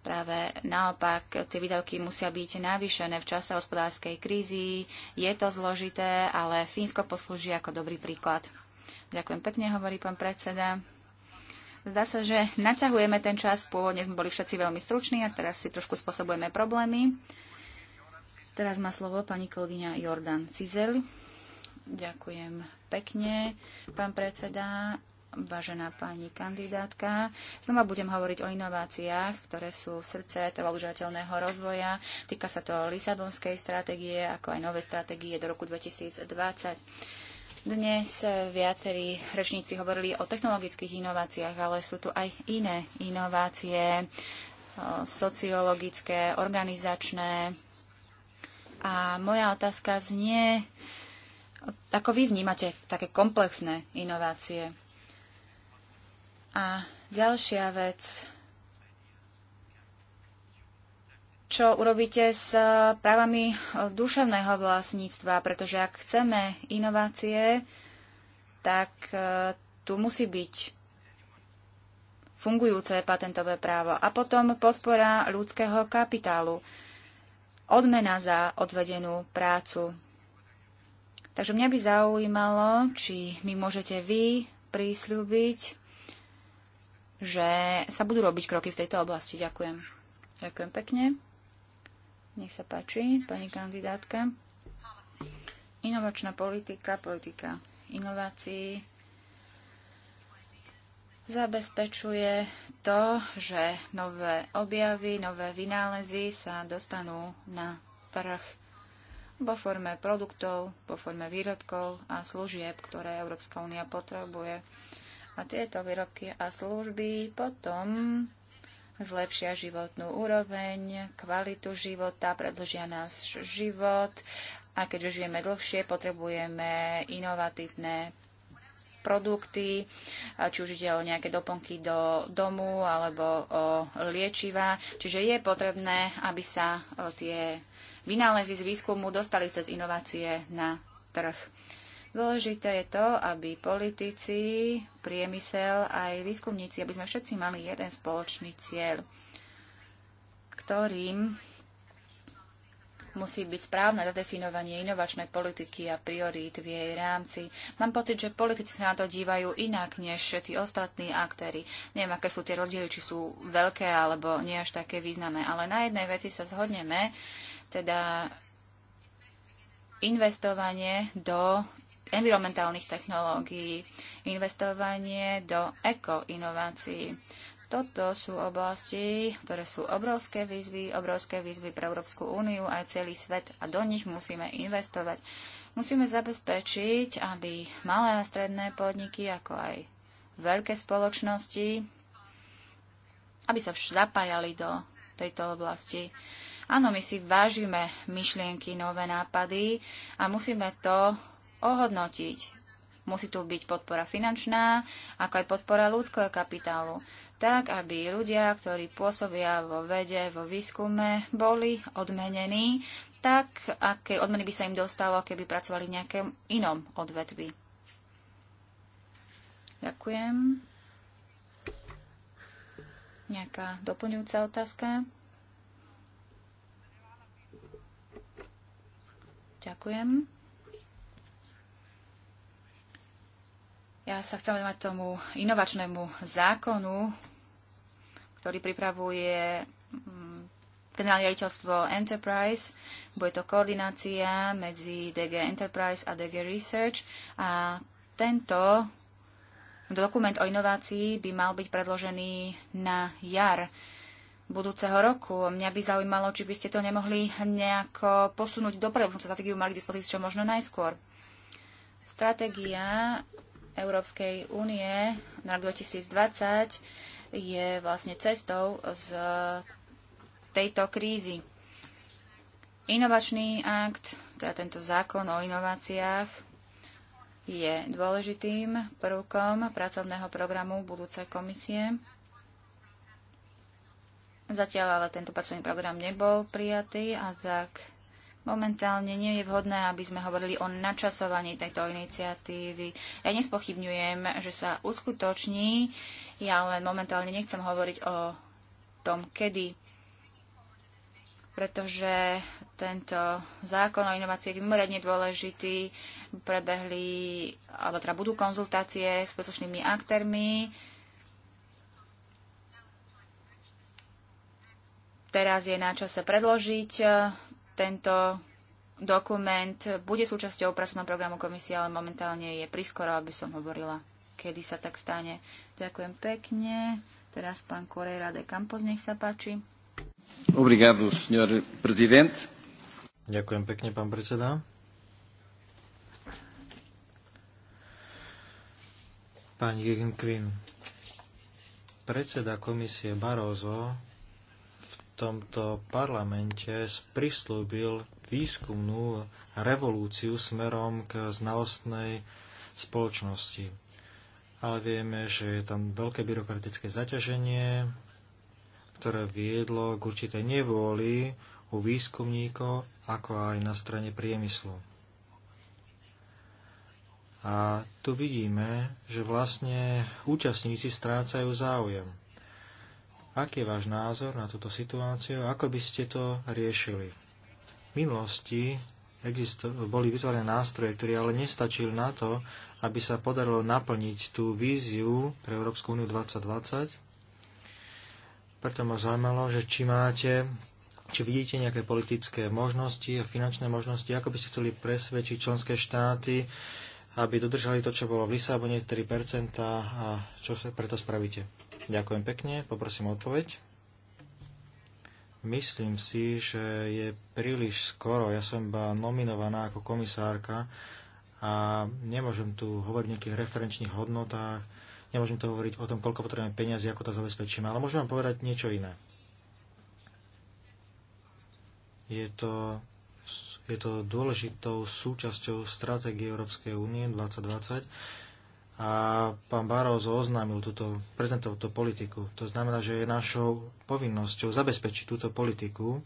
Práve naopak, tie výdavky musia byť navýšené v čase hospodárskej krízy. Je to zložité, ale Fínsko poslúži ako dobrý príklad. Ďakujem pekne, hovorí pán predseda. Zdá sa, že naťahujeme ten čas. Pôvodne sme boli všetci veľmi struční a teraz si trošku spôsobujeme problémy. Teraz má slovo pani kolegyňa Jordan Cizel. Ďakujem pekne, pán predseda, vážená pani kandidátka. Znova budem hovoriť o inováciách, ktoré sú v srdce trvalúžateľného rozvoja. Týka sa to Lisabonskej stratégie, ako aj novej stratégie do roku 2020. Dnes viacerí rečníci hovorili o technologických inováciách, ale sú tu aj iné inovácie, e, sociologické, organizačné. A moja otázka znie, ako vy vnímate také komplexné inovácie. A ďalšia vec, čo urobíte s eh, právami eh, duševného vlastníctva, pretože ak chceme inovácie, tak eh, tu musí byť fungujúce patentové právo. A potom podpora ľudského kapitálu, odmena za odvedenú prácu. Takže mňa by zaujímalo, či mi môžete vy prísľubiť, že sa budú robiť kroky v tejto oblasti. Ďakujem. Ďakujem pekne. Nech sa páči, pani kandidátka. Inovačná politika, politika inovácií zabezpečuje to, že nové objavy, nové vynálezy sa dostanú na trh vo forme produktov, vo forme výrobkov a služieb, ktoré Európska únia potrebuje. A tieto výrobky a služby potom zlepšia životnú úroveň, kvalitu života, predlžia náš život a keďže žijeme dlhšie, potrebujeme inovatívne produkty, či už ide o nejaké doplnky do domu alebo o liečiva. Čiže je potrebné, aby sa e, tie vynálezy z výskumu dostali cez inovácie na trh. Dôležité je to, aby politici, priemysel aj výskumníci, aby sme všetci mali jeden spoločný cieľ, ktorým musí byť správne zadefinovanie inovačnej politiky a priorít v jej rámci. Mám pocit, že politici sa na to dívajú inak než tí ostatní aktéry. Neviem, aké sú tie rozdiely, či sú veľké alebo nie až také významné. Ale na jednej veci sa zhodneme, teda investovanie do environmentálnych technológií, investovanie do ekoinovácií. Toto sú oblasti, ktoré sú obrovské výzvy, obrovské výzvy pre Európsku úniu aj celý svet a do nich musíme investovať. Musíme zabezpečiť, aby malé a stredné podniky, ako aj veľké spoločnosti, aby sa zapájali do tejto oblasti. Áno, my si vážime myšlienky, nové nápady a musíme to ohodnotiť. Musí tu byť podpora finančná, ako aj podpora ľudského kapitálu, tak aby ľudia, ktorí pôsobia vo vede, vo výskume, boli odmenení tak, aké odmeny by sa im dostalo, keby pracovali v nejakom inom odvetvi. Ďakujem. Nejaká doplňujúca otázka? Ďakujem. Ja sa chcem venovať tomu inovačnému zákonu, ktorý pripravuje mm, generálne riaditeľstvo Enterprise. Bude to koordinácia medzi DG Enterprise a DG Research. A tento dokument o inovácii by mal byť predložený na jar budúceho roku. Mňa by zaujímalo, či by ste to nemohli nejako posunúť dopredu, v stratégiu mali k dispozícii čo možno najskôr. Stratégia Európskej únie na rok 2020 je vlastne cestou z tejto krízy. Inovačný akt, teda tento zákon o inováciách, je dôležitým prvkom pracovného programu budúcej komisie. Zatiaľ ale tento pracovný program nebol prijatý a tak Momentálne nie je vhodné, aby sme hovorili o načasovaní tejto iniciatívy. Ja nespochybňujem, že sa uskutoční, ja len momentálne nechcem hovoriť o tom, kedy pretože tento zákon o inovácii je mimoriadne dôležitý. Prebehli, alebo teda budú konzultácie s poslušnými aktérmi. Teraz je na čase predložiť tento dokument bude súčasťou pracovného programu komisie, ale momentálne je priskoro, aby som hovorila, kedy sa tak stane. Ďakujem pekne. Teraz pán Correira de Campos, nech sa páči. Obrigado, senhor prezident. Ďakujem pekne, pán predseda. Jürgen Quinn, predseda komisie Barozo tomto parlamente prislúbil výskumnú revolúciu smerom k znalostnej spoločnosti. Ale vieme, že je tam veľké byrokratické zaťaženie, ktoré viedlo k určitej nevôli u výskumníkov, ako aj na strane priemyslu. A tu vidíme, že vlastne účastníci strácajú záujem. Aký je váš názor na túto situáciu? Ako by ste to riešili? V minulosti boli vytvorené nástroje, ktoré ale nestačili na to, aby sa podarilo naplniť tú víziu pre Európsku úniu 2020. Preto ma zaujímalo, že či máte, či vidíte nejaké politické možnosti a finančné možnosti, ako by ste chceli presvedčiť členské štáty, aby dodržali to, čo bolo v Lisabone, 3% a čo sa preto spravíte? Ďakujem pekne, poprosím o odpoveď. Myslím si, že je príliš skoro. Ja som iba nominovaná ako komisárka a nemôžem tu hovoriť o nejakých referenčných hodnotách, nemôžem tu hovoriť o tom, koľko potrebujeme peniazy, ako to zabezpečíme, ale môžem vám povedať niečo iné. Je to je to dôležitou súčasťou stratégie Európskej únie 2020 a pán Barroso oznámil túto, prezentoval túto politiku. To znamená, že je našou povinnosťou zabezpečiť túto politiku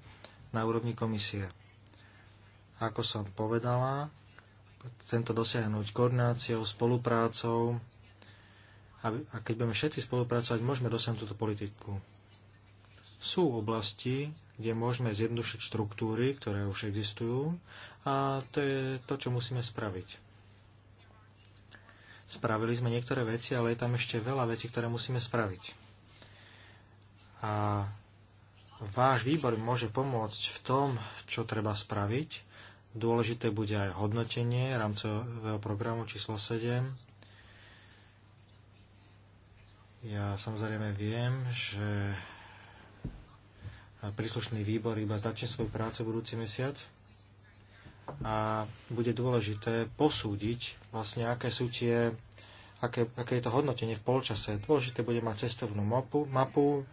na úrovni komisie. Ako som povedala, tento dosiahnuť koordináciou, spoluprácou a keď budeme všetci spolupracovať, môžeme dosiahnuť túto politiku. Sú oblasti, kde môžeme zjednodušiť štruktúry, ktoré už existujú a to je to, čo musíme spraviť. Spravili sme niektoré veci, ale je tam ešte veľa vecí, ktoré musíme spraviť. A váš výbor môže pomôcť v tom, čo treba spraviť. Dôležité bude aj hodnotenie rámcového programu číslo 7. Ja samozrejme viem, že príslušný výbor iba začne svoju prácu budúci mesiac a bude dôležité posúdiť vlastne, aké sú tie, aké, aké je to hodnotenie v polčase. Dôležité bude mať cestovnú mapu, mapu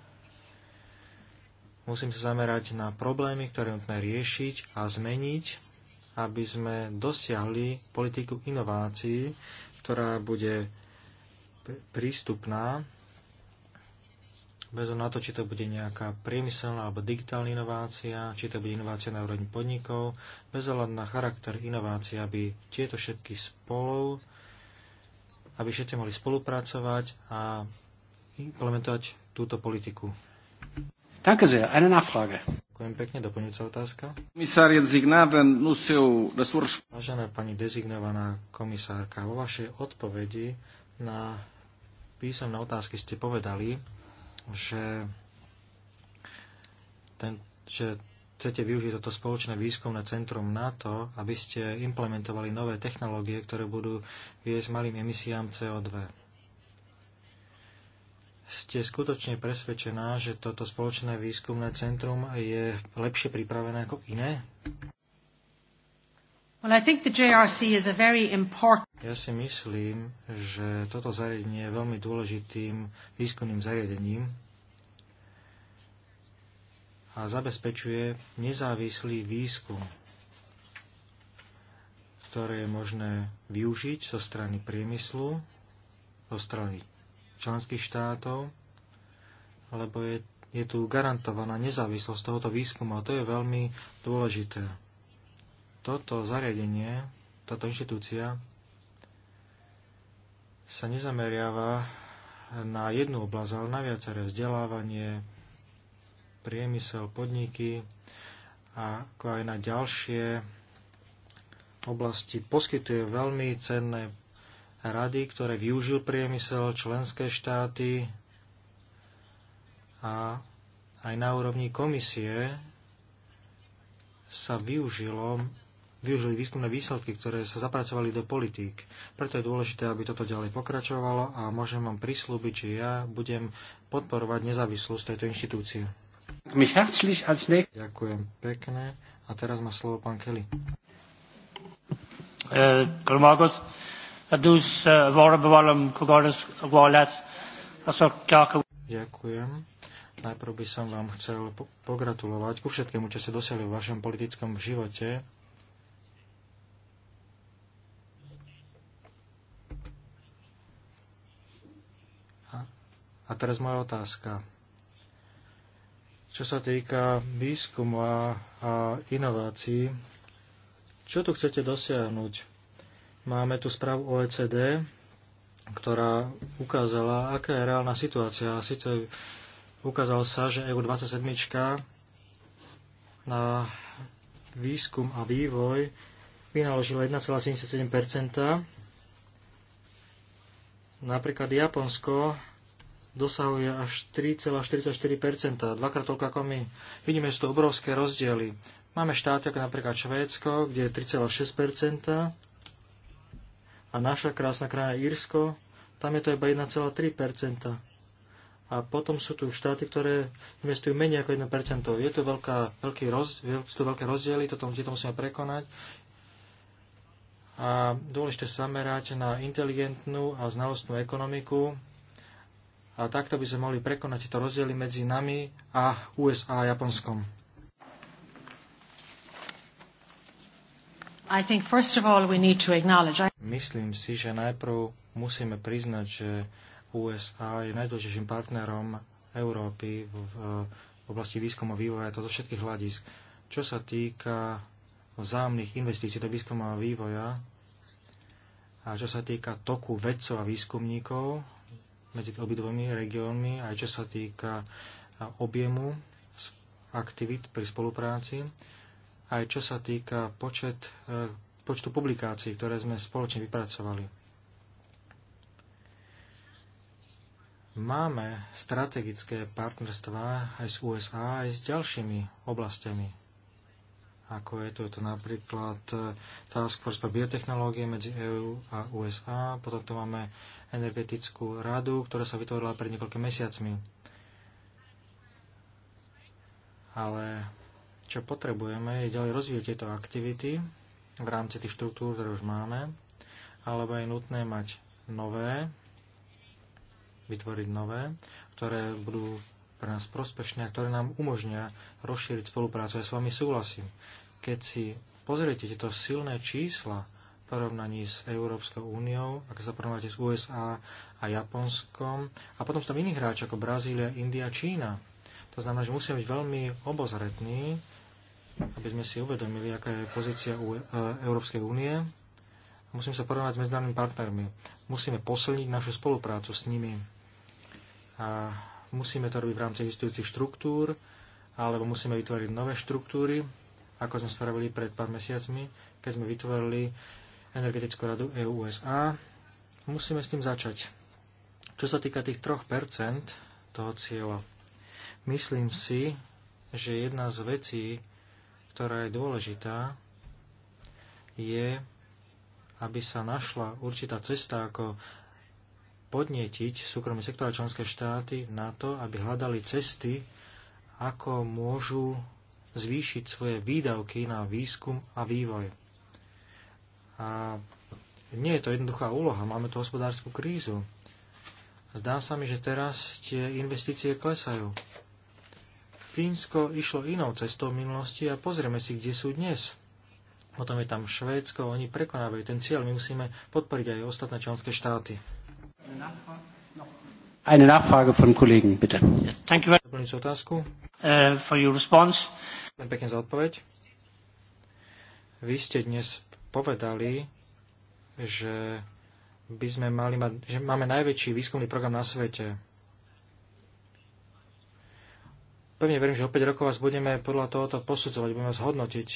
musím sa zamerať na problémy, ktoré nutné riešiť a zmeniť, aby sme dosiahli politiku inovácií, ktorá bude prístupná bez na to, či to bude nejaká priemyselná alebo digitálna inovácia, či to bude inovácia na úrovni podnikov, bez na charakter inovácie, aby tieto všetky spolu, aby všetci mohli spolupracovať a implementovať túto politiku. Danke sehr. Eine Nachfrage. Ďakujem pekne. Doplňujúca otázka. Vážená pani dezignovaná komisárka, vo vašej odpovedi na písomné otázky ste povedali, že, ten, že chcete využiť toto spoločné výskumné centrum na to, aby ste implementovali nové technológie, ktoré budú viesť malým emisiám CO2. Ste skutočne presvedčená, že toto spoločné výskumné centrum je lepšie pripravené ako iné? Ja si myslím, že toto zariadenie je veľmi dôležitým výskumným zariadením a zabezpečuje nezávislý výskum, ktoré je možné využiť zo strany priemyslu, zo strany členských štátov, lebo je, je tu garantovaná nezávislosť tohoto výskumu a to je veľmi dôležité toto zariadenie, táto inštitúcia sa nezameriava na jednu oblasť, ale na viaceré vzdelávanie, priemysel, podniky, a ako aj na ďalšie oblasti poskytuje veľmi cenné rady, ktoré využil priemysel, členské štáty a aj na úrovni komisie sa využilo využili výskumné výsledky, ktoré sa zapracovali do politík. Preto je dôležité, aby toto ďalej pokračovalo a môžem vám prislúbiť, že ja budem podporovať nezávislosť tejto inštitúcie. Ďakujem pekne. A teraz má slovo pán Kelly. Eh, eh, Ďakujem. Najprv by som vám chcel pogratulovať ku všetkému, čo ste dosiahli v vašom politickom živote A teraz moja otázka. Čo sa týka výskumu a, a inovácií, čo tu chcete dosiahnuť? Máme tu správu OECD, ktorá ukázala, aká je reálna situácia. A síce ukázalo sa, že EU27 na výskum a vývoj vynaložila 1,77 Napríklad Japonsko dosahuje až 3,44%, dvakrát toľko ako my. Vidíme, že sú to obrovské rozdiely. Máme štáty ako napríklad Švédsko, kde je 3,6% a naša krásna krajina Írsko, tam je to iba 1,3%. A potom sú tu štáty, ktoré investujú menej ako 1%. Je tu veľká, veľký roz, sú tu veľké rozdiely, toto, tieto musíme prekonať a dôležité sa zamerať na inteligentnú a znalostnú ekonomiku, a takto by sme mohli prekonať tieto rozdiely medzi nami a USA a Japonskom. I think first of all we need to acknowledge... Myslím si, že najprv musíme priznať, že USA je najdôležitejším partnerom Európy v, v oblasti výskumu a vývoja, to zo všetkých hľadisk. Čo sa týka vzájomných investícií do výskumu a vývoja a čo sa týka toku vedcov a výskumníkov, medzi obidvomi regiónmi, aj čo sa týka objemu aktivít pri spolupráci, aj čo sa týka počet, e, počtu publikácií, ktoré sme spoločne vypracovali. Máme strategické partnerstvá aj s USA, aj s ďalšími oblastiami ako je tu napríklad e, Task Force pre biotechnológie medzi EÚ a USA. Potom tu máme energetickú radu, ktorá sa vytvorila pred niekoľkými mesiacmi. Ale čo potrebujeme je ďalej rozvíjať tieto aktivity v rámci tých štruktúr, ktoré už máme, alebo je nutné mať nové, vytvoriť nové, ktoré budú pre nás prospešné a ktoré nám umožnia rozšíriť spoluprácu. Ja s vami súhlasím. Keď si pozriete tieto silné čísla v porovnaní s Európskou úniou, ak sa porovnáte s USA a Japonskom, a potom sú tam iní hráči ako Brazília, India, Čína. To znamená, že musíme byť veľmi obozretní, aby sme si uvedomili, aká je pozícia e, Európskej únie. Musíme sa porovnať s medzinárodnými partnermi. Musíme posilniť našu spoluprácu s nimi. A Musíme to robiť v rámci existujúcich štruktúr, alebo musíme vytvoriť nové štruktúry, ako sme spravili pred pár mesiacmi, keď sme vytvorili Energetickú radu EU-USA. Musíme s tým začať. Čo sa týka tých 3% toho cieľa, myslím si, že jedna z vecí, ktorá je dôležitá, je, aby sa našla určitá cesta, ako podnietiť súkromný sektor a členské štáty na to, aby hľadali cesty, ako môžu zvýšiť svoje výdavky na výskum a vývoj. A nie je to jednoduchá úloha, máme tu hospodárskú krízu. Zdá sa mi, že teraz tie investície klesajú. Fínsko išlo inou cestou v minulosti a pozrieme si, kde sú dnes. Potom je tam Švédsko, oni prekonávajú ten cieľ, my musíme podporiť aj ostatné členské štáty. Eine Nachfrage von Kollegen, bitte. Danke you very much. Uh, for your response. Pekne za odpoveď. Vy ste dnes povedali, že by sme mali mať, že máme najväčší výskumný program na svete. Pevne verím, že o 5 rokov vás budeme podľa tohoto posudzovať, budeme vás hodnotiť.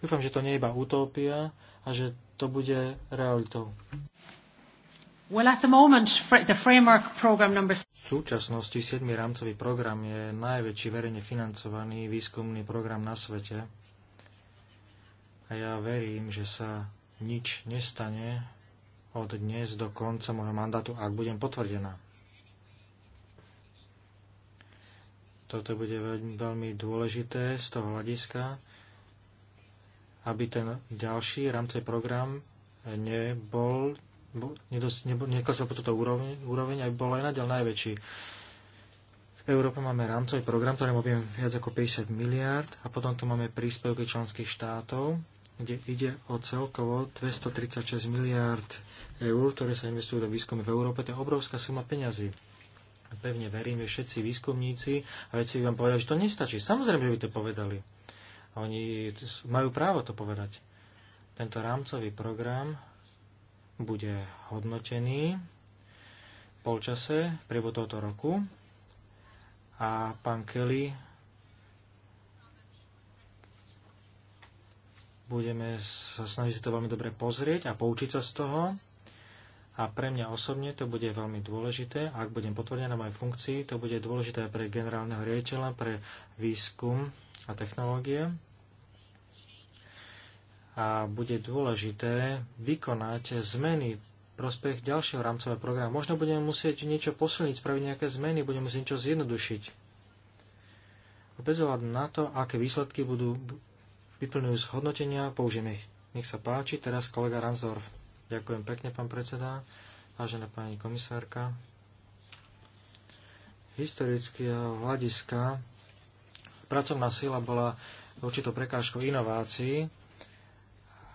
Dúfam, že to nie je iba utópia a že to bude realitou. Well, at the moment, the framework program number... V súčasnosti 7. rámcový program je najväčší verejne financovaný výskumný program na svete. A ja verím, že sa nič nestane od dnes do konca môjho mandátu, ak budem potvrdená. Toto bude veľmi dôležité z toho hľadiska, aby ten ďalší rámcový program nebol neklesol po toto úroveň, úroveň aj bol aj naďal najväčší. V Európe máme rámcový program, ktorým objem viac ako 50 miliárd a potom tu máme príspevky členských štátov, kde ide o celkovo 236 miliárd eur, ktoré sa investujú do výskumy v Európe. To je obrovská suma peňazí pevne verím, že všetci výskumníci a vedci vám povedali, že to nestačí. Samozrejme, že by to povedali. Oni majú právo to povedať. Tento rámcový program bude hodnotený v polčase v priebu tohoto roku a pán Kelly budeme sa snažiť to veľmi dobre pozrieť a poučiť sa z toho. A pre mňa osobne to bude veľmi dôležité. Ak budem potvrdená na mojej funkcii, to bude dôležité pre generálneho riaditeľa, pre výskum a technológie a bude dôležité vykonať zmeny prospech ďalšieho rámcového programu. Možno budeme musieť niečo posilniť, spraviť nejaké zmeny, budeme musieť niečo zjednodušiť. Bez ohľadu na to, aké výsledky budú vyplňujú z hodnotenia, použijeme ich. Nech sa páči, teraz kolega Ransdorf. Ďakujem pekne, pán predseda, vážená pani komisárka. Historického hľadiska pracovná sila bola určitou prekážkou inovácií,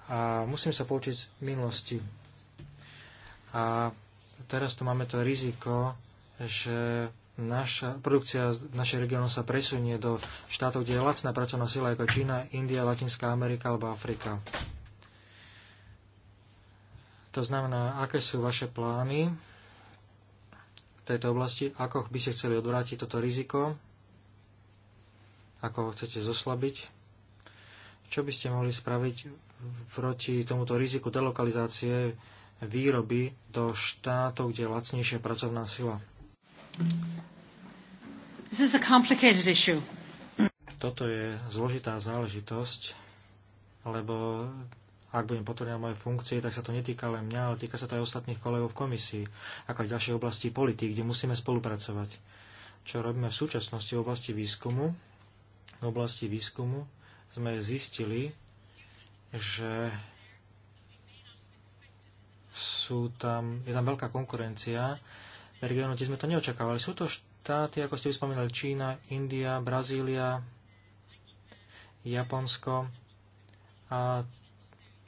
a musím sa poučiť z minulosti. A teraz tu máme to riziko, že naša produkcia v našej regiónu sa presunie do štátov, kde je lacná pracovná sila ako Čína, India, Latinská Amerika alebo Afrika. To znamená, aké sú vaše plány v tejto oblasti, ako by ste chceli odvrátiť toto riziko, ako ho chcete zoslabiť, čo by ste mohli spraviť proti tomuto riziku delokalizácie výroby do štátov, kde je lacnejšia pracovná sila. Toto je zložitá záležitosť, lebo ak budem potvrdiť moje funkcie, tak sa to netýka len mňa, ale týka sa to aj ostatných kolegov v komisii, ako aj v ďalšej oblasti politiky, kde musíme spolupracovať. Čo robíme v súčasnosti v oblasti výskumu? V oblasti výskumu sme zistili, že sú tam, je tam veľká konkurencia v regiónu, kde sme to neočakávali. Sú to štáty, ako ste vyspomínali, Čína, India, Brazília, Japonsko a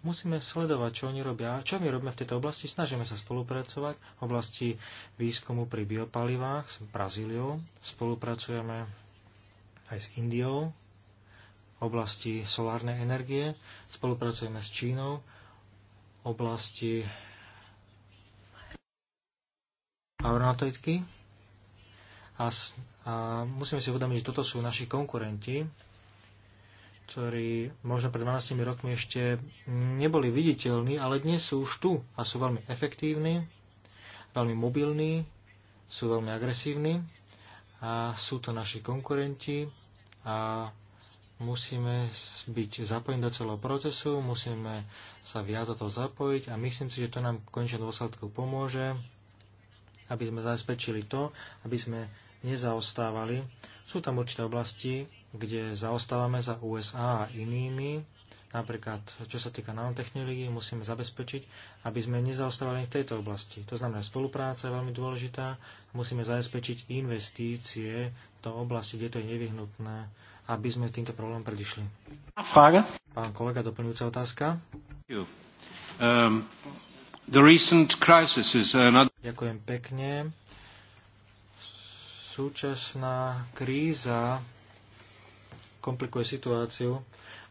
musíme sledovať, čo oni robia. Čo my robíme v tejto oblasti? Snažíme sa spolupracovať v oblasti výskumu pri biopalivách s Brazíliou. Spolupracujeme aj s Indiou oblasti solárnej energie, spolupracujeme s Čínou, oblasti aeronautiky a, a musíme si uvedomiť, že toto sú naši konkurenti, ktorí možno pred 12 rokmi ešte neboli viditeľní, ale dnes sú už tu a sú veľmi efektívni, veľmi mobilní, sú veľmi agresívni a sú to naši konkurenti a musíme byť zapojení do celého procesu, musíme sa viac do toho zapojiť a myslím si, že to nám v končnom dôsledku pomôže, aby sme zabezpečili to, aby sme nezaostávali. Sú tam určité oblasti, kde zaostávame za USA a inými, napríklad čo sa týka nanotechnológií, musíme zabezpečiť, aby sme nezaostávali v tejto oblasti. To znamená, spolupráca je veľmi dôležitá, musíme zabezpečiť investície do oblasti, kde to je nevyhnutné aby sme týmto problémom predišli. Frage? Pán kolega, doplňujúca otázka. Um, the recent crisis is another... Ďakujem pekne. Súčasná kríza komplikuje situáciu.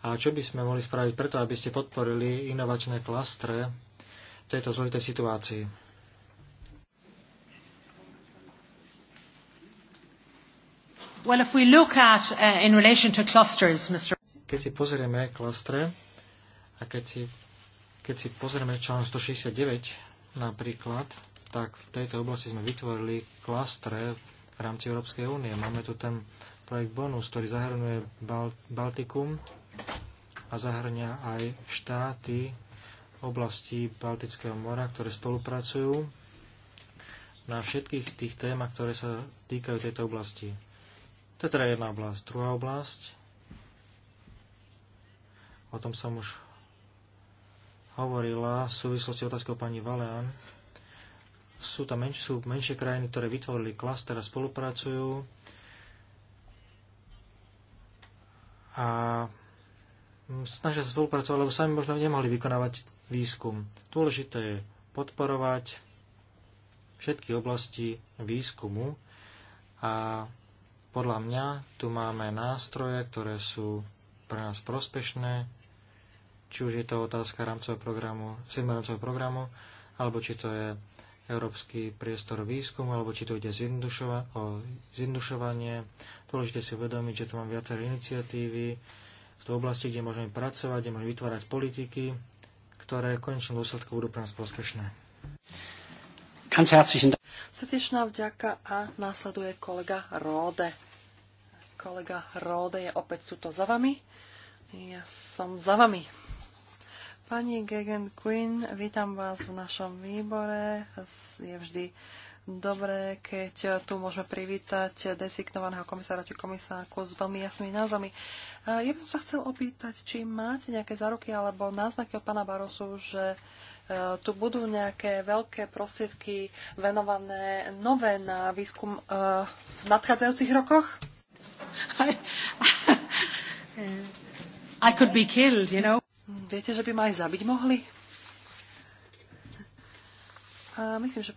A čo by sme mohli spraviť preto, aby ste podporili inovačné klastre v tejto zložitej situácii? Well, if we look at, uh, in relation to clusters, Mr. Keď si pozrieme klastre a keď si, keď si pozrieme článok 169 napríklad, tak v tejto oblasti sme vytvorili klastre v rámci Európskej únie. Máme tu ten projekt Bonus, ktorý zahrnuje Bal- Baltikum a zahrňa aj štáty oblasti Baltického mora, ktoré spolupracujú na všetkých tých témach, ktoré sa týkajú tejto oblasti. To je teda jedna oblasť. Druhá oblasť, o tom som už hovorila v súvislosti otázkou pani Valean, sú tam menš, sú menšie krajiny, ktoré vytvorili klaster a spolupracujú. A snažia sa spolupracovať, lebo sami možno nemohli vykonávať výskum. Dôležité je podporovať všetky oblasti výskumu a podľa mňa tu máme nástroje, ktoré sú pre nás prospešné, či už je to otázka rámcového programu, rámcového programu, alebo či to je európsky priestor výskumu, alebo či to ide o zindušovanie, Dôležité si uvedomiť, že tu mám viaceré iniciatívy v tej oblasti, kde môžeme pracovať, kde môžeme vytvárať politiky, ktoré v konečnom dôsledku budú pre nás prospešné. Ganz herzlichen Dank. Srdečná vďaka a následuje kolega Róde. Kolega Róde je opäť tuto za vami. Ja som za vami. Pani Gegen Quinn, vítam vás v našom výbore. Je vždy dobré, keď tu môžeme privítať designovaného komisára či komisárku s veľmi jasnými názvami. Ja by som sa chcel opýtať, či máte nejaké záruky alebo náznaky od pána Barosu, že E, tu budú nejaké veľké prostriedky venované nové na výskum e, v nadchádzajúcich rokoch? [LAUGHS] I, could be killed, you know. Viete, že by ma aj zabiť mohli? A myslím, že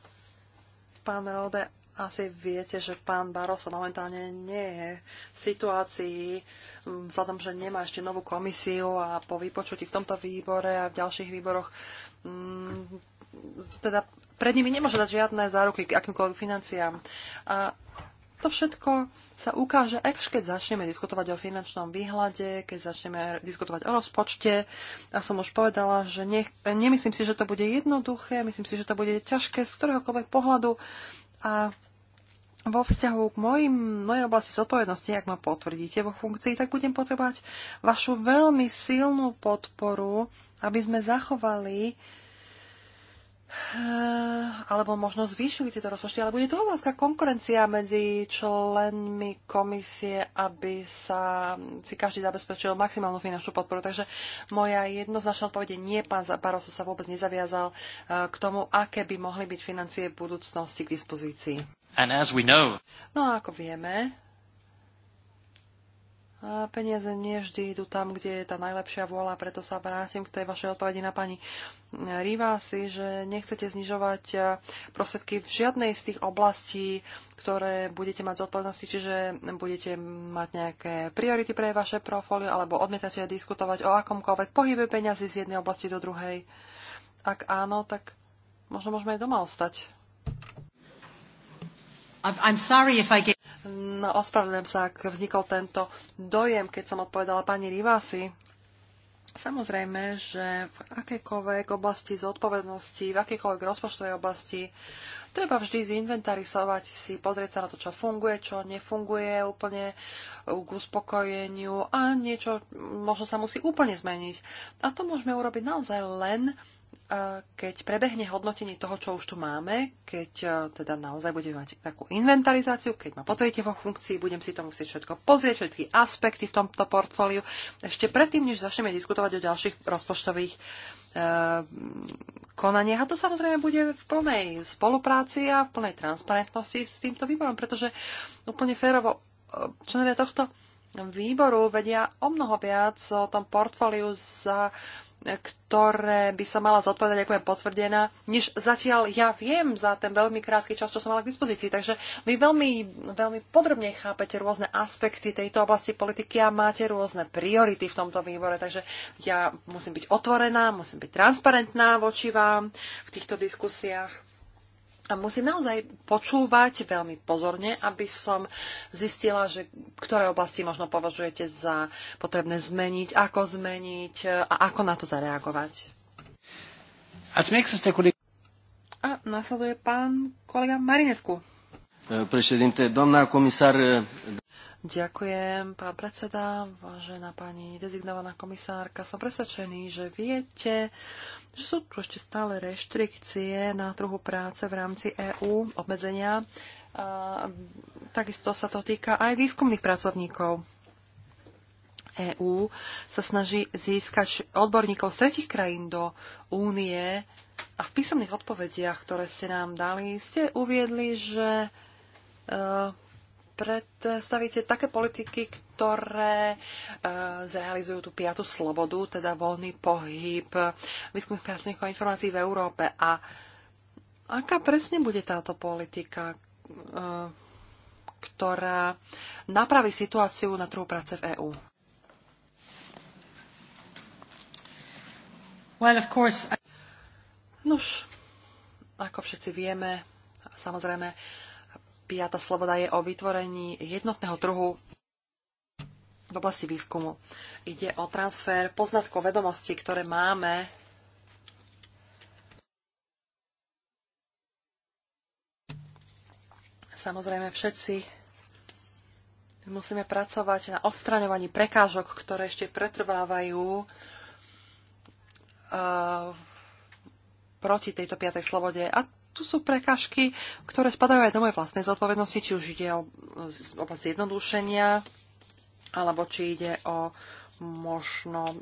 pán Rode, asi viete, že pán Barosa momentálne nie je v situácii, mm, vzhľadom, že nemá ešte novú komisiu a po vypočutí v tomto výbore a v ďalších výboroch Mm, teda pred nimi nemôže dať žiadne záruky k akýmkoľvek financiám. A to všetko sa ukáže, až keď začneme diskutovať o finančnom výhľade, keď začneme diskutovať o rozpočte. A som už povedala, že nech, nemyslím si, že to bude jednoduché, myslím si, že to bude ťažké z ktoréhokoľvek pohľadu. A vo vzťahu k mojim, mojej oblasti zodpovednosti, ak ma potvrdíte vo funkcii, tak budem potrebovať vašu veľmi silnú podporu aby sme zachovali eh, alebo možno zvýšili tieto rozpočty, ale bude to obrovská konkurencia medzi členmi komisie, aby sa si každý zabezpečil maximálnu finančnú podporu. Takže moja jednoznačná odpoveď je nie, pán Barosu sa vôbec nezaviazal eh, k tomu, aké by mohli byť financie v budúcnosti k dispozícii. And as we know, no a ako vieme, a peniaze nie vždy idú tam, kde je tá najlepšia vôľa, preto sa vrátim k tej vašej odpovedi na pani Rivasi, že nechcete znižovať e, prostriedky v žiadnej z tých oblastí, ktoré budete mať zodpovednosti, čiže budete mať nejaké priority pre vaše portfólio, alebo odmietate diskutovať o akomkoľvek pohybe peniazy z jednej oblasti do druhej. Ak áno, tak možno môžeme aj doma ostať. I'm sorry if I get... No, ospravedlňujem sa, ak vznikol tento dojem, keď som odpovedala pani Rivasi. Samozrejme, že v akejkoľvek oblasti zodpovednosti, v akékoľvek rozpočtovej oblasti treba vždy zinventarizovať si, pozrieť sa na to, čo funguje, čo nefunguje úplne k uspokojeniu a niečo možno sa musí úplne zmeniť. A to môžeme urobiť naozaj len keď prebehne hodnotenie toho, čo už tu máme, keď e, teda naozaj budeme mať takú inventarizáciu, keď ma potrebujete vo funkcii, budem si to musieť všetko pozrieť, všetky aspekty v tomto portfóliu. Ešte predtým, než začneme diskutovať o ďalších rozpočtových e, konaniach. A to samozrejme bude v plnej spolupráci a v plnej transparentnosti s týmto výborom, pretože úplne férovo e, členovia tohto výboru vedia o mnoho viac o tom portfóliu za ktoré by sa mala zodpovedať, ako je potvrdená, než zatiaľ ja viem za ten veľmi krátky čas, čo som mala k dispozícii. Takže vy veľmi, veľmi podrobne chápete rôzne aspekty tejto oblasti politiky a máte rôzne priority v tomto výbore. Takže ja musím byť otvorená, musím byť transparentná voči vám v týchto diskusiách a musím naozaj počúvať veľmi pozorne, aby som zistila, že ktoré oblasti možno považujete za potrebné zmeniť, ako zmeniť e, a ako na to zareagovať. A nasleduje pán kolega Marinescu. E, Prešedinte, domná komisár... E, Ďakujem, pán predseda, vážená pani dezignovaná komisárka. Som presvedčený, že viete, že sú tu ešte stále reštrikcie na trhu práce v rámci EÚ, obmedzenia. A, takisto sa to týka aj výskumných pracovníkov. EÚ sa snaží získať odborníkov z tretich krajín do únie a v písomných odpovediach, ktoré ste nám dali, ste uviedli, že e, predstavíte také politiky, ktoré e, zrealizujú tú piatu slobodu, teda voľný pohyb e, výskumných pracovníkov a informácií v Európe. A aká presne bude táto politika, e, ktorá napraví situáciu na trhu práce v EÚ? Well, of course... Nož, ako všetci vieme, samozrejme, piata sloboda je o vytvorení jednotného trhu v oblasti výskumu. Ide o transfer poznatkov vedomostí, ktoré máme Samozrejme, všetci musíme pracovať na odstraňovaní prekážok, ktoré ešte pretrvávajú eh, proti tejto piatej slobode. A tu sú prekážky, ktoré spadajú aj do mojej vlastnej zodpovednosti, či už ide o oblasť zjednodušenia, alebo či ide o možno e,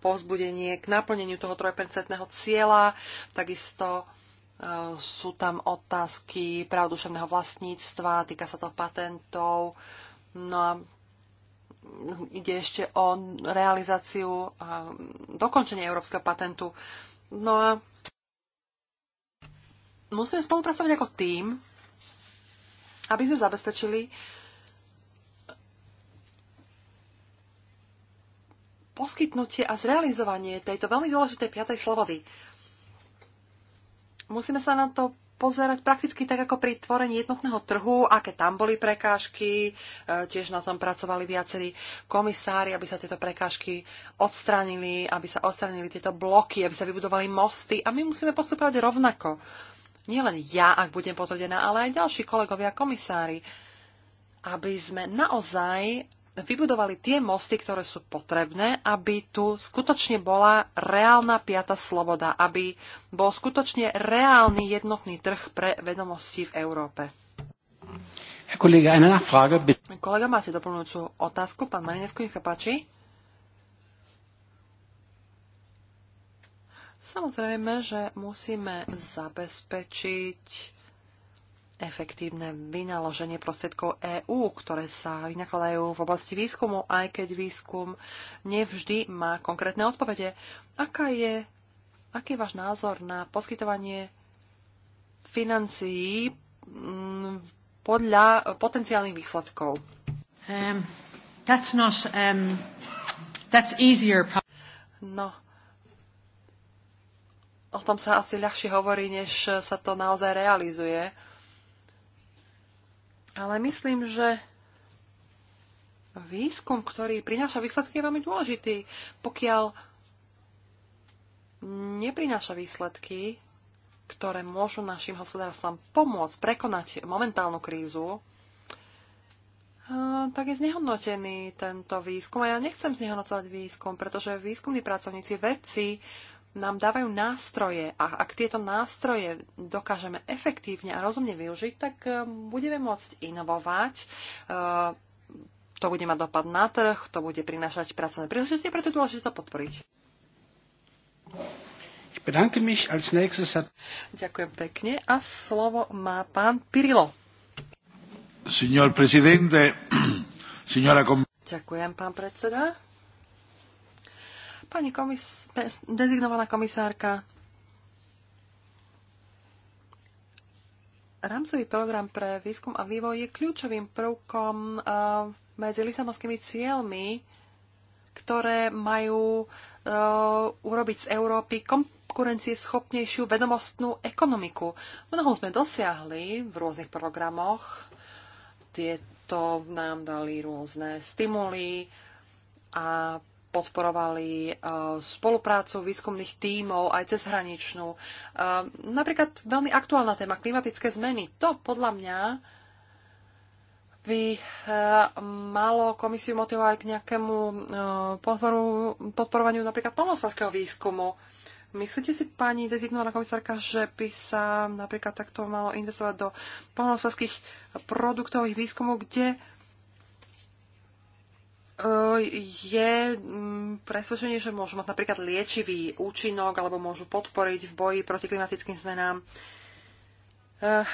povzbudenie k naplneniu toho 3% cieľa. Takisto e, sú tam otázky pravduševného vlastníctva, týka sa to patentov. No a ide ešte o realizáciu a dokončenie európskeho patentu. No a musíme spolupracovať ako tým, aby sme zabezpečili, poskytnutie a zrealizovanie tejto veľmi dôležitej piatej slobody. Musíme sa na to pozerať prakticky tak ako pri tvorení jednotného trhu, aké tam boli prekážky, e, tiež na tom pracovali viacerí komisári, aby sa tieto prekážky odstránili, aby sa odstránili tieto bloky, aby sa vybudovali mosty a my musíme postupovať rovnako. len ja, ak budem potvrdená, ale aj ďalší kolegovia komisári, aby sme naozaj vybudovali tie mosty, ktoré sú potrebné, aby tu skutočne bola reálna piata sloboda, aby bol skutočne reálny jednotný trh pre vedomosti v Európe. Kolega, máte doplňujúcu otázku? Pán Marinesko, nech sa páči. Samozrejme, že musíme zabezpečiť efektívne vynaloženie prostriedkov EÚ, ktoré sa vynakladajú v oblasti výskumu, aj keď výskum nevždy má konkrétne odpovede. Aká je, aký je váš názor na poskytovanie financií mm, podľa potenciálnych výsledkov? Um, that's not, um, that's easier. No, o tom sa asi ľahšie hovorí, než sa to naozaj realizuje. Ale myslím, že výskum, ktorý prináša výsledky, je veľmi dôležitý. Pokiaľ neprináša výsledky, ktoré môžu našim hospodárstvom pomôcť prekonať momentálnu krízu, tak je znehodnotený tento výskum. A ja nechcem znehodnocovať výskum, pretože výskumní pracovníci, vedci nám dávajú nástroje a ak tieto nástroje dokážeme efektívne a rozumne využiť, tak e, budeme môcť inovovať, e, to bude mať dopad na trh, to bude prinášať pracovné príležitosti, preto je dôležité to podporiť. Ďakujem pekne a slovo má pán Pirilo. Signor [CLEARS THROAT] Ďakujem, pán predseda. Pani komis- dezignovaná komisárka, rámcový program pre výskum a vývoj je kľúčovým prvkom medzi lisabonskými cieľmi, ktoré majú e, urobiť z Európy konkurencieschopnejšiu vedomostnú ekonomiku. Mnoho sme dosiahli v rôznych programoch. Tieto nám dali rôzne stimuly a podporovali eh, spoluprácu výskumných tímov aj cezhraničnú. Eh, napríklad veľmi aktuálna téma klimatické zmeny. To podľa mňa by eh, malo komisiu motivovať k nejakému podporu, podporovaniu napríklad polnospodárskeho výskumu. Myslíte si, pani dezignovaná komisárka, že by sa napríklad takto malo investovať do polnospodárských produktových výskumov, kde je mm, presvedčenie, že môžu mať napríklad liečivý účinok alebo môžu podporiť v boji proti klimatickým zmenám. Eh,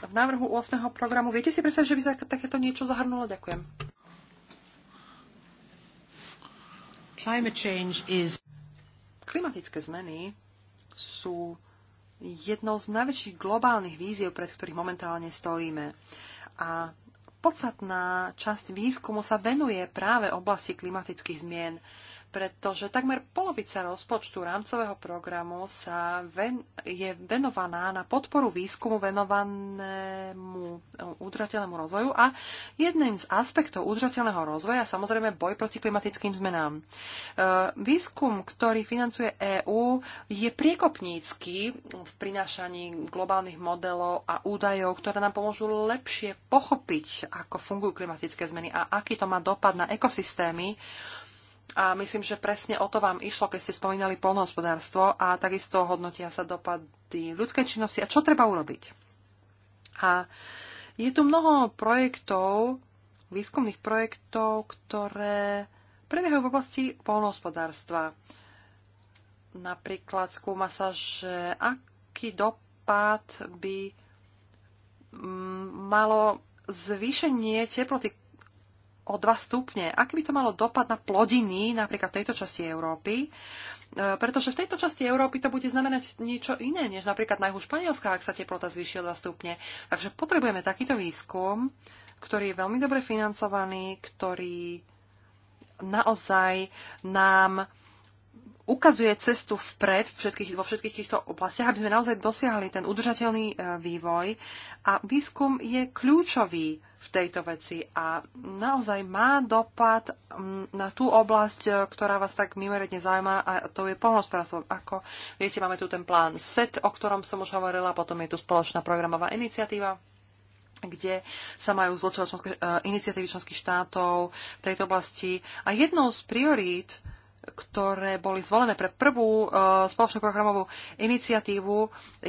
v návrhu 8. programu viete si predstaviť, že by sa takéto niečo zahrnulo? Ďakujem. Klimatické zmeny sú jednou z najväčších globálnych víziev, pred ktorých momentálne stojíme. A podstatná časť výskumu sa venuje práve oblasti klimatických zmien pretože takmer polovica rozpočtu rámcového programu sa ven, je venovaná na podporu výskumu venovanému udržateľnému rozvoju a jedným z aspektov udržateľného rozvoja samozrejme boj proti klimatickým zmenám. E, výskum, ktorý financuje EÚ, je priekopnícky v prinášaní globálnych modelov a údajov, ktoré nám pomôžu lepšie pochopiť, ako fungujú klimatické zmeny a aký to má dopad na ekosystémy a myslím, že presne o to vám išlo, keď ste spomínali polnohospodárstvo a takisto hodnotia sa dopady ľudskej činnosti a čo treba urobiť. A je tu mnoho projektov, výskumných projektov, ktoré prebiehajú v oblasti polnohospodárstva. Napríklad skúma sa, že aký dopad by mm, malo zvýšenie teploty o 2 stupne. Aký by to malo dopad na plodiny napríklad v tejto časti Európy? E, pretože v tejto časti Európy to bude znamenať niečo iné, než napríklad na juhu Španielska, ak sa teplota zvýši o 2 stupne. Takže potrebujeme takýto výskum, ktorý je veľmi dobre financovaný, ktorý naozaj nám ukazuje cestu vpred všetkých, vo všetkých týchto oblastiach, aby sme naozaj dosiahli ten udržateľný e, vývoj. A výskum je kľúčový v tejto veci a naozaj má dopad mm, na tú oblasť, e, ktorá vás tak mimoriadne zaujíma a to je pomohospodárstvo. Ako viete, máme tu ten plán SET, o ktorom som už hovorila, potom je tu spoločná programová iniciatíva kde sa majú zločovať e, iniciatívy členských štátov v tejto oblasti. A jednou z priorít ktoré boli zvolené pre prvú eh, spoločnú programovú iniciatívu,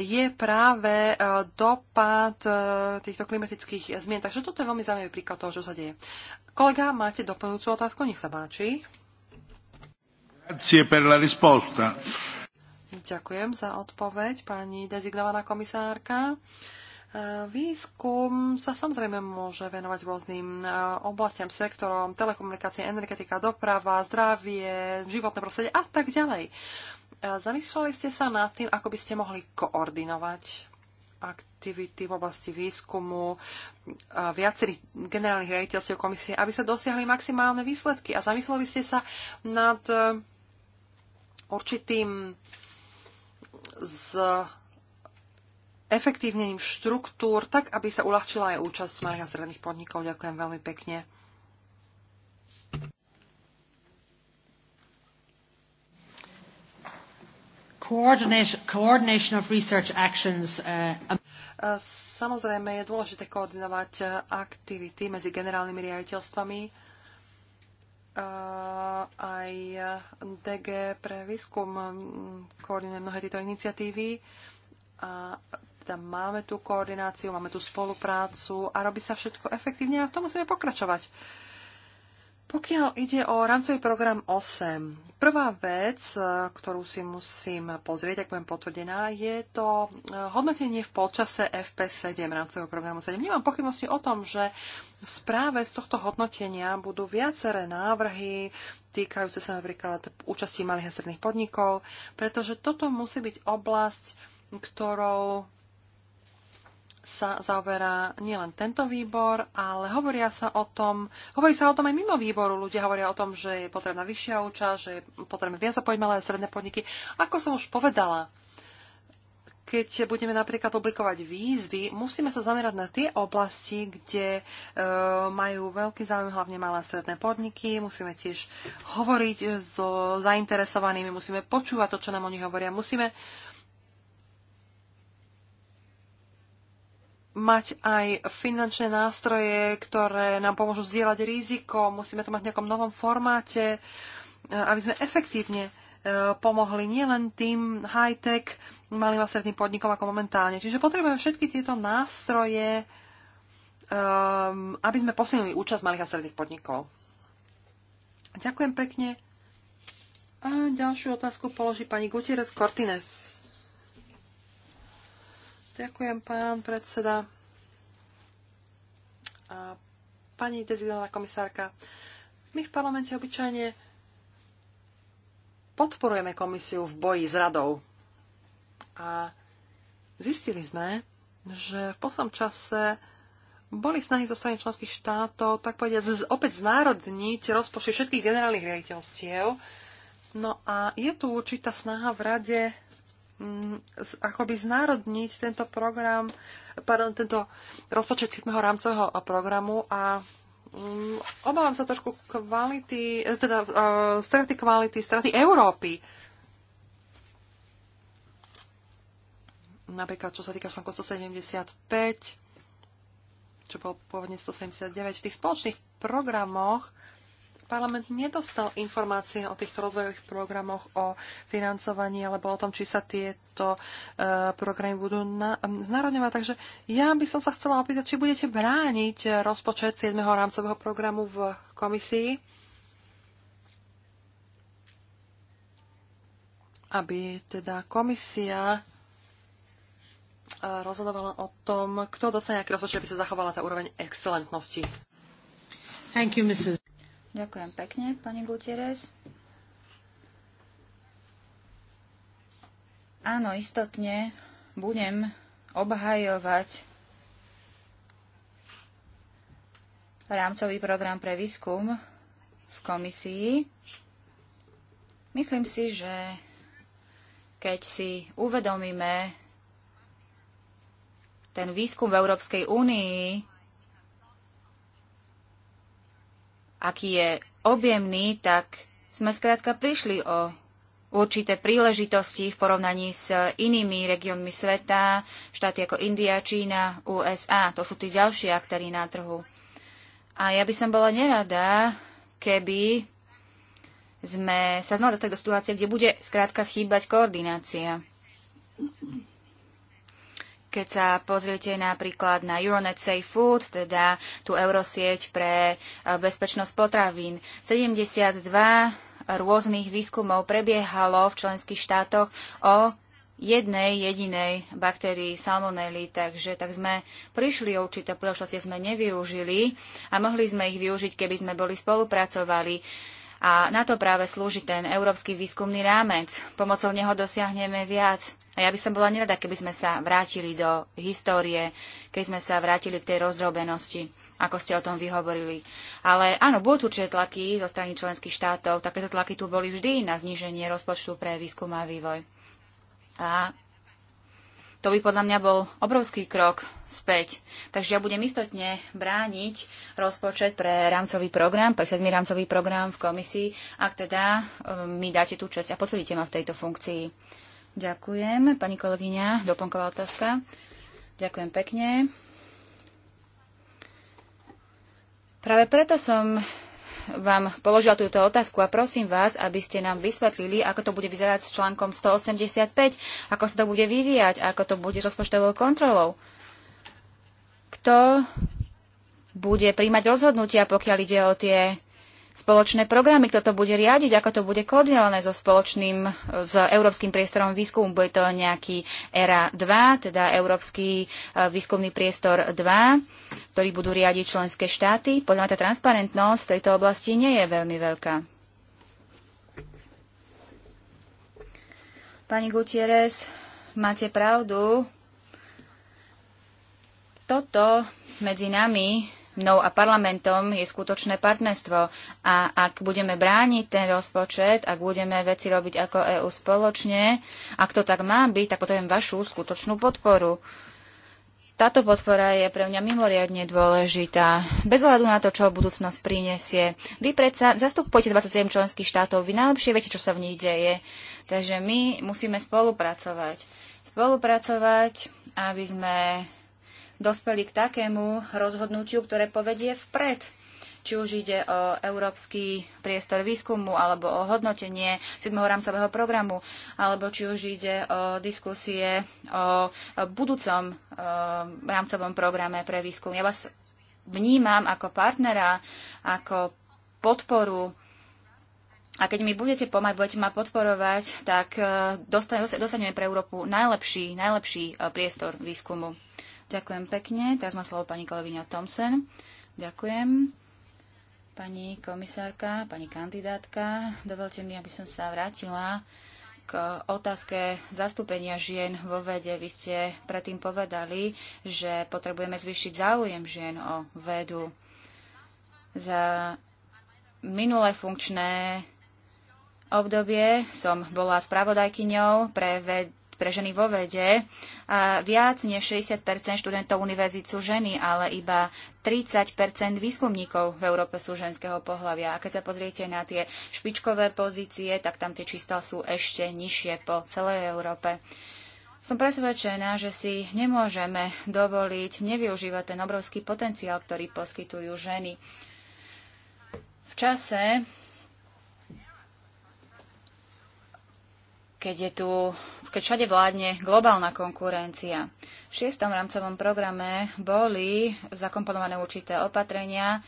je práve eh, dopad eh, týchto klimatických zmien. Takže toto je veľmi zaujímavý príklad toho, čo sa deje. Kolega, máte doplňujúcu otázku? Nech sa páči. Ďakujem za odpoveď, pani dezignovaná komisárka. Výskum sa samozrejme môže venovať rôznym e, oblastiam, sektorom, telekomunikácie, energetika, doprava, zdravie, životné prostredie a tak ďalej. E, zamýšľali ste sa nad tým, ako by ste mohli koordinovať aktivity v oblasti výskumu e, viacerých generálnych riaditeľstiev komisie, aby sa dosiahli maximálne výsledky a zamysleli ste sa nad určitým z efektívnením štruktúr, tak aby sa uľahčila aj účasť malých a stredných podnikov. Ďakujem veľmi pekne. Uh, um- uh, samozrejme je dôležité koordinovať aktivity medzi generálnymi riaditeľstvami uh, aj DG pre výskum um, koordinuje mnohé tieto iniciatívy a teda máme tú koordináciu, máme tú spoluprácu a robí sa všetko efektívne a v tom musíme pokračovať. Pokiaľ ide o rámcový program 8, prvá vec, e, ktorú si musím pozrieť, ak budem potvrdená, je to e, hodnotenie v polčase FP7 rancového programu 7. Nemám pochybnosti o tom, že v správe z tohto hodnotenia budú viaceré návrhy týkajúce sa napríklad účasti malých a stredných podnikov, pretože toto musí byť oblasť, ktorou sa zaoberá nielen tento výbor, ale hovoria sa o tom, hovorí sa o tom aj mimo výboru. Ľudia hovoria o tom, že je potrebná vyššia účasť, že je potrebné viac zapojiť malé a stredné podniky. Ako som už povedala, keď budeme napríklad publikovať výzvy, musíme sa zamerať na tie oblasti, kde e, majú veľký záujem hlavne malé a stredné podniky. Musíme tiež hovoriť so zainteresovanými, musíme počúvať to, čo nám oni hovoria. Musíme mať aj finančné nástroje, ktoré nám pomôžu zdieľať riziko, musíme to mať v nejakom novom formáte, e, aby sme efektívne e, pomohli nielen tým high-tech malým a stredným podnikom ako momentálne. Čiže potrebujeme všetky tieto nástroje, e, aby sme posilnili účasť malých a stredných podnikov. Ďakujem pekne. A ďalšiu otázku položí pani Gutierrez Cortines. Ďakujem, pán predseda. A pani dezignovaná komisárka, my v parlamente obyčajne podporujeme komisiu v boji s radou. A zistili sme, že v poslednom čase boli snahy zo strany členských štátov, tak povediať, opäť znárodniť rozpočty všetkých generálnych riaditeľstiev. No a je tu určitá snaha v rade akoby znárodniť tento program, pardon, tento rozpočet 7. rámcového programu a mm, obávam sa trošku kvality, e, teda uh, straty kvality, straty Európy. Napríklad, čo sa týka článku 175, čo bol pôvodne 179, v tých spoločných programoch parlament nedostal informácie o týchto rozvojových programoch, o financovaní alebo o tom, či sa tieto e, programy budú znárodňovať. Takže ja by som sa chcela opýtať, či budete brániť rozpočet 7. rámcového programu v komisii, aby teda komisia e, rozhodovala o tom, kto dostane aký rozpočet, aby sa zachovala tá úroveň excelentnosti. Thank you, Mrs. Ďakujem pekne, pani Gutierrez. Áno, istotne budem obhajovať rámcový program pre výskum v komisii. Myslím si, že keď si uvedomíme ten výskum v Európskej únii, aký je objemný, tak sme skrátka prišli o určité príležitosti v porovnaní s inými regiónmi sveta, štáty ako India, Čína, USA. To sú tí ďalší aktéry na trhu. A ja by som bola nerada, keby sme sa znova dostali do situácie, kde bude skrátka chýbať koordinácia. Keď sa pozriete napríklad na Euronet Safe Food, teda tú eurosieť pre eh, bezpečnosť potravín, 72 rôznych výskumov prebiehalo v členských štátoch o jednej jedinej baktérii salmonely, takže tak sme prišli o určité príležitosti, sme nevyužili a mohli sme ich využiť, keby sme boli spolupracovali. A na to práve slúži ten európsky výskumný rámec. Pomocou neho dosiahneme viac. A ja by som bola nerada, keby sme sa vrátili do histórie, keby sme sa vrátili k tej rozdrobenosti ako ste o tom vyhovorili. Ale áno, budú určite tlaky zo strany členských štátov. Takéto tlaky tu boli vždy na zníženie rozpočtu pre výskum a vývoj. A to by podľa mňa bol obrovský krok späť. Takže ja budem istotne brániť rozpočet pre rámcový program, pre 7. rámcový program v komisii, ak teda um, mi dáte tú časť a potvrdíte ma v tejto funkcii. Ďakujem. Pani kolegyňa, doplnková otázka. Ďakujem pekne. Práve preto som vám položila túto otázku a prosím vás, aby ste nám vysvetlili, ako to bude vyzerať s článkom 185, ako sa to bude vyvíjať, ako to bude s rozpočtovou kontrolou. Kto bude príjmať rozhodnutia, pokiaľ ide o tie spoločné programy, kto to bude riadiť, ako to bude koordinované so spoločným, e, s Európskym priestorom výskumu. Bude to nejaký ERA 2, teda Európsky e, výskumný priestor 2, ktorý budú riadiť členské štáty. Podľa mňa tá transparentnosť v tejto oblasti nie je veľmi veľká. Pani Gutierrez, máte pravdu. Toto medzi nami mnou a parlamentom je skutočné partnerstvo. A ak budeme brániť ten rozpočet, ak budeme veci robiť ako EÚ spoločne, ak to tak má byť, tak potrebujem vašu skutočnú podporu. Táto podpora je pre mňa mimoriadne dôležitá. Bez ohľadu na to, čo budúcnosť prinesie. Vy predsa zastupujete 27 členských štátov, vy najlepšie viete, čo sa v nich deje. Takže my musíme spolupracovať. Spolupracovať, aby sme dospeli k takému rozhodnutiu, ktoré povedie vpred či už ide o európsky priestor výskumu alebo o hodnotenie 7. rámcového programu, alebo či už ide o diskusie o budúcom e, rámcovom programe pre výskum. Ja vás vnímam ako partnera, ako podporu a keď mi budete pomáhať, budete ma podporovať, tak e, dostaneme pre Európu najlepší, najlepší e, priestor výskumu. Ďakujem pekne. Teraz má slovo pani kolegyňa Thompson. Ďakujem. Pani komisárka, pani kandidátka, dovolte mi, aby som sa vrátila k otázke zastúpenia žien vo vede. Vy ste predtým povedali, že potrebujeme zvýšiť záujem žien o vedu. Za minulé funkčné obdobie som bola spravodajkyňou pre ved- pre ženy vo vede. A viac než 60 študentov univerzít sú ženy, ale iba 30 výskumníkov v Európe sú ženského pohľavia. A keď sa pozriete na tie špičkové pozície, tak tam tie čísla sú ešte nižšie po celej Európe. Som presvedčená, že si nemôžeme dovoliť nevyužívať ten obrovský potenciál, ktorý poskytujú ženy. V čase, keď je tu, keď všade vládne globálna konkurencia. V šiestom rámcovom programe boli zakomponované určité opatrenia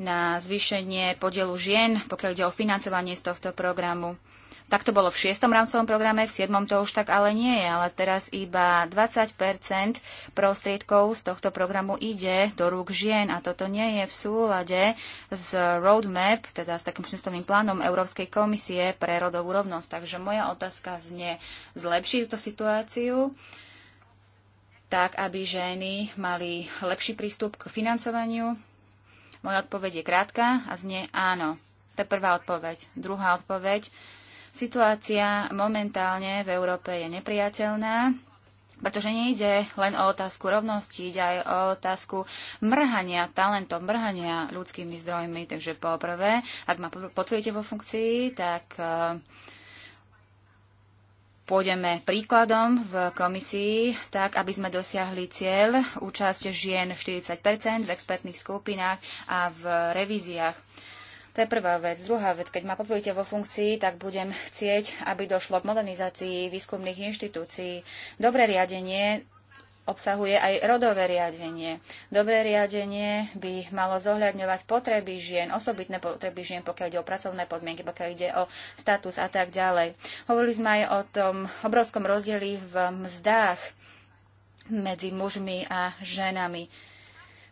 na zvýšenie podielu žien, pokiaľ ide o financovanie z tohto programu. Tak to bolo v šiestom rámcovom programe, v siedmom to už tak ale nie je, ale teraz iba 20 prostriedkov z tohto programu ide do rúk žien a toto nie je v súlade s roadmap, teda s takým čestovným plánom Európskej komisie pre rodovú rovnosť. Takže moja otázka znie, zlepší túto situáciu? tak, aby ženy mali lepší prístup k financovaniu? Moja odpoveď je krátka a znie áno. To je prvá odpoveď. Druhá odpoveď Situácia momentálne v Európe je nepriateľná. Pretože nejde len o otázku rovnosti, ide aj o otázku mrhania talentom, mrhania ľudskými zdrojmi. Takže poprvé, ak ma potvrdíte vo funkcii, tak e, pôjdeme príkladom v komisii, tak aby sme dosiahli cieľ účasť žien 40 v expertných skupinách a v revíziách. To je prvá vec. Druhá vec, keď ma povolíte vo funkcii, tak budem chcieť, aby došlo k modernizácii výskumných inštitúcií. Dobré riadenie obsahuje aj rodové riadenie. Dobré riadenie by malo zohľadňovať potreby žien, osobitné potreby žien, pokiaľ ide o pracovné podmienky, pokiaľ ide o status a tak ďalej. Hovorili sme aj o tom obrovskom rozdieli v mzdách medzi mužmi a ženami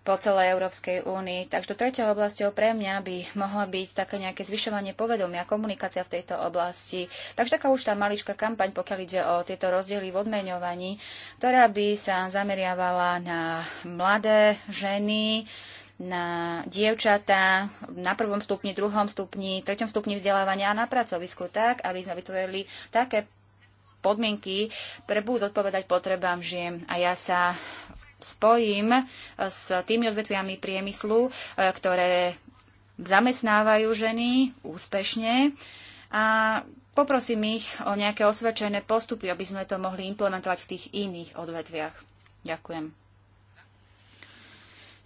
po celej Európskej únii. Takže do tretou oblasťou pre mňa by mohla byť také nejaké zvyšovanie povedomia, komunikácia v tejto oblasti. Takže taká už tá maličká kampaň, pokiaľ ide o tieto rozdiely v odmeňovaní, ktorá by sa zameriavala na mladé ženy, na dievčatá na prvom stupni, druhom stupni, treťom stupni vzdelávania a na pracovisku tak, aby sme vytvorili také podmienky pre budú zodpovedať potrebám žien. A ja sa spojím e, s tými odvetviami priemyslu, e, ktoré zamestnávajú ženy úspešne a poprosím ich o nejaké osvedčené postupy, aby sme to mohli implementovať v tých iných odvetviach. Ďakujem.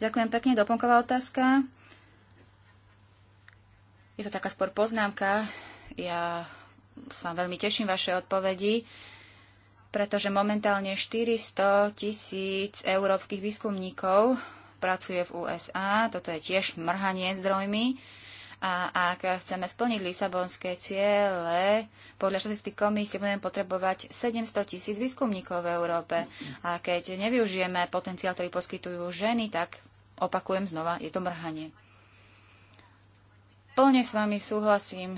Ďakujem pekne. Doplnková otázka. Je to taká spôr poznámka. Ja sa veľmi teším vaše odpovedi pretože momentálne 400 tisíc európskych výskumníkov pracuje v USA. Toto je tiež mrhanie zdrojmi. A ak chceme splniť Lisabonské ciele, podľa štatistik komisie budeme potrebovať 700 tisíc výskumníkov v Európe. A keď nevyužijeme potenciál, ktorý poskytujú ženy, tak opakujem znova, je to mrhanie. Plne s vami súhlasím,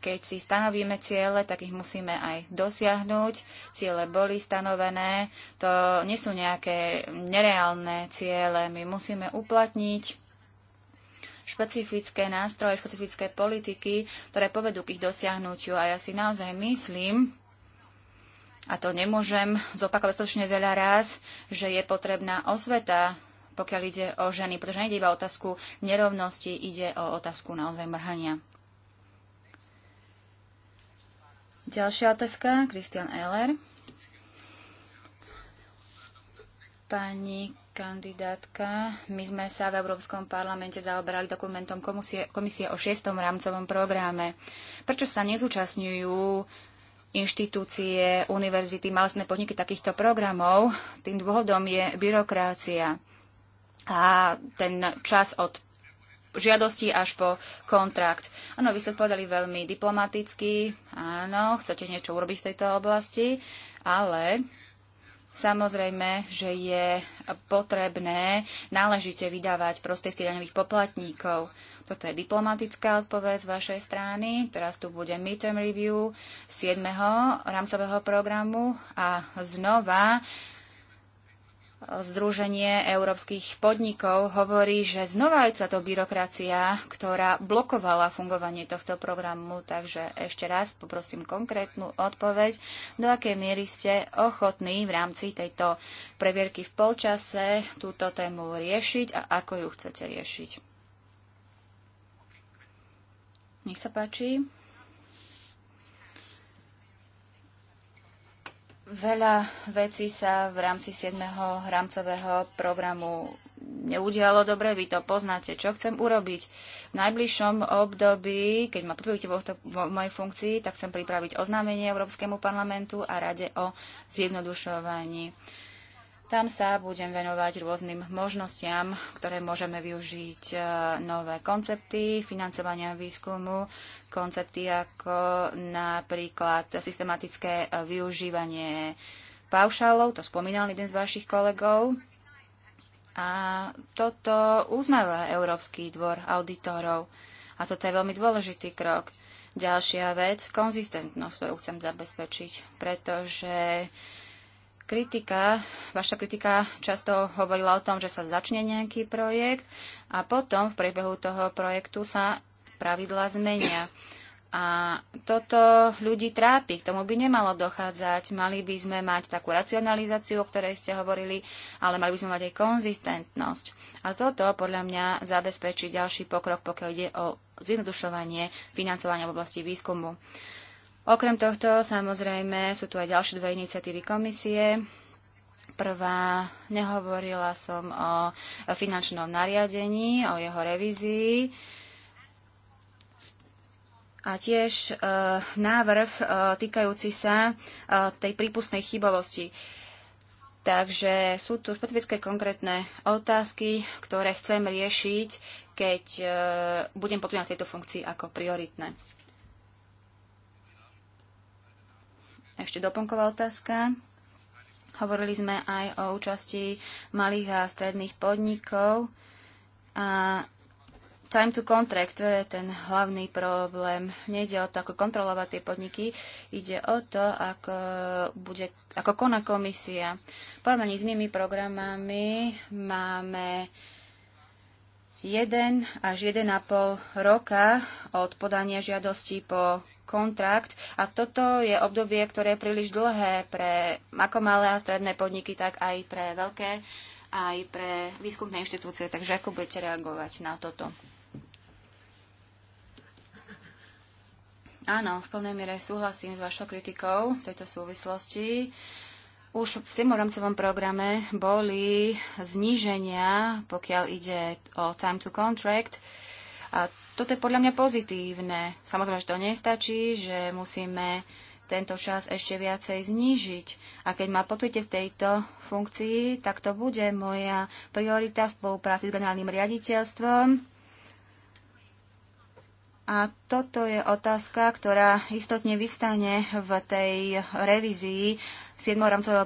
keď si stanovíme ciele, tak ich musíme aj dosiahnuť. Ciele boli stanovené, to nie sú nejaké nereálne ciele. My musíme uplatniť špecifické nástroje, špecifické politiky, ktoré povedú k ich dosiahnutiu. A ja si naozaj myslím, a to nemôžem zopakovať dostatočne veľa raz, že je potrebná osveta pokiaľ ide o ženy, pretože nejde iba o otázku nerovnosti, ide o otázku naozaj mrhania. Ďalšia otázka, Kristian Eller. Pani kandidátka, my sme sa v Európskom parlamente zaoberali dokumentom komisie, komisie o šiestom rámcovom programe. Prečo sa nezúčastňujú inštitúcie, univerzity, malostné podniky takýchto programov? Tým dôvodom je byrokrácia a ten čas od žiadosti až po kontrakt. Áno, vy ste povedali veľmi diplomaticky, áno, chcete niečo urobiť v tejto oblasti, ale Samozrejme, že je potrebné náležite vydávať prostriedky daňových poplatníkov. Toto je diplomatická odpoveď z vašej strany. Teraz tu bude midterm review 7. rámcového programu a znova Združenie európskych podnikov hovorí, že znova je táto byrokracia, ktorá blokovala fungovanie tohto programu. Takže ešte raz poprosím konkrétnu odpoveď, do akej miery ste ochotní v rámci tejto previerky v polčase túto tému riešiť a ako ju chcete riešiť. Nech sa páči. Veľa vecí sa v rámci 7. rámcového programu neudialo dobre, vy to poznáte, čo chcem urobiť. V najbližšom období, keď ma potvrdíte vo, vo mojej funkcii, tak chcem pripraviť oznámenie Európskemu parlamentu a rade o zjednodušovaní. Uh, tam sa budem venovať rôznym možnostiam, ktoré môžeme využiť e, nové koncepty financovania výskumu, koncepty ako napríklad systematické e, využívanie paušálov, to spomínal jeden z vašich kolegov. A toto uznáva Európsky dvor auditorov. A toto je veľmi dôležitý krok. Ďalšia vec, konzistentnosť, ktorú chcem zabezpečiť, pretože uh, kritika, vaša kritika často hovorila o tom, že sa začne nejaký projekt a potom v priebehu toho projektu sa pravidla zmenia. A toto ľudí trápi, k tomu by nemalo dochádzať. Mali by sme mať takú racionalizáciu, o ktorej ste hovorili, ale mali by sme mať aj konzistentnosť. A toto podľa mňa zabezpečí ďalší pokrok, pokiaľ ide o zjednodušovanie financovania v oblasti výskumu. Okrem tohto, samozrejme, sú tu aj ďalšie dve iniciatívy komisie. Prvá, nehovorila som o finančnom nariadení, o jeho revízii. A tiež e, návrh e, týkajúci sa e, tej prípustnej chybovosti. Takže sú tu špecifické konkrétne otázky, ktoré chcem riešiť, keď e, budem potrebovať v tejto funkcii ako prioritné. Ešte doplnková otázka. Hovorili sme aj o účasti malých a stredných podnikov. A time to contract, to je ten hlavný problém. Nejde o to, ako kontrolovať tie podniky, ide o to, ako, bude, ako koná komisia. V porovnaní s inými programami máme 1 až 1,5 roka od podania žiadosti po kontrakt a toto je obdobie, ktoré je príliš dlhé pre ako malé a stredné podniky, tak aj pre veľké, aj pre výskumné inštitúcie. Takže ako budete reagovať na toto? Áno, v plnej miere súhlasím s vašou kritikou v tejto súvislosti. Už v simulamcovom programe boli zníženia, pokiaľ ide o time to contract. A toto je podľa mňa pozitívne. Samozrejme, že to nestačí, že musíme tento čas ešte viacej znížiť. A keď ma potvrdíte v tejto funkcii, tak to bude moja priorita v spolupráci s generálnym riaditeľstvom. A toto je otázka, ktorá istotne vyvstane v tej revízii 7.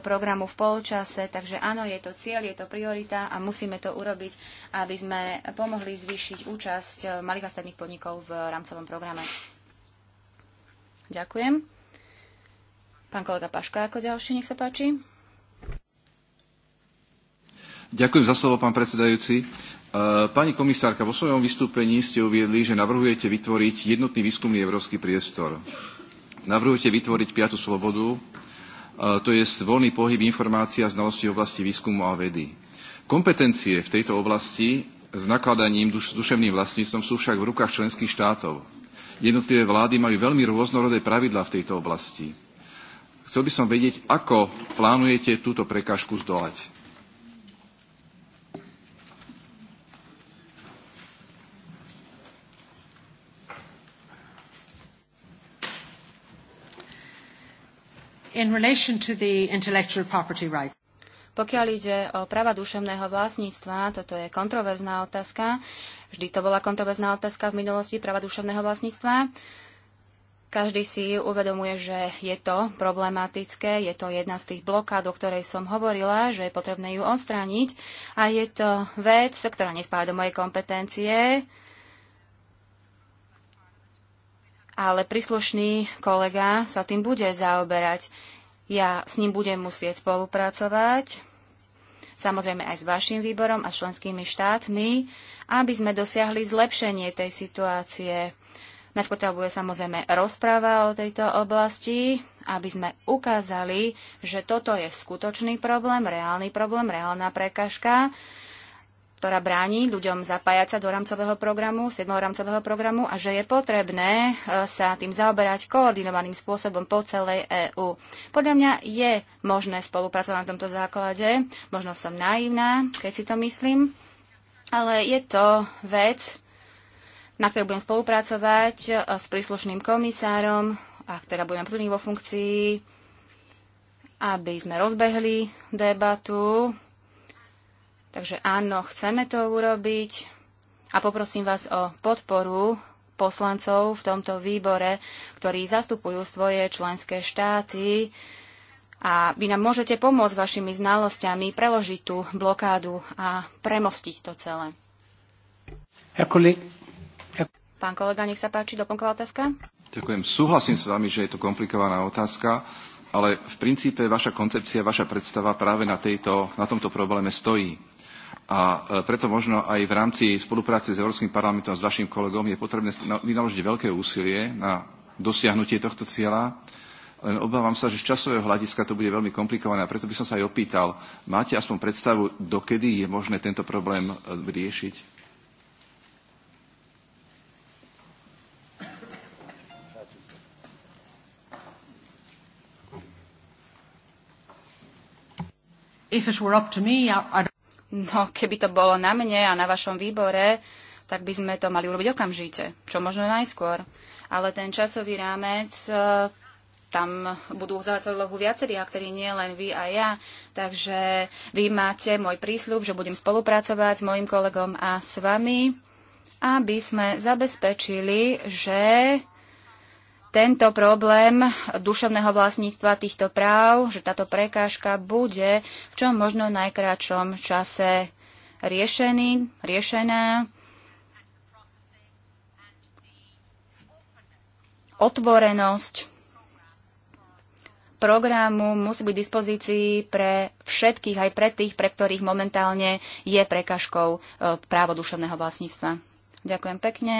programu v polčase, takže áno, je to cieľ, je to priorita a musíme to urobiť, aby sme pomohli zvýšiť účasť eh, malých a stredných podnikov v rámcovom programe. Ďakujem. Pán kolega Paška ako ďalší, nech sa páči. Ďakujem za slovo, pán predsedajúci. Eh, pani komisárka, vo svojom vystúpení ste uviedli, že navrhujete vytvoriť jednotný výskumný európsky priestor. Navrhujete vytvoriť piatu slobodu, to je voľný pohyb informácií a znalostí v oblasti výskumu a vedy. Kompetencie v tejto oblasti s nakladaním duš- duševným vlastníctvom sú však v rukách členských štátov. Jednotlivé vlády majú veľmi rôznorodé pravidlá v tejto oblasti. Chcel by som vedieť, ako plánujete túto prekážku zdolať. in relation to the intellectual property right. Pokiaľ ide o práva duševného vlastníctva, toto je kontroverzná otázka. Vždy to bola kontroverzná otázka v minulosti práva duševného vlastníctva. Každý si uvedomuje, že je to problematické, je to jedna z tých blokád, o ktorej som hovorila, že je potrebné ju odstrániť a je to vec, ktorá nespáva do mojej kompetencie. ale príslušný kolega sa tým bude zaoberať. Ja s ním budem musieť spolupracovať, samozrejme aj s vašim výborom a členskými štátmi, aby sme dosiahli zlepšenie tej situácie. Najskôr teda bude samozrejme rozpráva o tejto oblasti, aby sme ukázali, že toto je skutočný problém, reálny problém, reálna prekažka, ktorá bráni ľuďom zapájať sa do rámcového programu, 7. rámcového programu a že je potrebné e, sa tým zaoberať koordinovaným spôsobom po celej EÚ. Podľa mňa je možné spolupracovať na tomto základe. Možno som naivná, keď si to myslím, ale je to vec, na ktorej budem spolupracovať e, s príslušným komisárom a ktorá budem plniť vo funkcii, aby sme rozbehli debatu Takže áno, chceme to urobiť a poprosím vás o podporu poslancov v tomto výbore, ktorí zastupujú svoje členské štáty a vy nám môžete pomôcť vašimi znalosťami preložiť tú blokádu a premostiť to celé. Pán kolega, nech sa páči, doplnková otázka. Ďakujem. Súhlasím s vami, že je to komplikovaná otázka, ale v princípe vaša koncepcia, vaša predstava práve na, tejto, na tomto probléme stojí a e, preto možno aj v rámci spolupráce s Európskym parlamentom a s vašim kolegom je potrebné vynaložiť veľké úsilie na dosiahnutie tohto cieľa. Len obávam sa, že z časového hľadiska to bude veľmi komplikované a preto by som sa aj opýtal, máte aspoň predstavu, dokedy je možné tento problém e, riešiť? If it were up to me, No, keby to bolo na mne a na vašom výbore, tak by sme to mali urobiť okamžite, čo možno najskôr. Ale ten časový rámec, e, tam budú hrať svoju úlohu viacerí aktéri, nie len vy a ja. Takže vy máte môj prísľub, že budem spolupracovať s mojim kolegom a s vami, aby sme zabezpečili, že tento problém duševného vlastníctva týchto práv, že táto prekážka bude v čom možno najkračom čase riešený, riešená. Otvorenosť programu musí byť dispozícii pre všetkých, aj pre tých, pre ktorých momentálne je prekažkou e, právo duševného vlastníctva. Ďakujem pekne.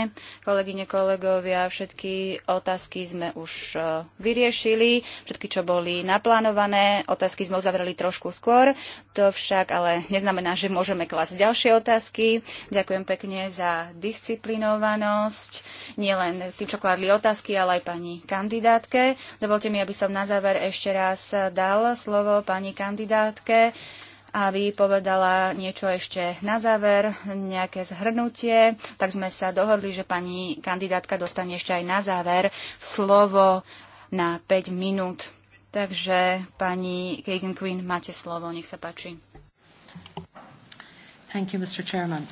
Kolegyne, kolegovia, všetky otázky sme už e, vyriešili, všetky, čo boli naplánované, otázky sme uzavreli trošku skôr. To však ale neznamená, že môžeme klasť ďalšie otázky. Ďakujem pekne za disciplinovanosť, nielen tým, čo kladli otázky, ale aj pani kandidátke. Dovolte mi, aby som na záver ešte raz dal slovo pani kandidátke aby povedala niečo ešte na záver, nejaké zhrnutie. Tak sme sa dohodli, že pani kandidátka dostane ešte aj na záver slovo na 5 minút. Takže pani Kagan Queen, máte slovo, nech sa páči. Thank you, Mr. Chairman.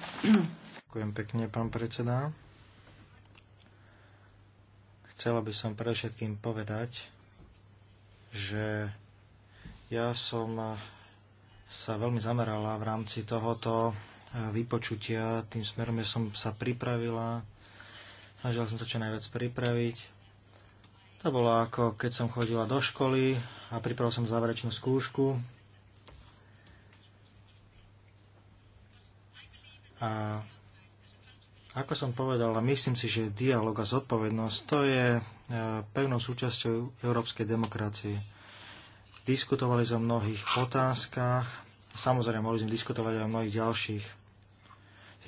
Ďakujem pekne, pán predseda. Chcela by som pre všetkým povedať, že ja som sa veľmi zamerala v rámci tohoto eh, vypočutia. Tým smerom, ja som sa pripravila, snažila som sa čo najviac pripraviť. To bolo ako keď som chodila do školy a pripravil som záverečnú skúšku. A ako som povedal, myslím si, že dialog a zodpovednosť to je eh, pevnou súčasťou európskej demokracie. Diskutovali sme o mnohých otázkach, samozrejme mohli sme diskutovať aj o mnohých ďalších.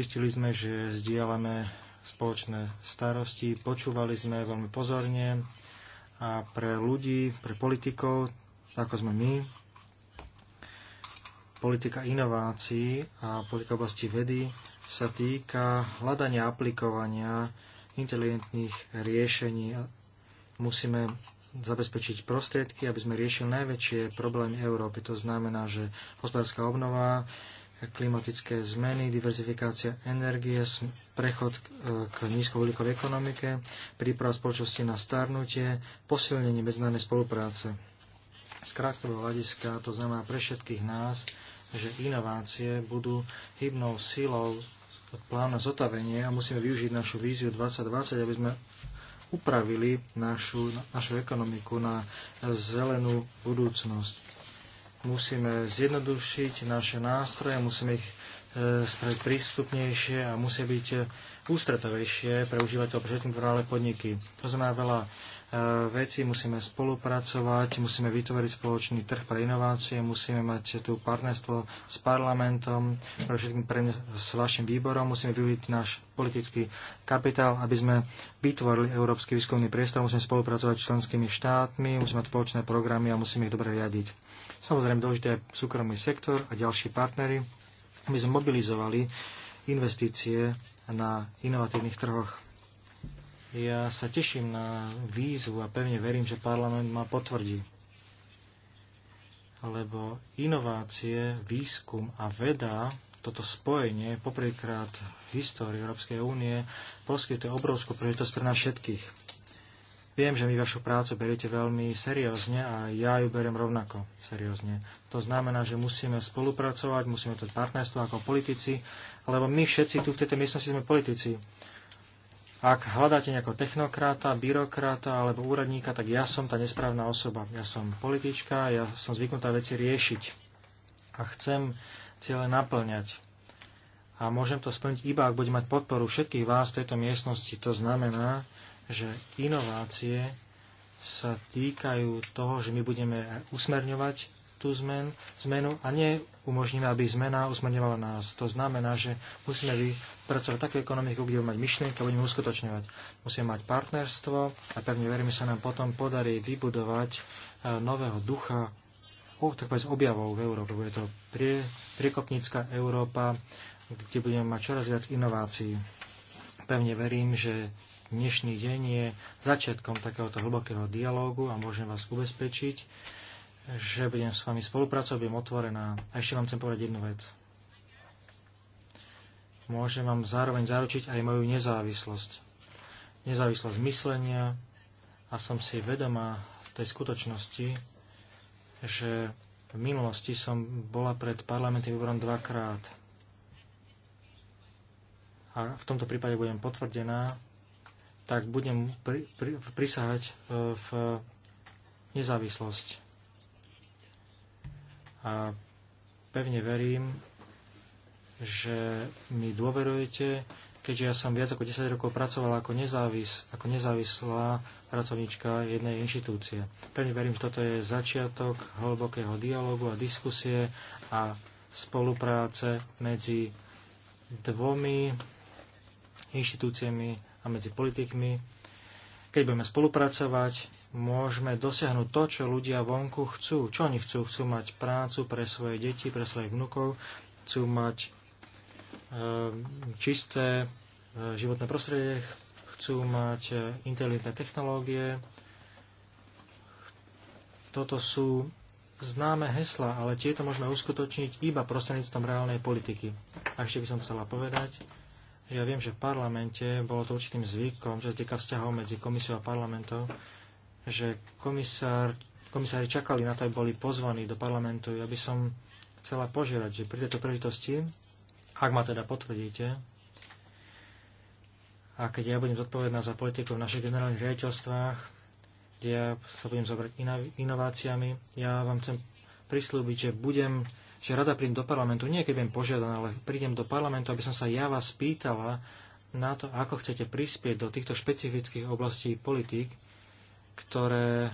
Zistili sme, že zdieľame spoločné starosti, počúvali sme veľmi pozorne a pre ľudí, pre politikov, ako sme my, politika inovácií a politika oblasti vedy sa týka hľadania aplikovania inteligentných riešení. Musíme zabezpečiť prostriedky, aby sme riešili najväčšie problémy Európy. To znamená, že hospodárska obnova, klimatické zmeny, diverzifikácia energie, prechod k nízkouhlíkovej ekonomike, príprava spoločnosti na starnutie, posilnenie medzinárodnej spolupráce. Z krátkeho hľadiska to znamená pre všetkých nás, že inovácie budú hybnou silou plána na zotavenie a musíme využiť našu víziu 2020, aby sme upravili našu, našu ekonomiku na zelenú budúcnosť. Musíme zjednodušiť naše nástroje, musíme ich e, spraviť prístupnejšie a musia byť e, ústretovejšie pre užívateľov, pre všetkým podniky. To znamená veľa Eh, veci, musíme spolupracovať, musíme vytvoriť spoločný trh pre inovácie, musíme mať tu partnerstvo s parlamentom, pre všetkým pre mňa, s vašim výborom, musíme využiť náš politický kapitál, aby sme vytvorili európsky výskumný priestor, musíme spolupracovať s členskými štátmi, musíme mať spoločné programy a musíme ich dobre riadiť. Samozrejme, dôležité je súkromný sektor a ďalší partnery, aby sme mobilizovali investície na inovatívnych trhoch ja sa teším na výzvu a pevne verím, že parlament ma potvrdí. Lebo inovácie, výskum a veda, toto spojenie poprvýkrát v histórii Európskej únie poskytuje obrovskú príležitosť pre nás všetkých. Viem, že my vašu prácu beriete veľmi seriózne a ja ju beriem rovnako seriózne. To znamená, že musíme spolupracovať, musíme to partnerstvo ako politici, lebo my všetci tu v tejto miestnosti sme politici. Ak hľadáte nejakého technokrata, byrokrata alebo úradníka, tak ja som tá nesprávna osoba. Ja som politička, ja som zvyknutá veci riešiť a chcem ciele naplňať. A môžem to splniť iba, ak budem mať podporu všetkých vás v tejto miestnosti. To znamená, že inovácie sa týkajú toho, že my budeme usmerňovať tú zmen, zmenu a umožníme, aby zmena usmerňovala nás. To znamená, že musíme vypracovať takú ekonomiku, kde budeme mať myšlienky a budeme uskutočňovať. Musíme mať partnerstvo a pevne verím, že sa nám potom podarí vybudovať e, nového ducha, tak povedz, objavov v Európe. Bude to prie, priekopnícka Európa, kde budeme mať čoraz viac inovácií. Pevne verím, že dnešný deň je začiatkom takéhoto hlbokého dialógu a môžem vás ubezpečiť, že budem s vami spolupracovať, budem otvorená. A ešte vám chcem povedať jednu vec. Môžem vám zároveň zaručiť aj moju nezávislosť. Nezávislosť myslenia a som si vedomá tej skutočnosti, že v minulosti som bola pred parlamentným výborom dvakrát. A v tomto prípade budem potvrdená, tak budem pri, pri, prisahať e, v nezávislosť a pevne verím, že mi dôverujete, keďže ja som viac ako 10 rokov pracovala ako, nezávis, ako nezávislá pracovníčka jednej inštitúcie. Pevne verím, že toto je začiatok hlbokého dialogu a diskusie a spolupráce medzi dvomi inštitúciami a medzi politikmi keď budeme spolupracovať, môžeme dosiahnuť to, čo ľudia vonku chcú. Čo oni chcú? Chcú mať prácu pre svoje deti, pre svojich vnukov, chcú mať e, čisté e, životné prostredie, chcú mať e, inteligentné technológie. Toto sú známe hesla, ale tieto môžeme uskutočniť iba prostredníctvom reálnej politiky. A ešte by som chcela povedať, ja viem, že v parlamente bolo to určitým zvykom, čo sa týka vzťahov medzi komisiou a parlamentom, že komisár, komisári čakali na to, aby boli pozvaní do parlamentu. Ja by som chcela požiadať, že pri tejto príležitosti, ak ma teda potvrdíte, a keď ja budem zodpovedná za politiku v našich generálnych riaditeľstvách, kde ja sa budem zobrať inováciami, ja vám chcem prislúbiť, že budem že rada prídem do parlamentu, nie keď viem požiadať, ale prídem do parlamentu, aby som sa ja vás pýtala na to, ako chcete prispieť do týchto špecifických oblastí politík, ktoré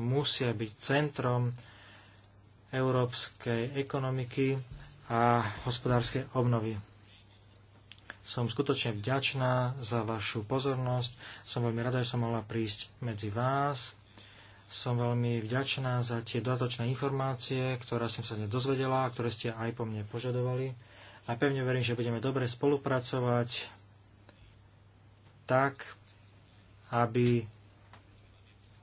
musia byť centrom európskej ekonomiky a hospodárskej obnovy. Som skutočne vďačná za vašu pozornosť. Som veľmi rada, že som mohla prísť medzi vás som veľmi vďačná za tie dodatočné informácie, ktoré som sa dozvedela a ktoré ste aj po mne požadovali. A pevne verím, že budeme dobre spolupracovať tak, aby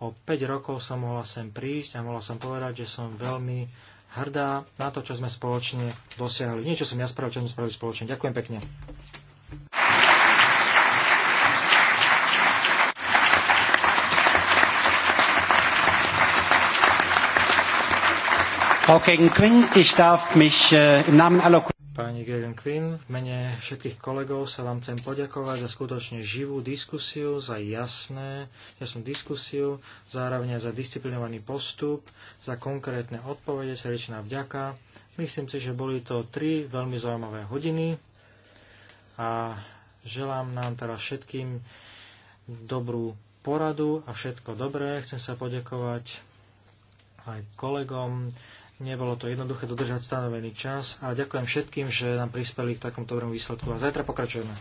o 5 rokov som mohla sem prísť a mohla som povedať, že som veľmi hrdá na to, čo sme spoločne dosiahli. Niečo som ja spravil, čo sme spravili spoločne. Ďakujem pekne. Frau quinn ich darf mich äh, im Namen aller Pani Gegen-Quinn, v mene všetkých kolegov sa vám chcem poďakovať za skutočne živú diskusiu, za jasné, jasnú diskusiu, zároveň za disciplinovaný postup, za konkrétne odpovede, srdečná vďaka. Myslím si, že boli to tri veľmi zaujímavé hodiny a želám nám teraz všetkým dobrú poradu a všetko dobré. Chcem sa poďakovať aj kolegom, Nebolo to jednoduché dodržať stanovený čas a ďakujem všetkým, že nám prispeli k takomto dobrému výsledku a zajtra pokračujeme.